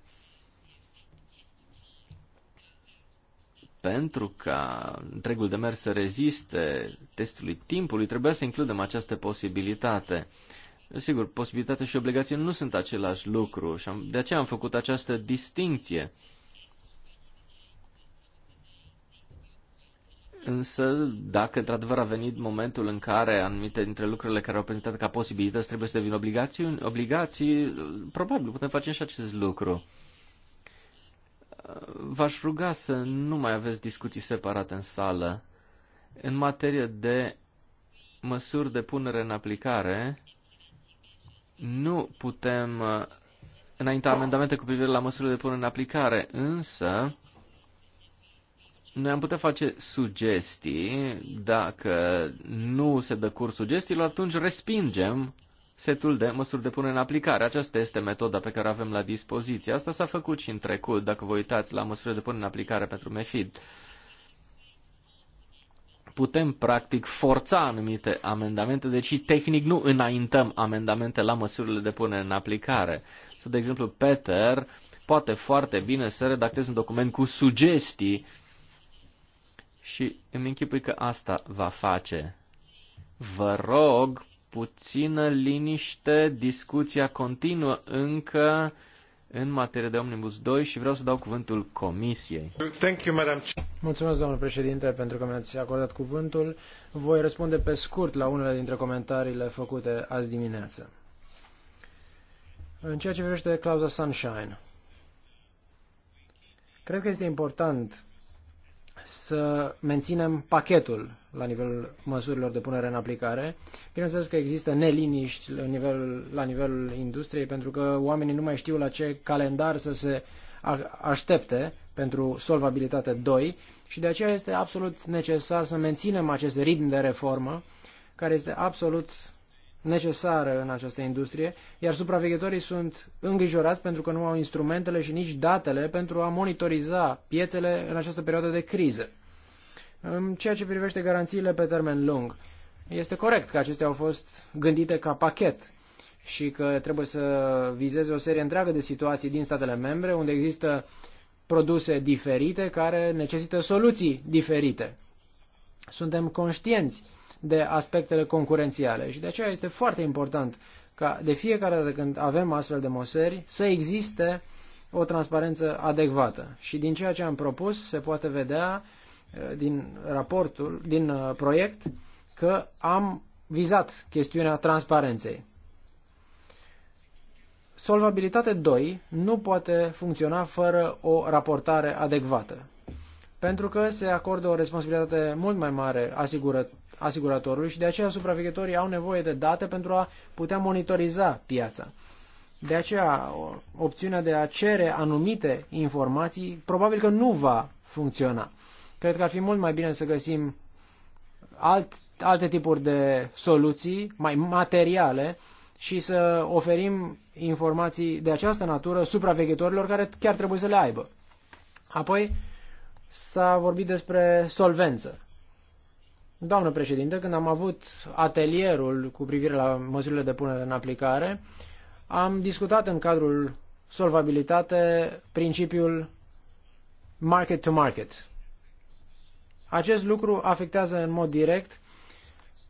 pentru ca întregul demers să reziste testului timpului, trebuia să includem această posibilitate. Sigur, posibilitate și obligație nu sunt același lucru și am, de aceea am făcut această distinție. Însă, dacă într-adevăr a venit momentul în care anumite dintre lucrurile care au prezentat ca posibilități trebuie să devină obligații, obligații probabil putem face și acest lucru v-aș ruga să nu mai aveți discuții separate în sală. În materie de măsuri de punere în aplicare, nu putem uh, înainta amendamente cu privire la măsurile de punere în aplicare, însă noi am putea face sugestii, dacă nu se dă curs sugestiilor, atunci respingem setul de măsuri de pune în aplicare. Aceasta este metoda pe care o avem la dispoziție. Asta s-a făcut și în trecut, dacă vă uitați la măsuri de pune în aplicare pentru MEFID. Putem, practic, forța anumite amendamente, deci tehnic nu înaintăm amendamente la măsurile de pune în aplicare. Să, de exemplu, Peter poate foarte bine să redacteze un document cu sugestii și îmi închipui că asta va face. Vă rog, puțină liniște, discuția continuă încă în materie de Omnibus 2 și vreau să dau cuvântul Comisiei. Thank you, madam. Mulțumesc, domnule președinte, pentru că mi-ați acordat cuvântul. Voi răspunde pe scurt la unele dintre comentariile făcute azi dimineață. În ceea ce privește clauza Sunshine, cred că este important să menținem pachetul la nivelul măsurilor de punere în aplicare. Bineînțeles că există neliniști la nivelul, la nivelul industriei pentru că oamenii nu mai știu la ce calendar să se aștepte pentru solvabilitate 2 și de aceea este absolut necesar să menținem acest ritm de reformă care este absolut necesară în această industrie, iar supraveghetorii sunt îngrijorați pentru că nu au instrumentele și nici datele pentru a monitoriza piețele în această perioadă de criză. În ceea ce privește garanțiile pe termen lung, este corect că acestea au fost gândite ca pachet și că trebuie să vizeze o serie întreagă de situații din statele membre unde există produse diferite care necesită soluții diferite. Suntem conștienți de aspectele concurențiale. Și de aceea este foarte important ca de fiecare dată când avem astfel de măsări să existe o transparență adecvată. Și din ceea ce am propus se poate vedea uh, din raportul, din uh, proiect, că am vizat chestiunea transparenței. Solvabilitate 2 nu poate funcționa fără o raportare adecvată, pentru că se acordă o responsabilitate mult mai mare asigurătorului asiguratorului și de aceea supraveghetorii au nevoie de date pentru a putea monitoriza piața. De aceea, opțiunea de a cere anumite informații probabil că nu va funcționa. Cred că ar fi mult mai bine să găsim alt, alte tipuri de soluții, mai materiale, și să oferim informații de această natură supraveghetorilor care chiar trebuie să le aibă. Apoi s-a vorbit despre solvență. Doamnă președinte, când am avut atelierul cu privire la măsurile de punere în aplicare, am discutat în cadrul solvabilitate principiul market to market. Acest lucru afectează în mod direct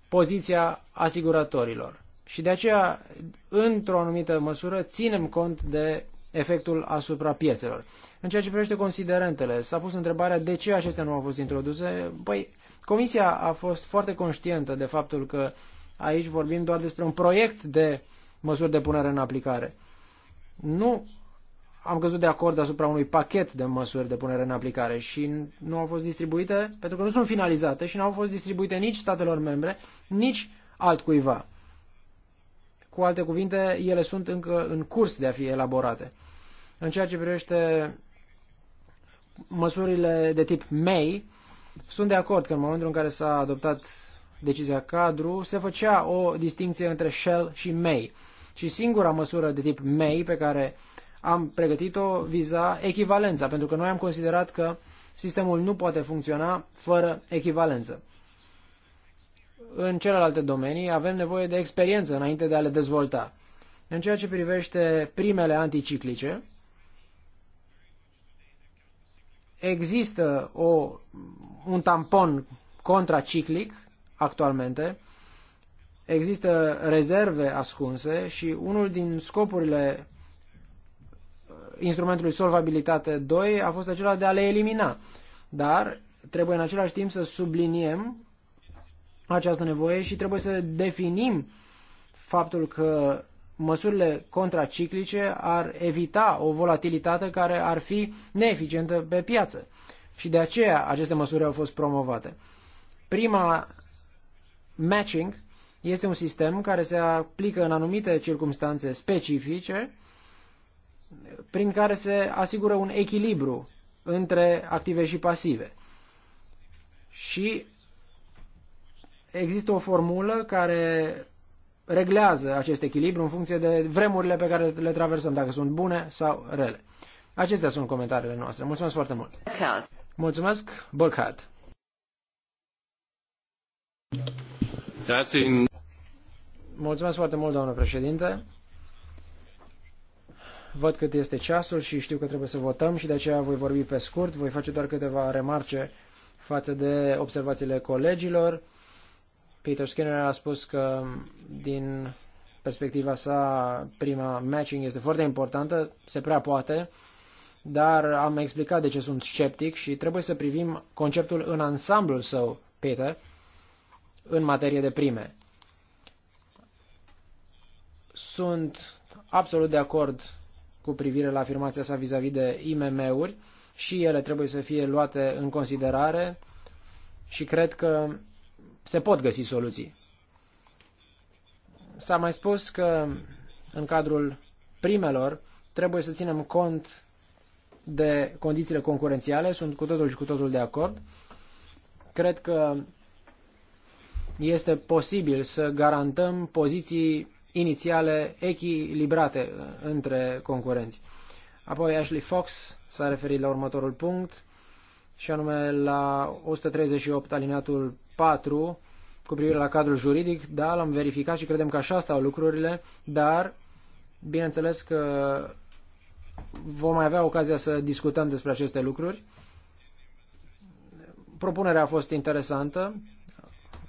poziția asiguratorilor. Și de aceea, într-o anumită măsură, ținem cont de efectul asupra piețelor. În ceea ce privește considerentele, s-a pus întrebarea de ce acestea nu au fost introduse. Păi, Comisia a fost foarte conștientă de faptul că aici vorbim doar despre un proiect de măsuri de punere în aplicare. Nu am căzut de acord asupra unui pachet de măsuri de punere în aplicare și nu au fost distribuite, pentru că nu sunt finalizate și nu au fost distribuite nici statelor membre, nici altcuiva. Cu alte cuvinte, ele sunt încă în curs de a fi elaborate. În ceea ce privește măsurile de tip MEI, sunt de acord că în momentul în care s-a adoptat decizia cadru, se făcea o distinție între Shell și May. Și singura măsură de tip May pe care am pregătit-o viza echivalența, pentru că noi am considerat că sistemul nu poate funcționa fără echivalență. În celelalte domenii avem nevoie de experiență înainte de a le dezvolta. În ceea ce privește primele anticiclice, există o un tampon contraciclic actualmente. Există rezerve ascunse și unul din scopurile uh, instrumentului Solvabilitate 2 a fost acela de a le elimina. Dar trebuie în același timp să subliniem această nevoie și trebuie să definim faptul că măsurile contraciclice ar evita o volatilitate care ar fi neeficientă pe piață și de aceea aceste măsuri au fost promovate. Prima, matching, este un sistem care se aplică în anumite circumstanțe specifice prin care se asigură un echilibru între active și pasive. Și există o formulă care reglează acest echilibru în funcție de vremurile pe care le traversăm, dacă sunt bune sau rele. Acestea sunt comentariile noastre. Mulțumesc foarte mult! Mulțumesc, Burkhard. Mulțumesc foarte mult, doamnă președinte. Văd cât este ceasul și știu că trebuie să votăm și de aceea voi vorbi pe scurt. Voi face doar câteva remarce față de observațiile colegilor. Peter Skinner a spus că din perspectiva sa prima matching este foarte importantă, se prea poate, dar am explicat de ce sunt sceptic și trebuie să privim conceptul în ansamblul său, Peter, în materie de prime. Sunt absolut de acord cu privire la afirmația sa vis-a-vis -vis de IMM-uri și ele trebuie să fie luate în considerare și cred că se pot găsi soluții. S-a mai spus că în cadrul primelor trebuie să ținem cont de condițiile concurențiale, sunt cu totul și cu totul de acord. Cred că este posibil să garantăm poziții inițiale echilibrate uh, între concurenți. Apoi Ashley Fox s-a referit la următorul punct și anume la 138 alineatul 4 cu privire la cadrul juridic. Da, l-am verificat și credem că așa stau lucrurile, dar bineînțeles că Vom mai avea ocazia să discutăm despre aceste lucruri. Propunerea a fost interesantă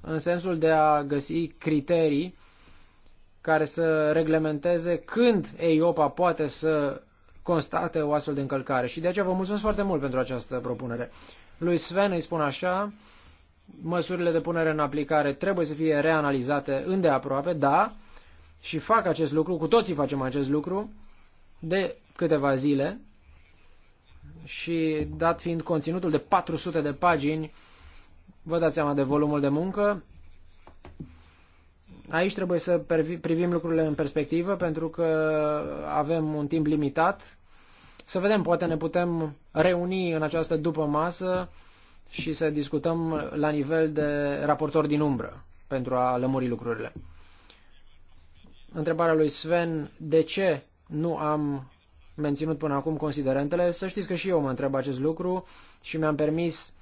în sensul de a găsi criterii care să reglementeze când EIOPA poate să constate o astfel de încălcare. Și de aceea vă mulțumesc foarte mult pentru această propunere. Lui Sven îi spun așa, măsurile de punere în aplicare trebuie să fie reanalizate îndeaproape, da, și fac acest lucru, cu toții facem acest lucru, de câteva zile și dat fiind conținutul de 400 de pagini, vă dați seama de volumul de muncă. Aici trebuie să privim lucrurile în perspectivă pentru că avem un timp limitat. Să vedem, poate ne putem reuni în această după masă și să discutăm la nivel de raportor din umbră pentru a lămuri lucrurile. Întrebarea lui Sven, de ce nu am menținut până acum considerentele. Să știți că și eu mă întreb acest lucru și mi-am permis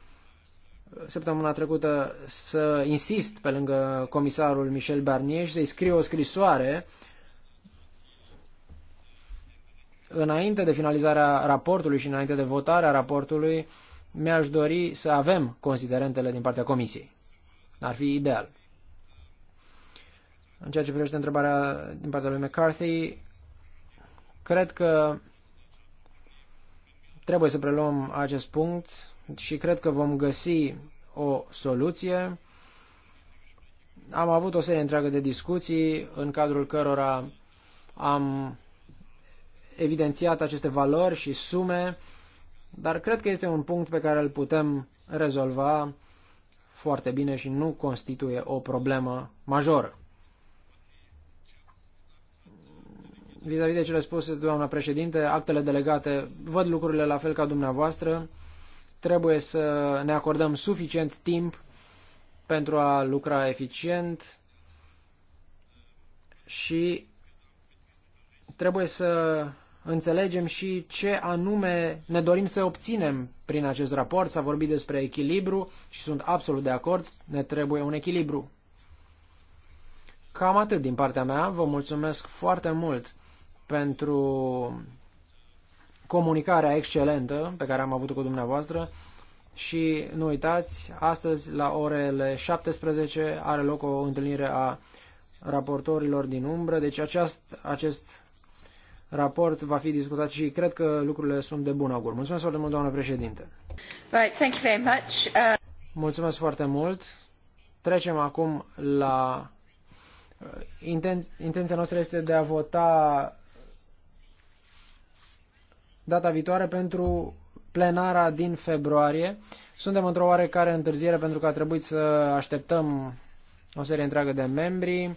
uh, săptămâna trecută să insist pe lângă comisarul Michel Barnier și să-i scriu o scrisoare înainte de finalizarea raportului și înainte de votarea raportului, mi-aș dori să avem considerentele din partea comisiei. Ar fi ideal. În ceea ce privește întrebarea din partea lui McCarthy, Cred că trebuie să preluăm acest punct și cred că vom găsi o soluție. Am avut o serie întreagă de discuții în cadrul cărora am evidențiat aceste valori și sume, dar cred că este un punct pe care îl putem rezolva foarte bine și nu constituie o problemă majoră. Vis-a-vis de cele spuse, doamna președinte, actele delegate văd lucrurile la fel ca dumneavoastră. Trebuie să ne acordăm suficient timp pentru a lucra eficient și trebuie să înțelegem și ce anume ne dorim să obținem prin acest raport. S-a vorbit despre echilibru și sunt absolut de acord, ne trebuie un echilibru. Cam atât din partea mea, vă mulțumesc foarte mult pentru comunicarea excelentă pe care am avut-o cu dumneavoastră și nu uitați, astăzi la orele 17 are loc o întâlnire a raportorilor din umbră, deci aceast, acest raport va fi discutat și cred că lucrurile sunt de bun augur. Mulțumesc foarte mult, doamnă președinte. Right, thank you very much. Uh... Mulțumesc foarte mult. Trecem acum la uh, Inten... Intenția noastră este de a vota data viitoare pentru plenara din februarie. Suntem într-o oarecare întârziere pentru că a trebuit să așteptăm o serie întreagă de membri.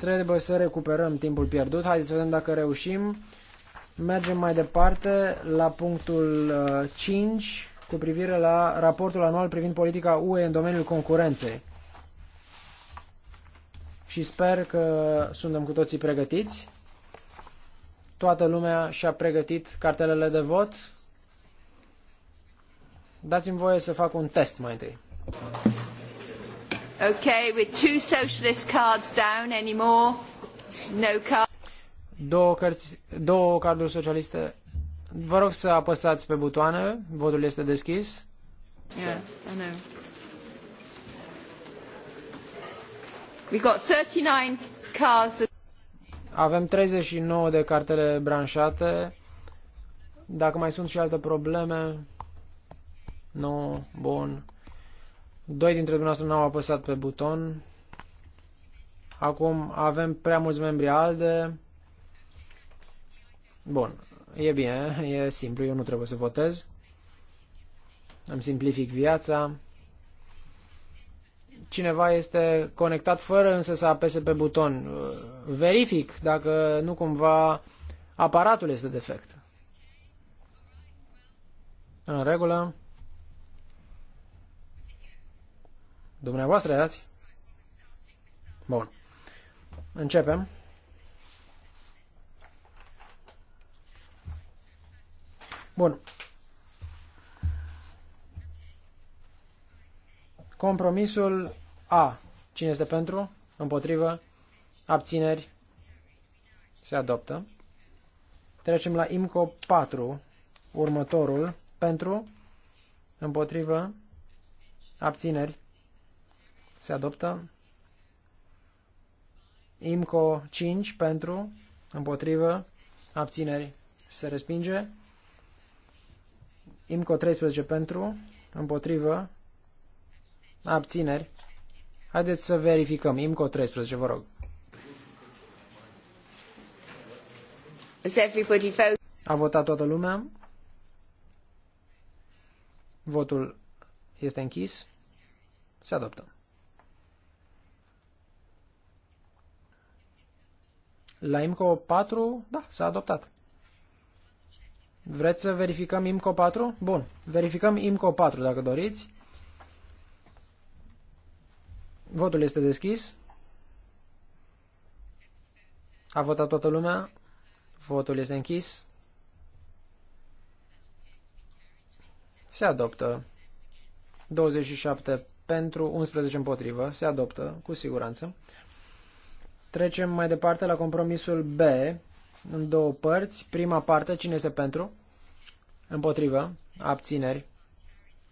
Trebuie să recuperăm timpul pierdut. Haideți să vedem dacă reușim. Mergem mai departe la punctul 5 uh, cu privire la raportul anual privind politica UE în domeniul concurenței. Și sper că suntem cu toții pregătiți. Toată lumea și-a pregătit cartelele de vot. Dați-mi voie să fac un test mai întâi. Okay, with two socialist cards down anymore. No card. Două, cărți, două carduri socialiste. Vă rog să apăsați pe butoane. Votul este deschis. Yeah, I know. We've got 39 cards. Avem 39 de cartele branșate. Dacă mai sunt și alte probleme... Nu, bun. Doi dintre dumneavoastră n-au apăsat pe buton. Acum avem prea mulți membri ALDE. Bun, e bine, e simplu, eu nu trebuie să votez. Îmi simplific viața cineva este conectat fără însă să apese pe buton. Uh, verific dacă nu cumva aparatul este defect. În regulă. Dumneavoastră erați? Bun. Începem. Bun. Compromisul a. Cine este pentru? Împotrivă? Abțineri? Se adoptă. Trecem la IMCO 4, următorul, pentru, împotrivă, abțineri, se adoptă. IMCO 5, pentru, împotrivă, abțineri, se respinge. IMCO 13, pentru, împotrivă, abțineri, Haideți să verificăm. IMCO 13, vă rog. A votat toată lumea. Votul este închis. Se adoptă. La IMCO 4, da, s-a adoptat. Vreți să verificăm IMCO 4? Bun. Verificăm IMCO 4 dacă doriți. Votul este deschis. A votat toată lumea. Votul este închis. Se adoptă. 27 pentru, 11 împotrivă. Se adoptă, cu siguranță. Trecem mai departe la compromisul B, în două părți. Prima parte, cine este pentru? Împotrivă. Abțineri.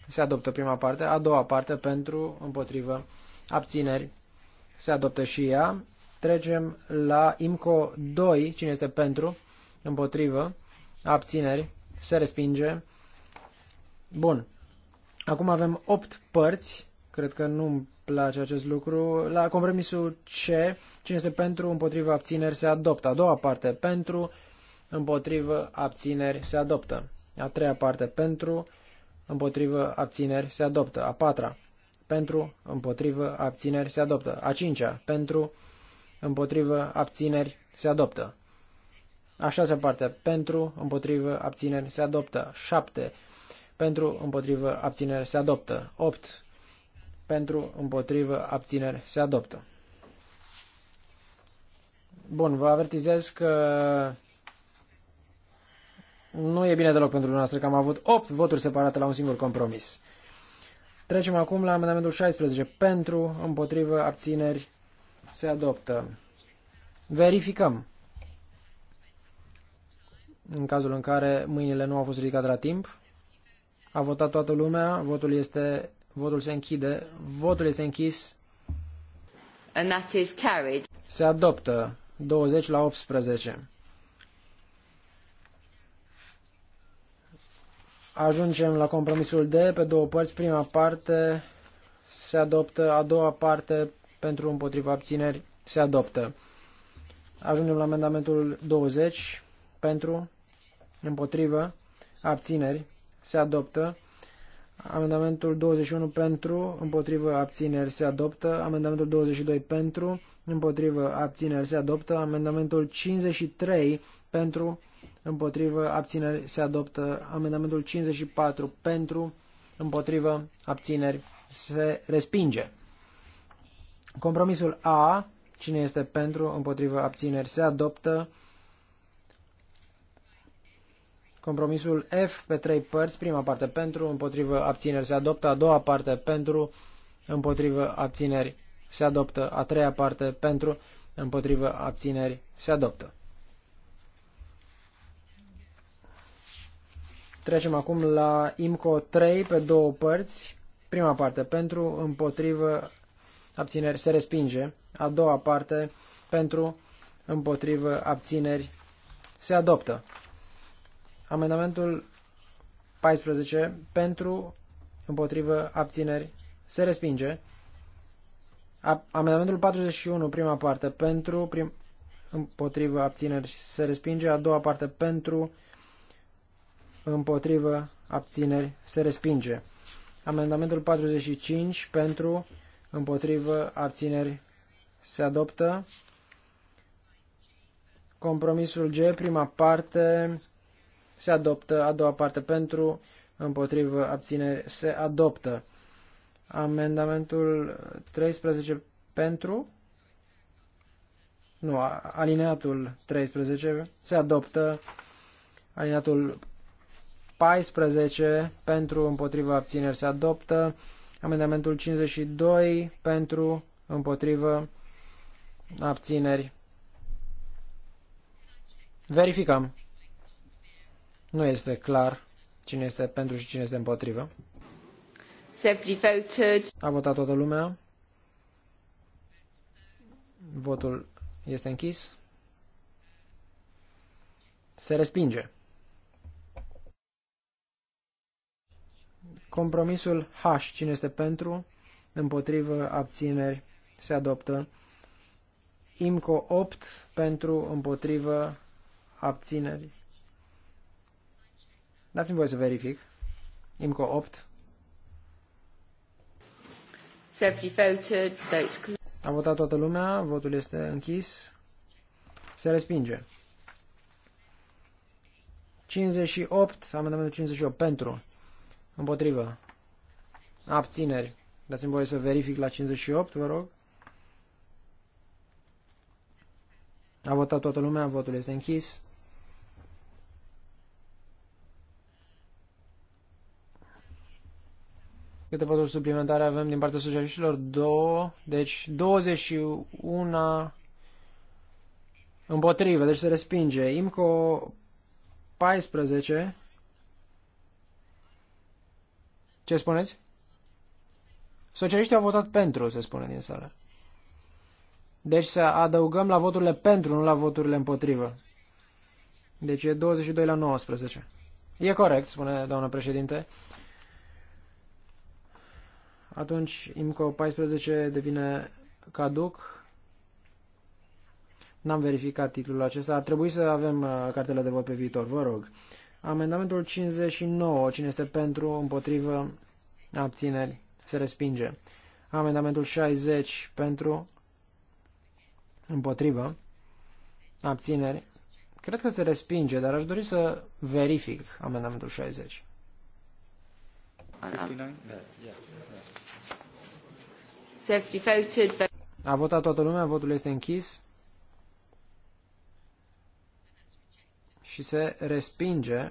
Se adoptă prima parte. A doua parte, pentru, împotrivă abțineri, se adoptă și ea. Trecem la IMCO 2, cine este pentru, împotrivă, abțineri, se respinge. Bun. Acum avem 8 părți, cred că nu-mi place acest lucru. La compromisul C, cine este pentru, împotrivă, abțineri, se adoptă. A doua parte, pentru, împotrivă, abțineri, se adoptă. A treia parte, pentru, împotrivă, abțineri, se adoptă. A patra, pentru, împotrivă, abțineri, se adoptă. A cincea, pentru, împotrivă, abțineri, se adoptă. A șasea parte, pentru, împotrivă, abțineri, se adoptă. Șapte, Pentru, împotrivă, abțineri, se adoptă. Opt Pentru, împotrivă, abțineri, se adoptă. Bun, vă avertizez că nu e bine deloc pentru dumneavoastră că am avut 8 voturi separate la un singur compromis. Trecem acum la amendamentul 16. Pentru, împotrivă, abțineri, se adoptă. Verificăm. În cazul în care mâinile nu au fost ridicate la timp, a votat toată lumea, votul, este, votul se închide, votul este închis. And that is carried. Se adoptă 20 la 18. Ajungem la compromisul D pe două părți. Prima parte se adoptă, a doua parte pentru împotriva abțineri se adoptă. Ajungem la amendamentul 20 pentru împotrivă abțineri se adoptă. Amendamentul 21 pentru, împotrivă abțineri se adoptă. Amendamentul 22 pentru, împotrivă abțineri se adoptă. Amendamentul 53 pentru, împotrivă, abțineri, se adoptă. Amendamentul 54 pentru, împotrivă, abțineri, se respinge. Compromisul A, cine este pentru, împotrivă, abțineri, se adoptă. Compromisul F pe trei părți, prima parte pentru, împotrivă, abțineri, se adoptă. A doua parte pentru, împotrivă, abțineri, se adoptă. A treia parte pentru, împotrivă, abțineri, se adoptă. Trecem acum la IMCO 3 pe două părți. Prima parte pentru, împotrivă, abțineri, se respinge. A doua parte pentru, împotrivă, abțineri, se adoptă. Amendamentul 14 pentru, împotrivă, abțineri, se respinge. amendamentul 41, prima parte, pentru, prim, împotrivă, abțineri, se respinge. A doua parte, pentru, împotrivă, abțineri, se respinge. Amendamentul 45 pentru, împotrivă, abțineri, se adoptă. Compromisul G, prima parte, se adoptă, a doua parte pentru, împotrivă, abțineri, se adoptă. Amendamentul 13 pentru, nu, alineatul 13 se adoptă, alineatul 14 pentru împotriva abțineri se adoptă. Amendamentul 52 pentru împotrivă abțineri. Verificăm. Nu este clar cine este pentru și cine este împotrivă. A votat toată lumea. Votul este închis. Se respinge. Compromisul H, cine este pentru, împotrivă, abțineri, se adoptă. IMCO 8, pentru, împotrivă, abțineri. Dați-mi voie să verific. IMCO 8. A votat toată lumea, votul este închis. Se respinge. 58, amendamentul 58 pentru, Împotrivă. Abțineri. Dați-mi voie să verific la 58, vă rog. A votat toată lumea, votul este închis. Câte voturi suplimentare avem din partea socialiștilor? Două. Deci 21 împotrivă, deci se respinge. IMCO 14 ce spuneți? Socialiștii au votat pentru, se spune din sală. Deci să adăugăm la voturile pentru, nu la voturile împotrivă. Deci e 22 la 19. E corect, spune doamna președinte. Atunci IMCO 14 devine caduc. N-am verificat titlul acesta. Ar trebui să avem uh, cartele de vot pe viitor, vă rog. Amendamentul 59, cine este pentru, împotrivă, abțineri, se respinge. Amendamentul 60, pentru, împotrivă, abțineri, cred că se respinge, dar aș dori să verific amendamentul 60. 59? A votat toată lumea, votul este închis. și se respinge.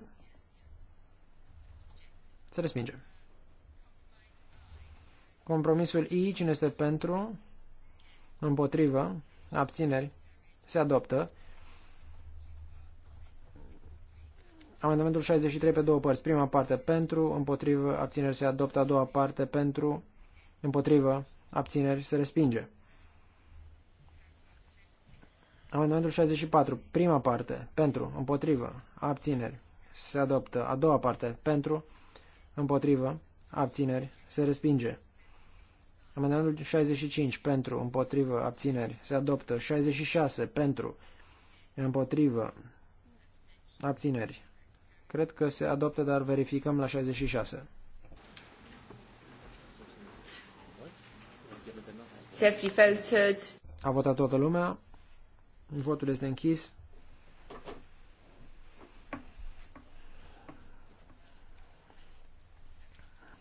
Se respinge. Compromisul I, cine este pentru, împotrivă, abțineri, se adoptă. Amendamentul 63 pe două părți. Prima parte pentru, împotrivă, abțineri se adoptă. A doua parte pentru, împotrivă, abțineri se respinge. Amendamentul 64, prima parte, pentru, împotrivă, abțineri, se adoptă. A doua parte, pentru, împotrivă, abțineri, se respinge. Amendamentul 65, pentru, împotrivă, abțineri, se adoptă. 66, pentru, împotrivă, abțineri. Cred că se adoptă, dar verificăm la 66. A votat toată lumea. Votul este închis.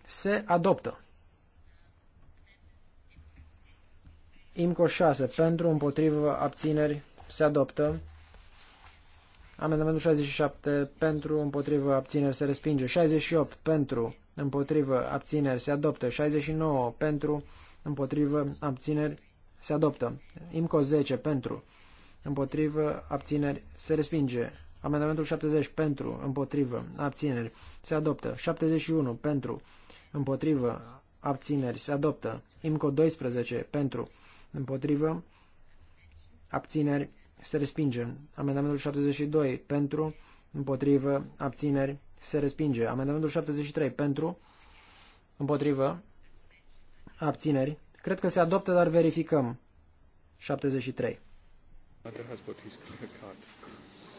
Se adoptă. IMCO 6. Pentru, împotrivă, abțineri. Se adoptă. Amendamentul 67. Pentru, împotrivă, abțineri. Se respinge. 68. Pentru, împotrivă, abțineri. Se adoptă. 69. Pentru, împotrivă, abțineri. Se adoptă. IMCO 10. Pentru, împotrivă, abțineri, se respinge. Amendamentul 70 pentru, împotrivă, abțineri, se adoptă. 71 pentru, împotrivă, abțineri, se adoptă. IMCO 12 pentru, împotrivă, abțineri, se respinge. Amendamentul 72 pentru, împotrivă, abțineri, se respinge. Amendamentul 73 pentru, împotrivă, abțineri, cred că se adoptă, dar verificăm. 73. Mother has got his card.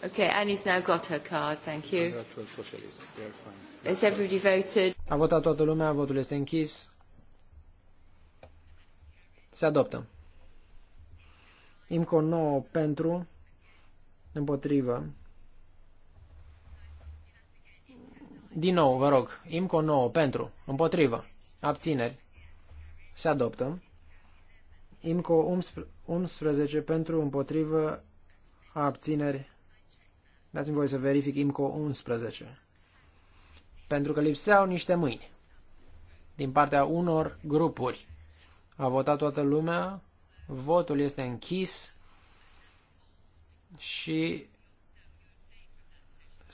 Okay, Annie's now got her card, thank you. Has everybody voted? A votat toată lumea, votul este închis. Se adoptă. IMCO 9 pentru, împotrivă. Din nou, vă rog, IMCO 9 pentru, împotrivă, abțineri, se adoptă. IMCO 11 pentru împotrivă abțineri. Dați-mi voi să verific IMCO 11. Pentru că lipseau niște mâini din partea unor grupuri. A votat toată lumea, votul este închis și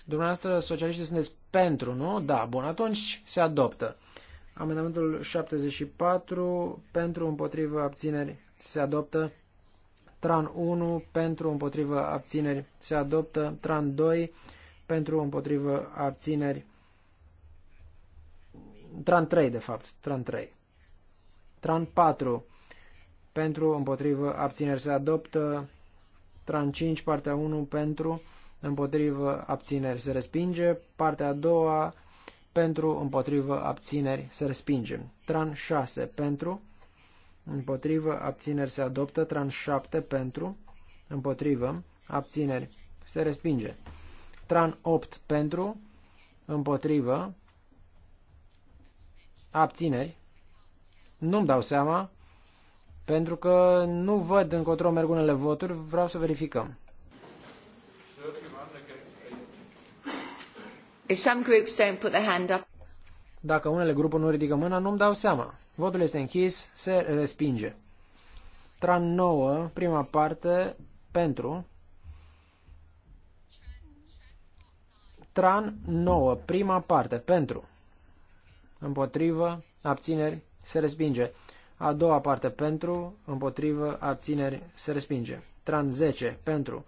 dumneavoastră socialiștii sunteți pentru, nu? Da, bun, atunci se adoptă. Amendamentul 74 pentru împotrivă abțineri se adoptă. Tran 1 pentru împotrivă abțineri se adoptă. Tran 2 pentru împotrivă abțineri. Tran 3 de fapt. Tran 3. Tran 4 pentru împotrivă abțineri se adoptă. Tran 5 partea 1 pentru împotrivă abțineri se respinge. Partea a doua pentru, împotrivă, abțineri, se respinge. Tran 6 pentru, împotrivă, abțineri, se adoptă. Tran 7 pentru, împotrivă, abțineri, se respinge. Tran 8 pentru, împotrivă, abțineri. Nu-mi dau seama, pentru că nu văd încotro merg unele voturi, vreau să verificăm. If some groups don't put their hand up... Dacă unele grupuri nu ridică mâna, nu-mi dau seama. Votul este închis, se respinge. Tran 9, prima parte, pentru. Tran 9, prima parte, pentru. Împotrivă, abțineri, se respinge. A doua parte, pentru, împotrivă, abțineri, se respinge. Tran 10, pentru,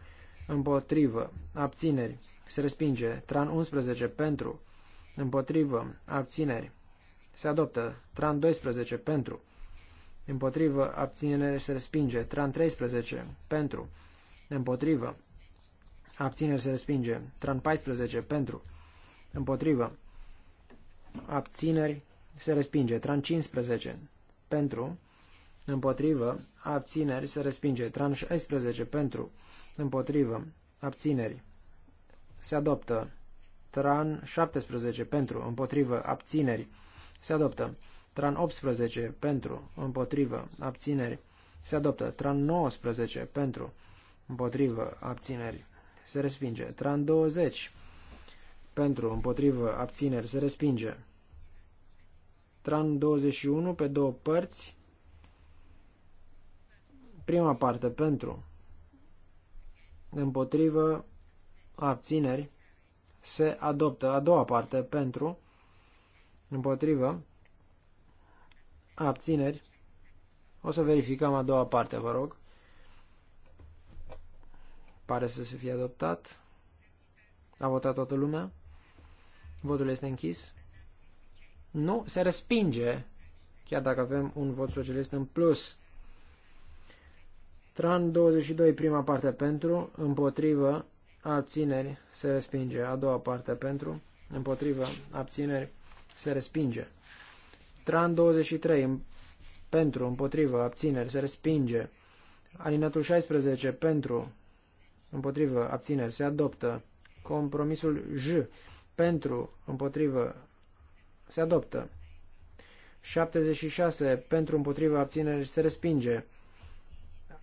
împotrivă, abțineri, se respinge. Tran 11 pentru, împotrivă, abțineri, se adoptă. Tran 12 pentru, împotrivă, abțineri, se respinge. Tran 13 pentru, împotrivă, abțineri, se respinge. Tran 14 pentru, împotrivă, abțineri, se respinge. Tran 15 pentru, Împotrivă, abțineri se respinge. Tran 16 pentru. Împotrivă, abțineri se adoptă. Tran 17 pentru, împotrivă, abțineri, se adoptă. Tran 18 pentru, împotrivă, abțineri, se adoptă. Tran 19 pentru, împotrivă, abțineri, se respinge. Tran 20 pentru, împotrivă, abțineri, se respinge. Tran 21 pe două părți. Prima parte pentru, împotrivă, abțineri, se adoptă. A doua parte, pentru, împotrivă, abțineri. O să verificăm a doua parte, vă rog. Pare să se fie adoptat. A votat toată lumea. Votul este închis. Nu, se respinge, chiar dacă avem un vot socialist în plus. Tran 22, prima parte pentru, împotrivă, abțineri, se respinge. A doua parte pentru, împotrivă, abțineri, se respinge. Tran 23, pentru, împotrivă, abțineri, se respinge. Alinatul 16, pentru, împotrivă, abțineri, se adoptă. Compromisul J, pentru, împotrivă, se adoptă. 76, pentru, împotrivă, abțineri, se respinge.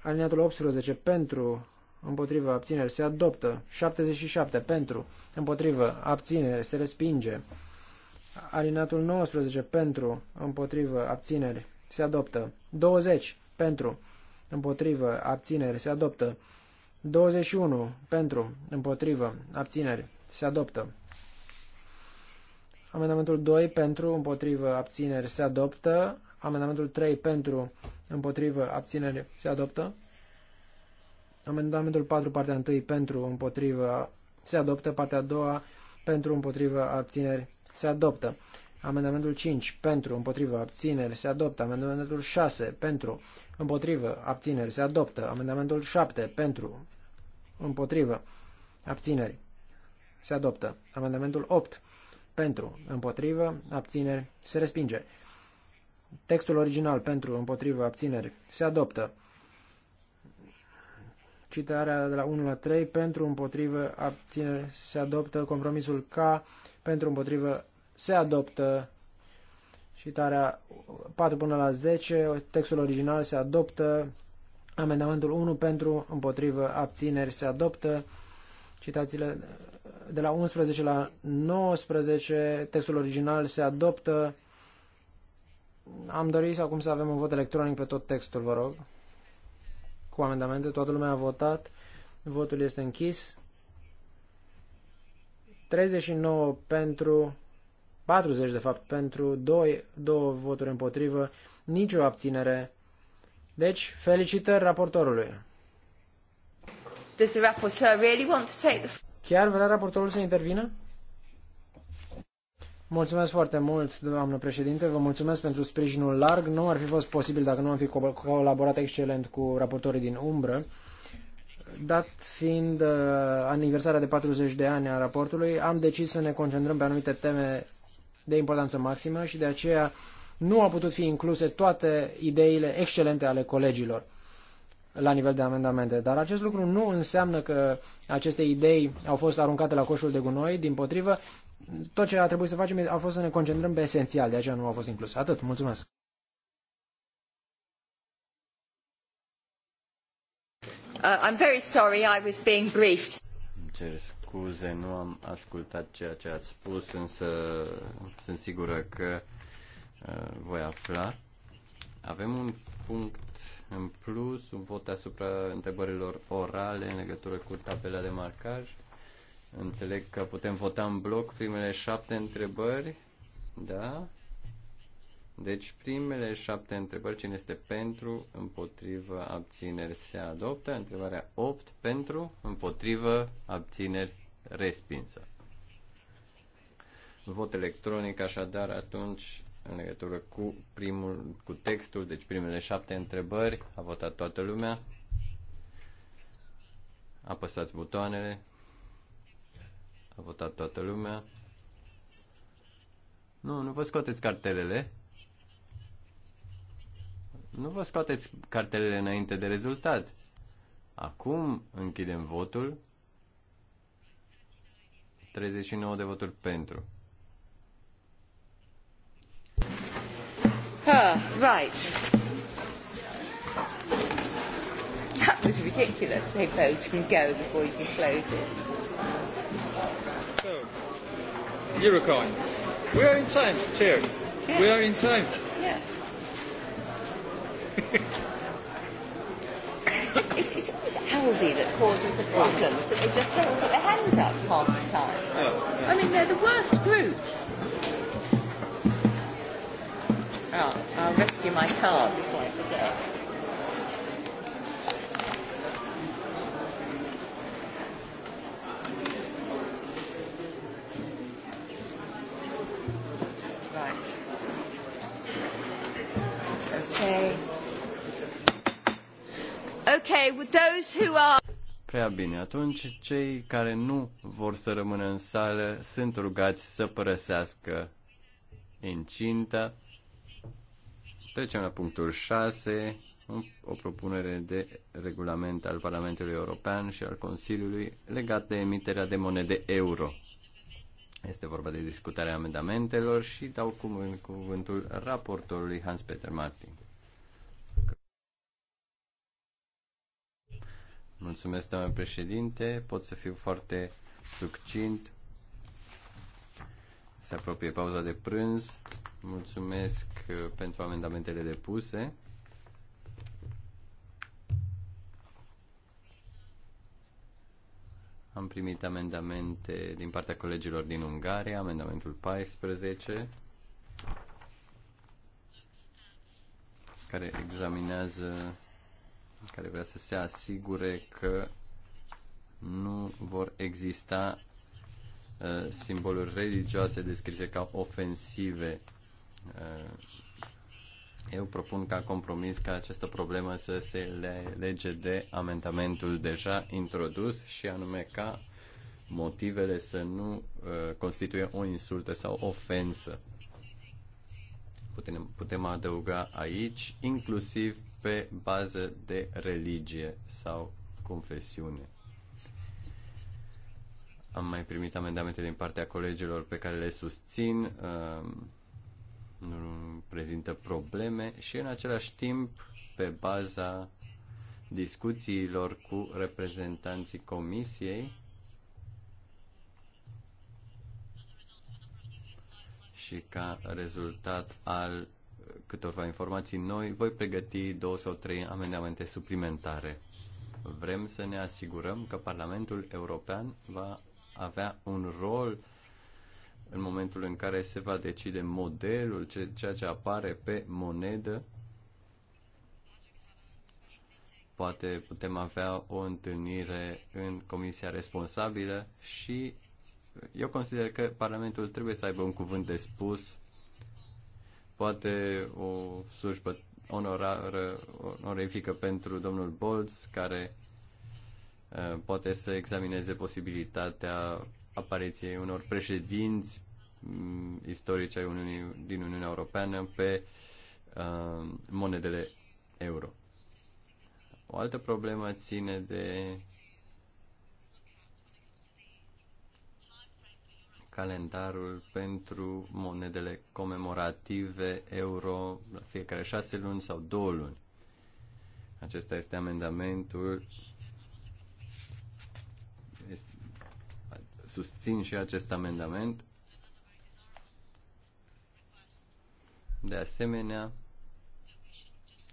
Alineatul 18, pentru, împotrivă, abțineri, se adoptă. 77 pentru, împotrivă, abțineri, se respinge. Alinatul 19 pentru, împotrivă, abțineri, se adoptă. 20 pentru, împotrivă, abțineri, se adoptă. 21 pentru, împotrivă, abțineri, se adoptă. Amendamentul 2 pentru, împotrivă, abțineri, se adoptă. Amendamentul 3 pentru, împotrivă, abțineri, se adoptă. Amendamentul 4, partea 1, pentru, împotrivă, se adoptă. Partea 2, pentru, împotrivă, abțineri, se adoptă. Amendamentul 5, pentru, împotrivă, abțineri, se adoptă. Amendamentul 6, pentru, împotrivă, abțineri, se adoptă. Amendamentul 7, pentru, împotrivă, abțineri, se adoptă. Amendamentul 8, pentru, împotrivă, abțineri, se respinge. Textul original pentru, împotrivă, abțineri, se adoptă. Citarea de la 1 la 3 pentru împotrivă abținere se adoptă. Compromisul K pentru împotrivă se adoptă. Citarea 4 până la 10, textul original se adoptă. Amendamentul 1 pentru împotrivă abțineri se adoptă. Citațiile de la 11 la 19, textul original se adoptă. Am dorit acum să avem un vot electronic pe tot textul, vă rog cu amendamente. Toată lumea a votat. Votul este închis. 39 pentru, 40 de fapt, pentru, 2, 2 voturi împotrivă, nicio abținere. Deci, felicitări raportorului. Does the rapporteur really want to take the... Chiar vrea raportorul să intervină? Mulțumesc foarte mult, doamnă președinte, vă mulțumesc pentru sprijinul larg. Nu ar fi fost posibil dacă nu am fi colaborat excelent cu raportorii din umbră. Dat fiind uh, aniversarea de 40 de ani a raportului, am decis să ne concentrăm pe anumite teme de importanță maximă și de aceea nu au putut fi incluse toate ideile excelente ale colegilor la nivel de amendamente. Dar acest lucru nu înseamnă că aceste idei au fost aruncate la coșul de gunoi, din potrivă, tot ce a trebuit să facem a fost să ne concentrăm pe esențial, de aceea nu a fost inclus. Atât, mulțumesc. Uh, I'm very sorry I was being briefed. Îmi cer scuze, nu am ascultat ceea ce ați spus, însă sunt sigură că uh, voi afla. Avem un punct în plus, un vot asupra întrebărilor orale în legătură cu tabela de marcaj. Înțeleg că putem vota în bloc primele șapte întrebări. Da? Deci primele șapte întrebări, cine este pentru, împotrivă, abțineri, se adoptă. Întrebarea 8, pentru, împotrivă, abțineri, respinsă. Vot electronic, așadar, atunci, în legătură cu, primul, cu textul, deci primele șapte întrebări, a votat toată lumea. Apăsați butoanele. A votat toată lumea. Nu, nu vă scoateți cartelele. Nu vă scoateți cartelele înainte de rezultat. Acum închidem votul. 39 de voturi pentru. Ah, right. That was ridiculous. They both can go before you can close it. Eurocon. We are in time, Chair. Yeah. We are in time. Yeah. [LAUGHS] it's, it's always Aldi that causes the problems, that they just don't put their hands up half the time. Oh, yeah. I mean, they're the worst group. Oh, I'll rescue my car before I forget. Prea bine, atunci cei care nu vor să rămână în sală sunt rugați să părăsească incinta. Trecem la punctul 6, o propunere de regulament al Parlamentului European și al Consiliului legat de emiterea de monede euro. Este vorba de discutarea amendamentelor și dau cuvântul raportorului Hans-Peter Martin. Mulțumesc, doamne președinte. Pot să fiu foarte succint. Se apropie pauza de prânz. Mulțumesc uh, pentru amendamentele depuse. Am primit amendamente din partea colegilor din Ungaria, amendamentul 14, care examinează care vrea să se asigure că nu vor exista uh, simboluri religioase descrise ca ofensive. Uh, eu propun ca compromis ca această problemă să se le lege de amendamentul deja introdus și anume ca motivele să nu uh, constituie o insultă sau ofensă. Putem, putem adăuga aici inclusiv pe bază de religie sau confesiune. Am mai primit amendamente din partea colegilor pe care le susțin, um, nu prezintă probleme și în același timp, pe baza discuțiilor cu reprezentanții comisiei, și ca rezultat al câtorva informații noi, voi pregăti două sau trei amendamente suplimentare. Vrem să ne asigurăm că Parlamentul European va avea un rol în momentul în care se va decide modelul, ceea ce apare pe monedă. Poate putem avea o întâlnire în comisia responsabilă și eu consider că Parlamentul trebuie să aibă un cuvânt de spus poate o slujbă onorară, onorifică pentru domnul Bolz, care uh, poate să examineze posibilitatea apariției unor președinți mm, istorice ai Uniunii, din Uniunea Europeană pe uh, monedele euro. O altă problemă ține de calendarul pentru monedele comemorative euro la fiecare șase luni sau două luni. Acesta este amendamentul. Susțin și acest amendament. De asemenea,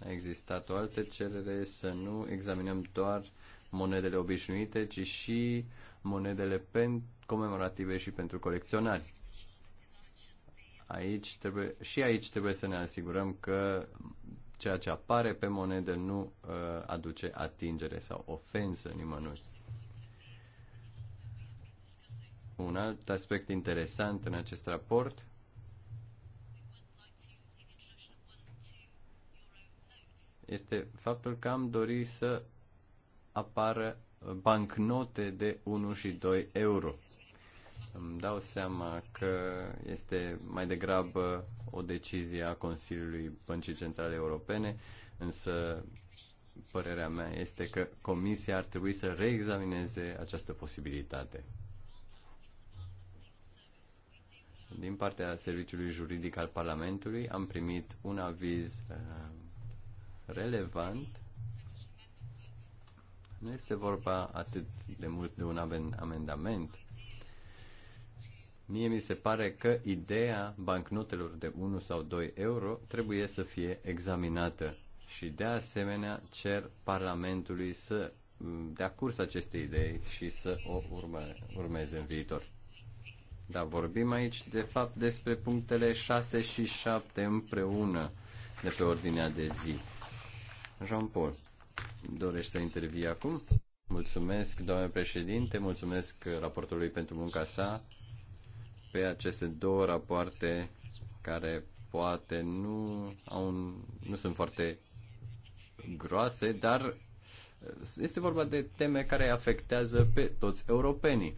a existat o altă cerere să nu examinăm doar monedele obișnuite, ci și monedele pen, comemorative și pentru colecționari. Aici trebuie, și aici trebuie să ne asigurăm că ceea ce apare pe monede nu uh, aduce atingere sau ofensă nimănui. Un alt aspect interesant în acest raport este faptul că am dorit să apară bancnote de 1 și 2 euro. Îmi dau seama că este mai degrabă o decizie a Consiliului Băncii Centrale Europene, însă părerea mea este că Comisia ar trebui să reexamineze această posibilitate. Din partea Serviciului Juridic al Parlamentului am primit un aviz uh, relevant nu este vorba atât de mult de un amendament. Mie mi se pare că ideea bancnotelor de 1 sau 2 euro trebuie să fie examinată și de asemenea cer Parlamentului să mm, dea curs acestei idei și să o urme, urmeze în viitor. Dar vorbim aici de fapt despre punctele 6 și 7 împreună de pe ordinea de zi. Jean-Paul. Dorește să intervii acum? Mulțumesc, doamne președinte, mulțumesc raportului pentru munca sa pe aceste două rapoarte care poate nu, au un, nu sunt foarte groase, dar este vorba de teme care afectează pe toți europenii.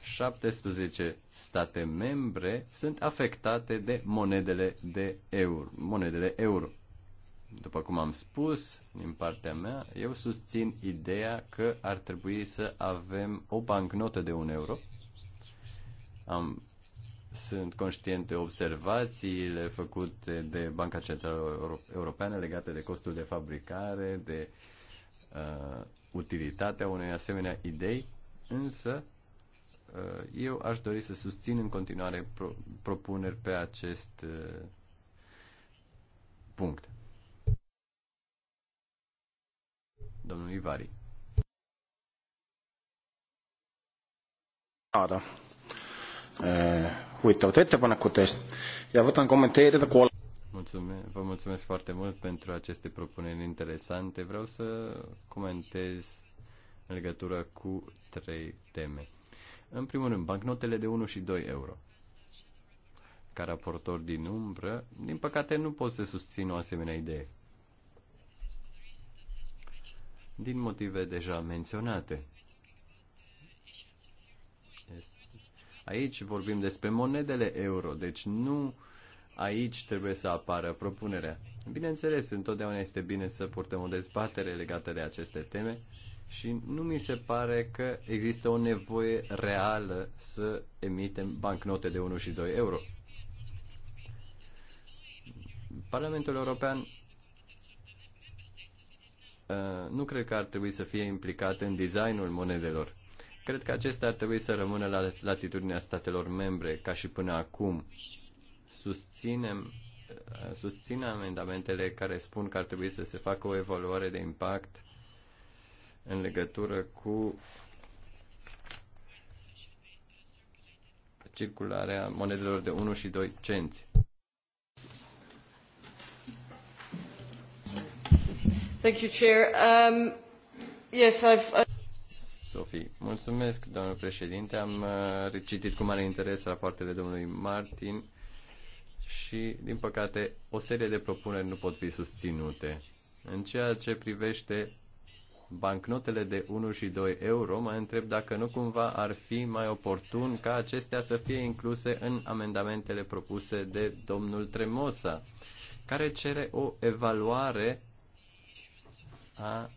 17 state membre sunt afectate de monedele de euro, monedele euro. După cum am spus, din partea mea, eu susțin ideea că ar trebui să avem o bancnotă de un euro. Am, sunt conștient de observațiile făcute de Banca Centrală Europeană legate de costul de fabricare, de uh, utilitatea unei asemenea idei, însă uh, eu aș dori să susțin în continuare pro- propuneri pe acest uh, punct. domnul Ivari. Cu huvitavate ettepanekute eest ja võtan comentarii de mulțumesc, vă mulțumesc foarte mult pentru aceste propuneri interesante. Vreau să comentez în legătură cu trei teme. În primul rând, bancnotele de 1 și 2 euro. Ca raportor din umbră, din păcate nu pot să susțin o asemenea idee din motive deja menționate. Aici vorbim despre monedele euro, deci nu aici trebuie să apară propunerea. Bineînțeles, întotdeauna este bine să purtăm o dezbatere legată de aceste teme și nu mi se pare că există o nevoie reală să emitem bancnote de 1 și 2 euro. Parlamentul European Uh, nu cred că ar trebui să fie implicat în designul monedelor. Cred că acestea ar trebui să rămână la latitudinea statelor membre, ca și până acum. Susținem, uh, susțin amendamentele care spun că ar trebui să se facă o evaluare de impact în legătură cu circularea monedelor de 1 și 2 cenți. Thank you, Chair. Um, yes, I've... Uh, mulțumesc, domnule președinte. Am uh, citit cu mare interes rapoartele domnului Martin și, din păcate, o serie de propuneri nu pot fi susținute. În ceea ce privește bancnotele de 1 și 2 euro, mă întreb dacă nu cumva ar fi mai oportun ca acestea să fie incluse în amendamentele propuse de domnul Tremosa, care cere o evaluare a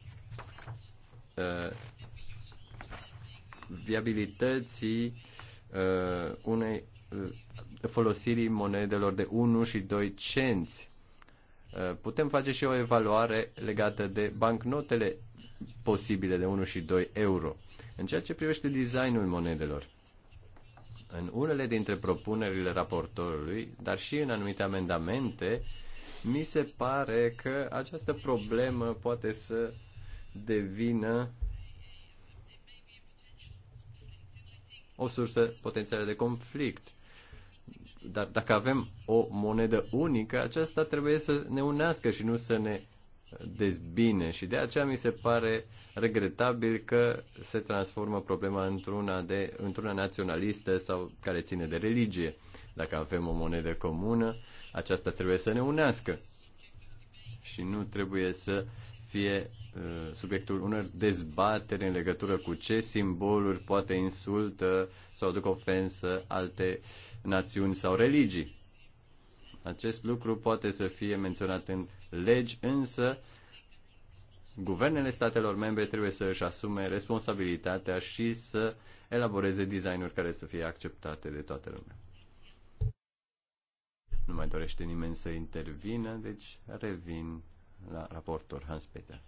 viabilității unei folosirii monedelor de 1 și 2 cenți. Putem face și o evaluare legată de bancnotele posibile de 1 și 2 euro. În ceea ce privește designul monedelor, în unele dintre propunerile raportorului, dar și în anumite amendamente, uh, mi se pare că această problemă poate să devină o sursă potențială de conflict. Dar dacă avem o monedă unică, aceasta trebuie să ne unească și nu să ne dezbine și de aceea mi se pare regretabil că se transformă problema într-una, de, într-una naționalistă sau care ține de religie. Dacă avem o monedă comună, aceasta trebuie să ne unească și nu trebuie să fie uh, subiectul unor dezbateri în legătură cu ce simboluri poate insultă sau duc ofensă alte națiuni sau religii. Acest lucru poate să fie menționat în legi, însă guvernele statelor membre trebuie să își asume responsabilitatea și să elaboreze designuri care să fie acceptate de toată lumea. Nu mai dorește nimeni să intervină, deci revin la raportor Hans Peter.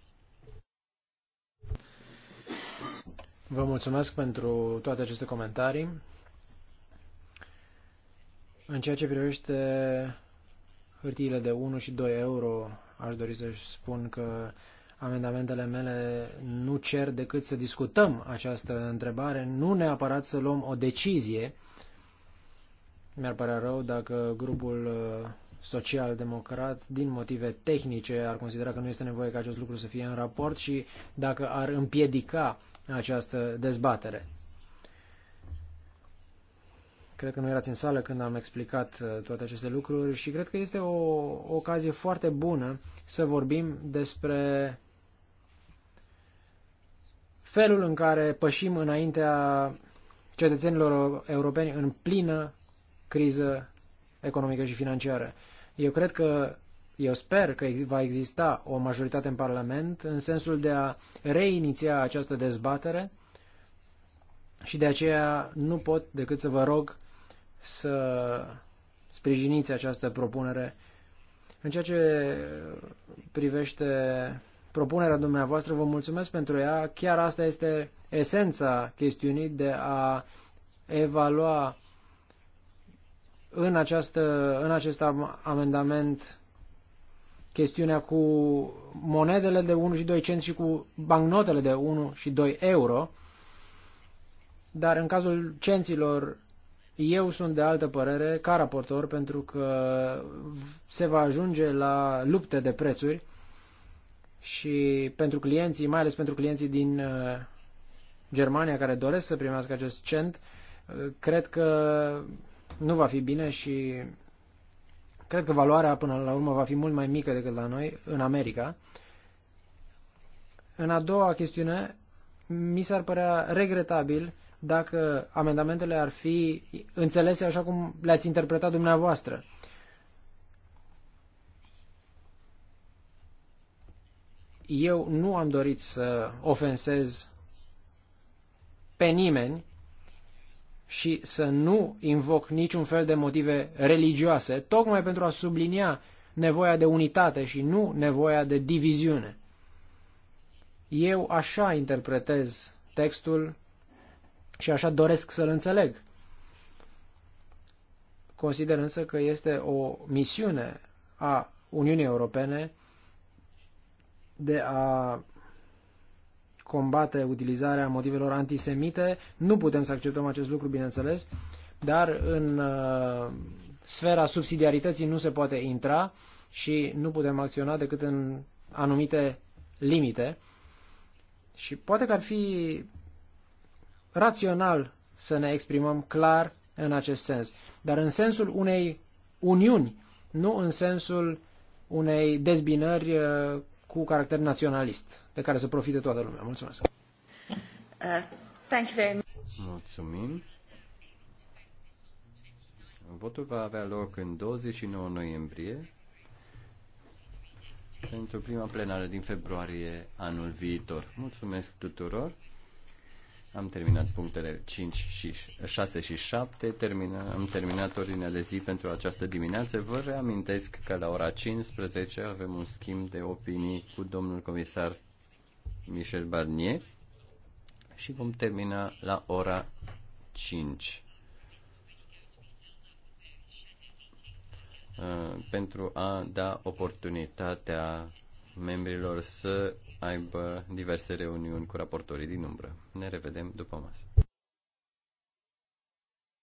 Vă mulțumesc pentru toate aceste comentarii. În ceea ce privește hârtiile de 1 și 2 euro, aș dori să spun că amendamentele mele nu cer decât să discutăm această întrebare, nu neapărat să luăm o decizie. Mi-ar părea rău dacă grupul uh, social-democrat, din motive tehnice, ar considera că nu este nevoie ca acest lucru să fie în raport și dacă ar împiedica această dezbatere. Cred că nu erați în sală când am explicat uh, toate aceste lucruri și cred că este o ocazie foarte bună să vorbim despre felul în care pășim înaintea cetățenilor europeni în plină criză economică și financiară. Eu cred că, eu sper că va exista o majoritate în Parlament în sensul de a reiniția această dezbatere și de aceea nu pot decât să vă rog să sprijiniți această propunere. În ceea ce privește propunerea dumneavoastră, vă mulțumesc pentru ea. Chiar asta este esența chestiunii de a evalua în, această, în acest amendament chestiunea cu monedele de 1 și 2 cenți și cu bancnotele de 1 și 2 euro, dar în cazul cenților eu sunt de altă părere ca raportor pentru că se va ajunge la lupte de prețuri și pentru clienții, mai ales pentru clienții din uh, Germania care doresc să primească acest cent, uh, cred că nu va fi bine și cred că valoarea până la urmă va fi mult mai mică decât la noi în America. În a doua chestiune, mi s-ar părea regretabil dacă amendamentele ar fi înțelese așa cum le-ați interpretat dumneavoastră. Eu nu am dorit să ofensez pe nimeni și să nu invoc niciun fel de motive religioase, tocmai pentru a sublinia nevoia de unitate și nu nevoia de diviziune. Eu așa interpretez textul și așa doresc să-l înțeleg. Consider însă că este o misiune a Uniunii Europene de a combate utilizarea motivelor antisemite. Nu putem să acceptăm acest lucru, bineînțeles, dar în uh, sfera subsidiarității nu se poate intra și nu putem acționa decât în anumite limite. Și poate că ar fi rațional să ne exprimăm clar în acest sens, dar în sensul unei uniuni, nu în sensul unei dezbinări uh, cu caracter naționalist, de care să profite toată lumea. Mulțumesc! Uh, thank you very much. Mulțumim! Votul va avea loc în 29 noiembrie pentru prima plenară din februarie anul viitor. Mulțumesc tuturor! Am terminat punctele 5 și 6 și 7, Termină, am terminat ordinea de zi pentru această dimineață. Vă reamintesc că la ora 15 avem un schimb de opinii cu domnul comisar Michel Barnier și vom termina la ora 5. Uh, pentru a da oportunitatea membrilor să aibă diverse reuniuni cu raportorii din umbră. Ne revedem după masă.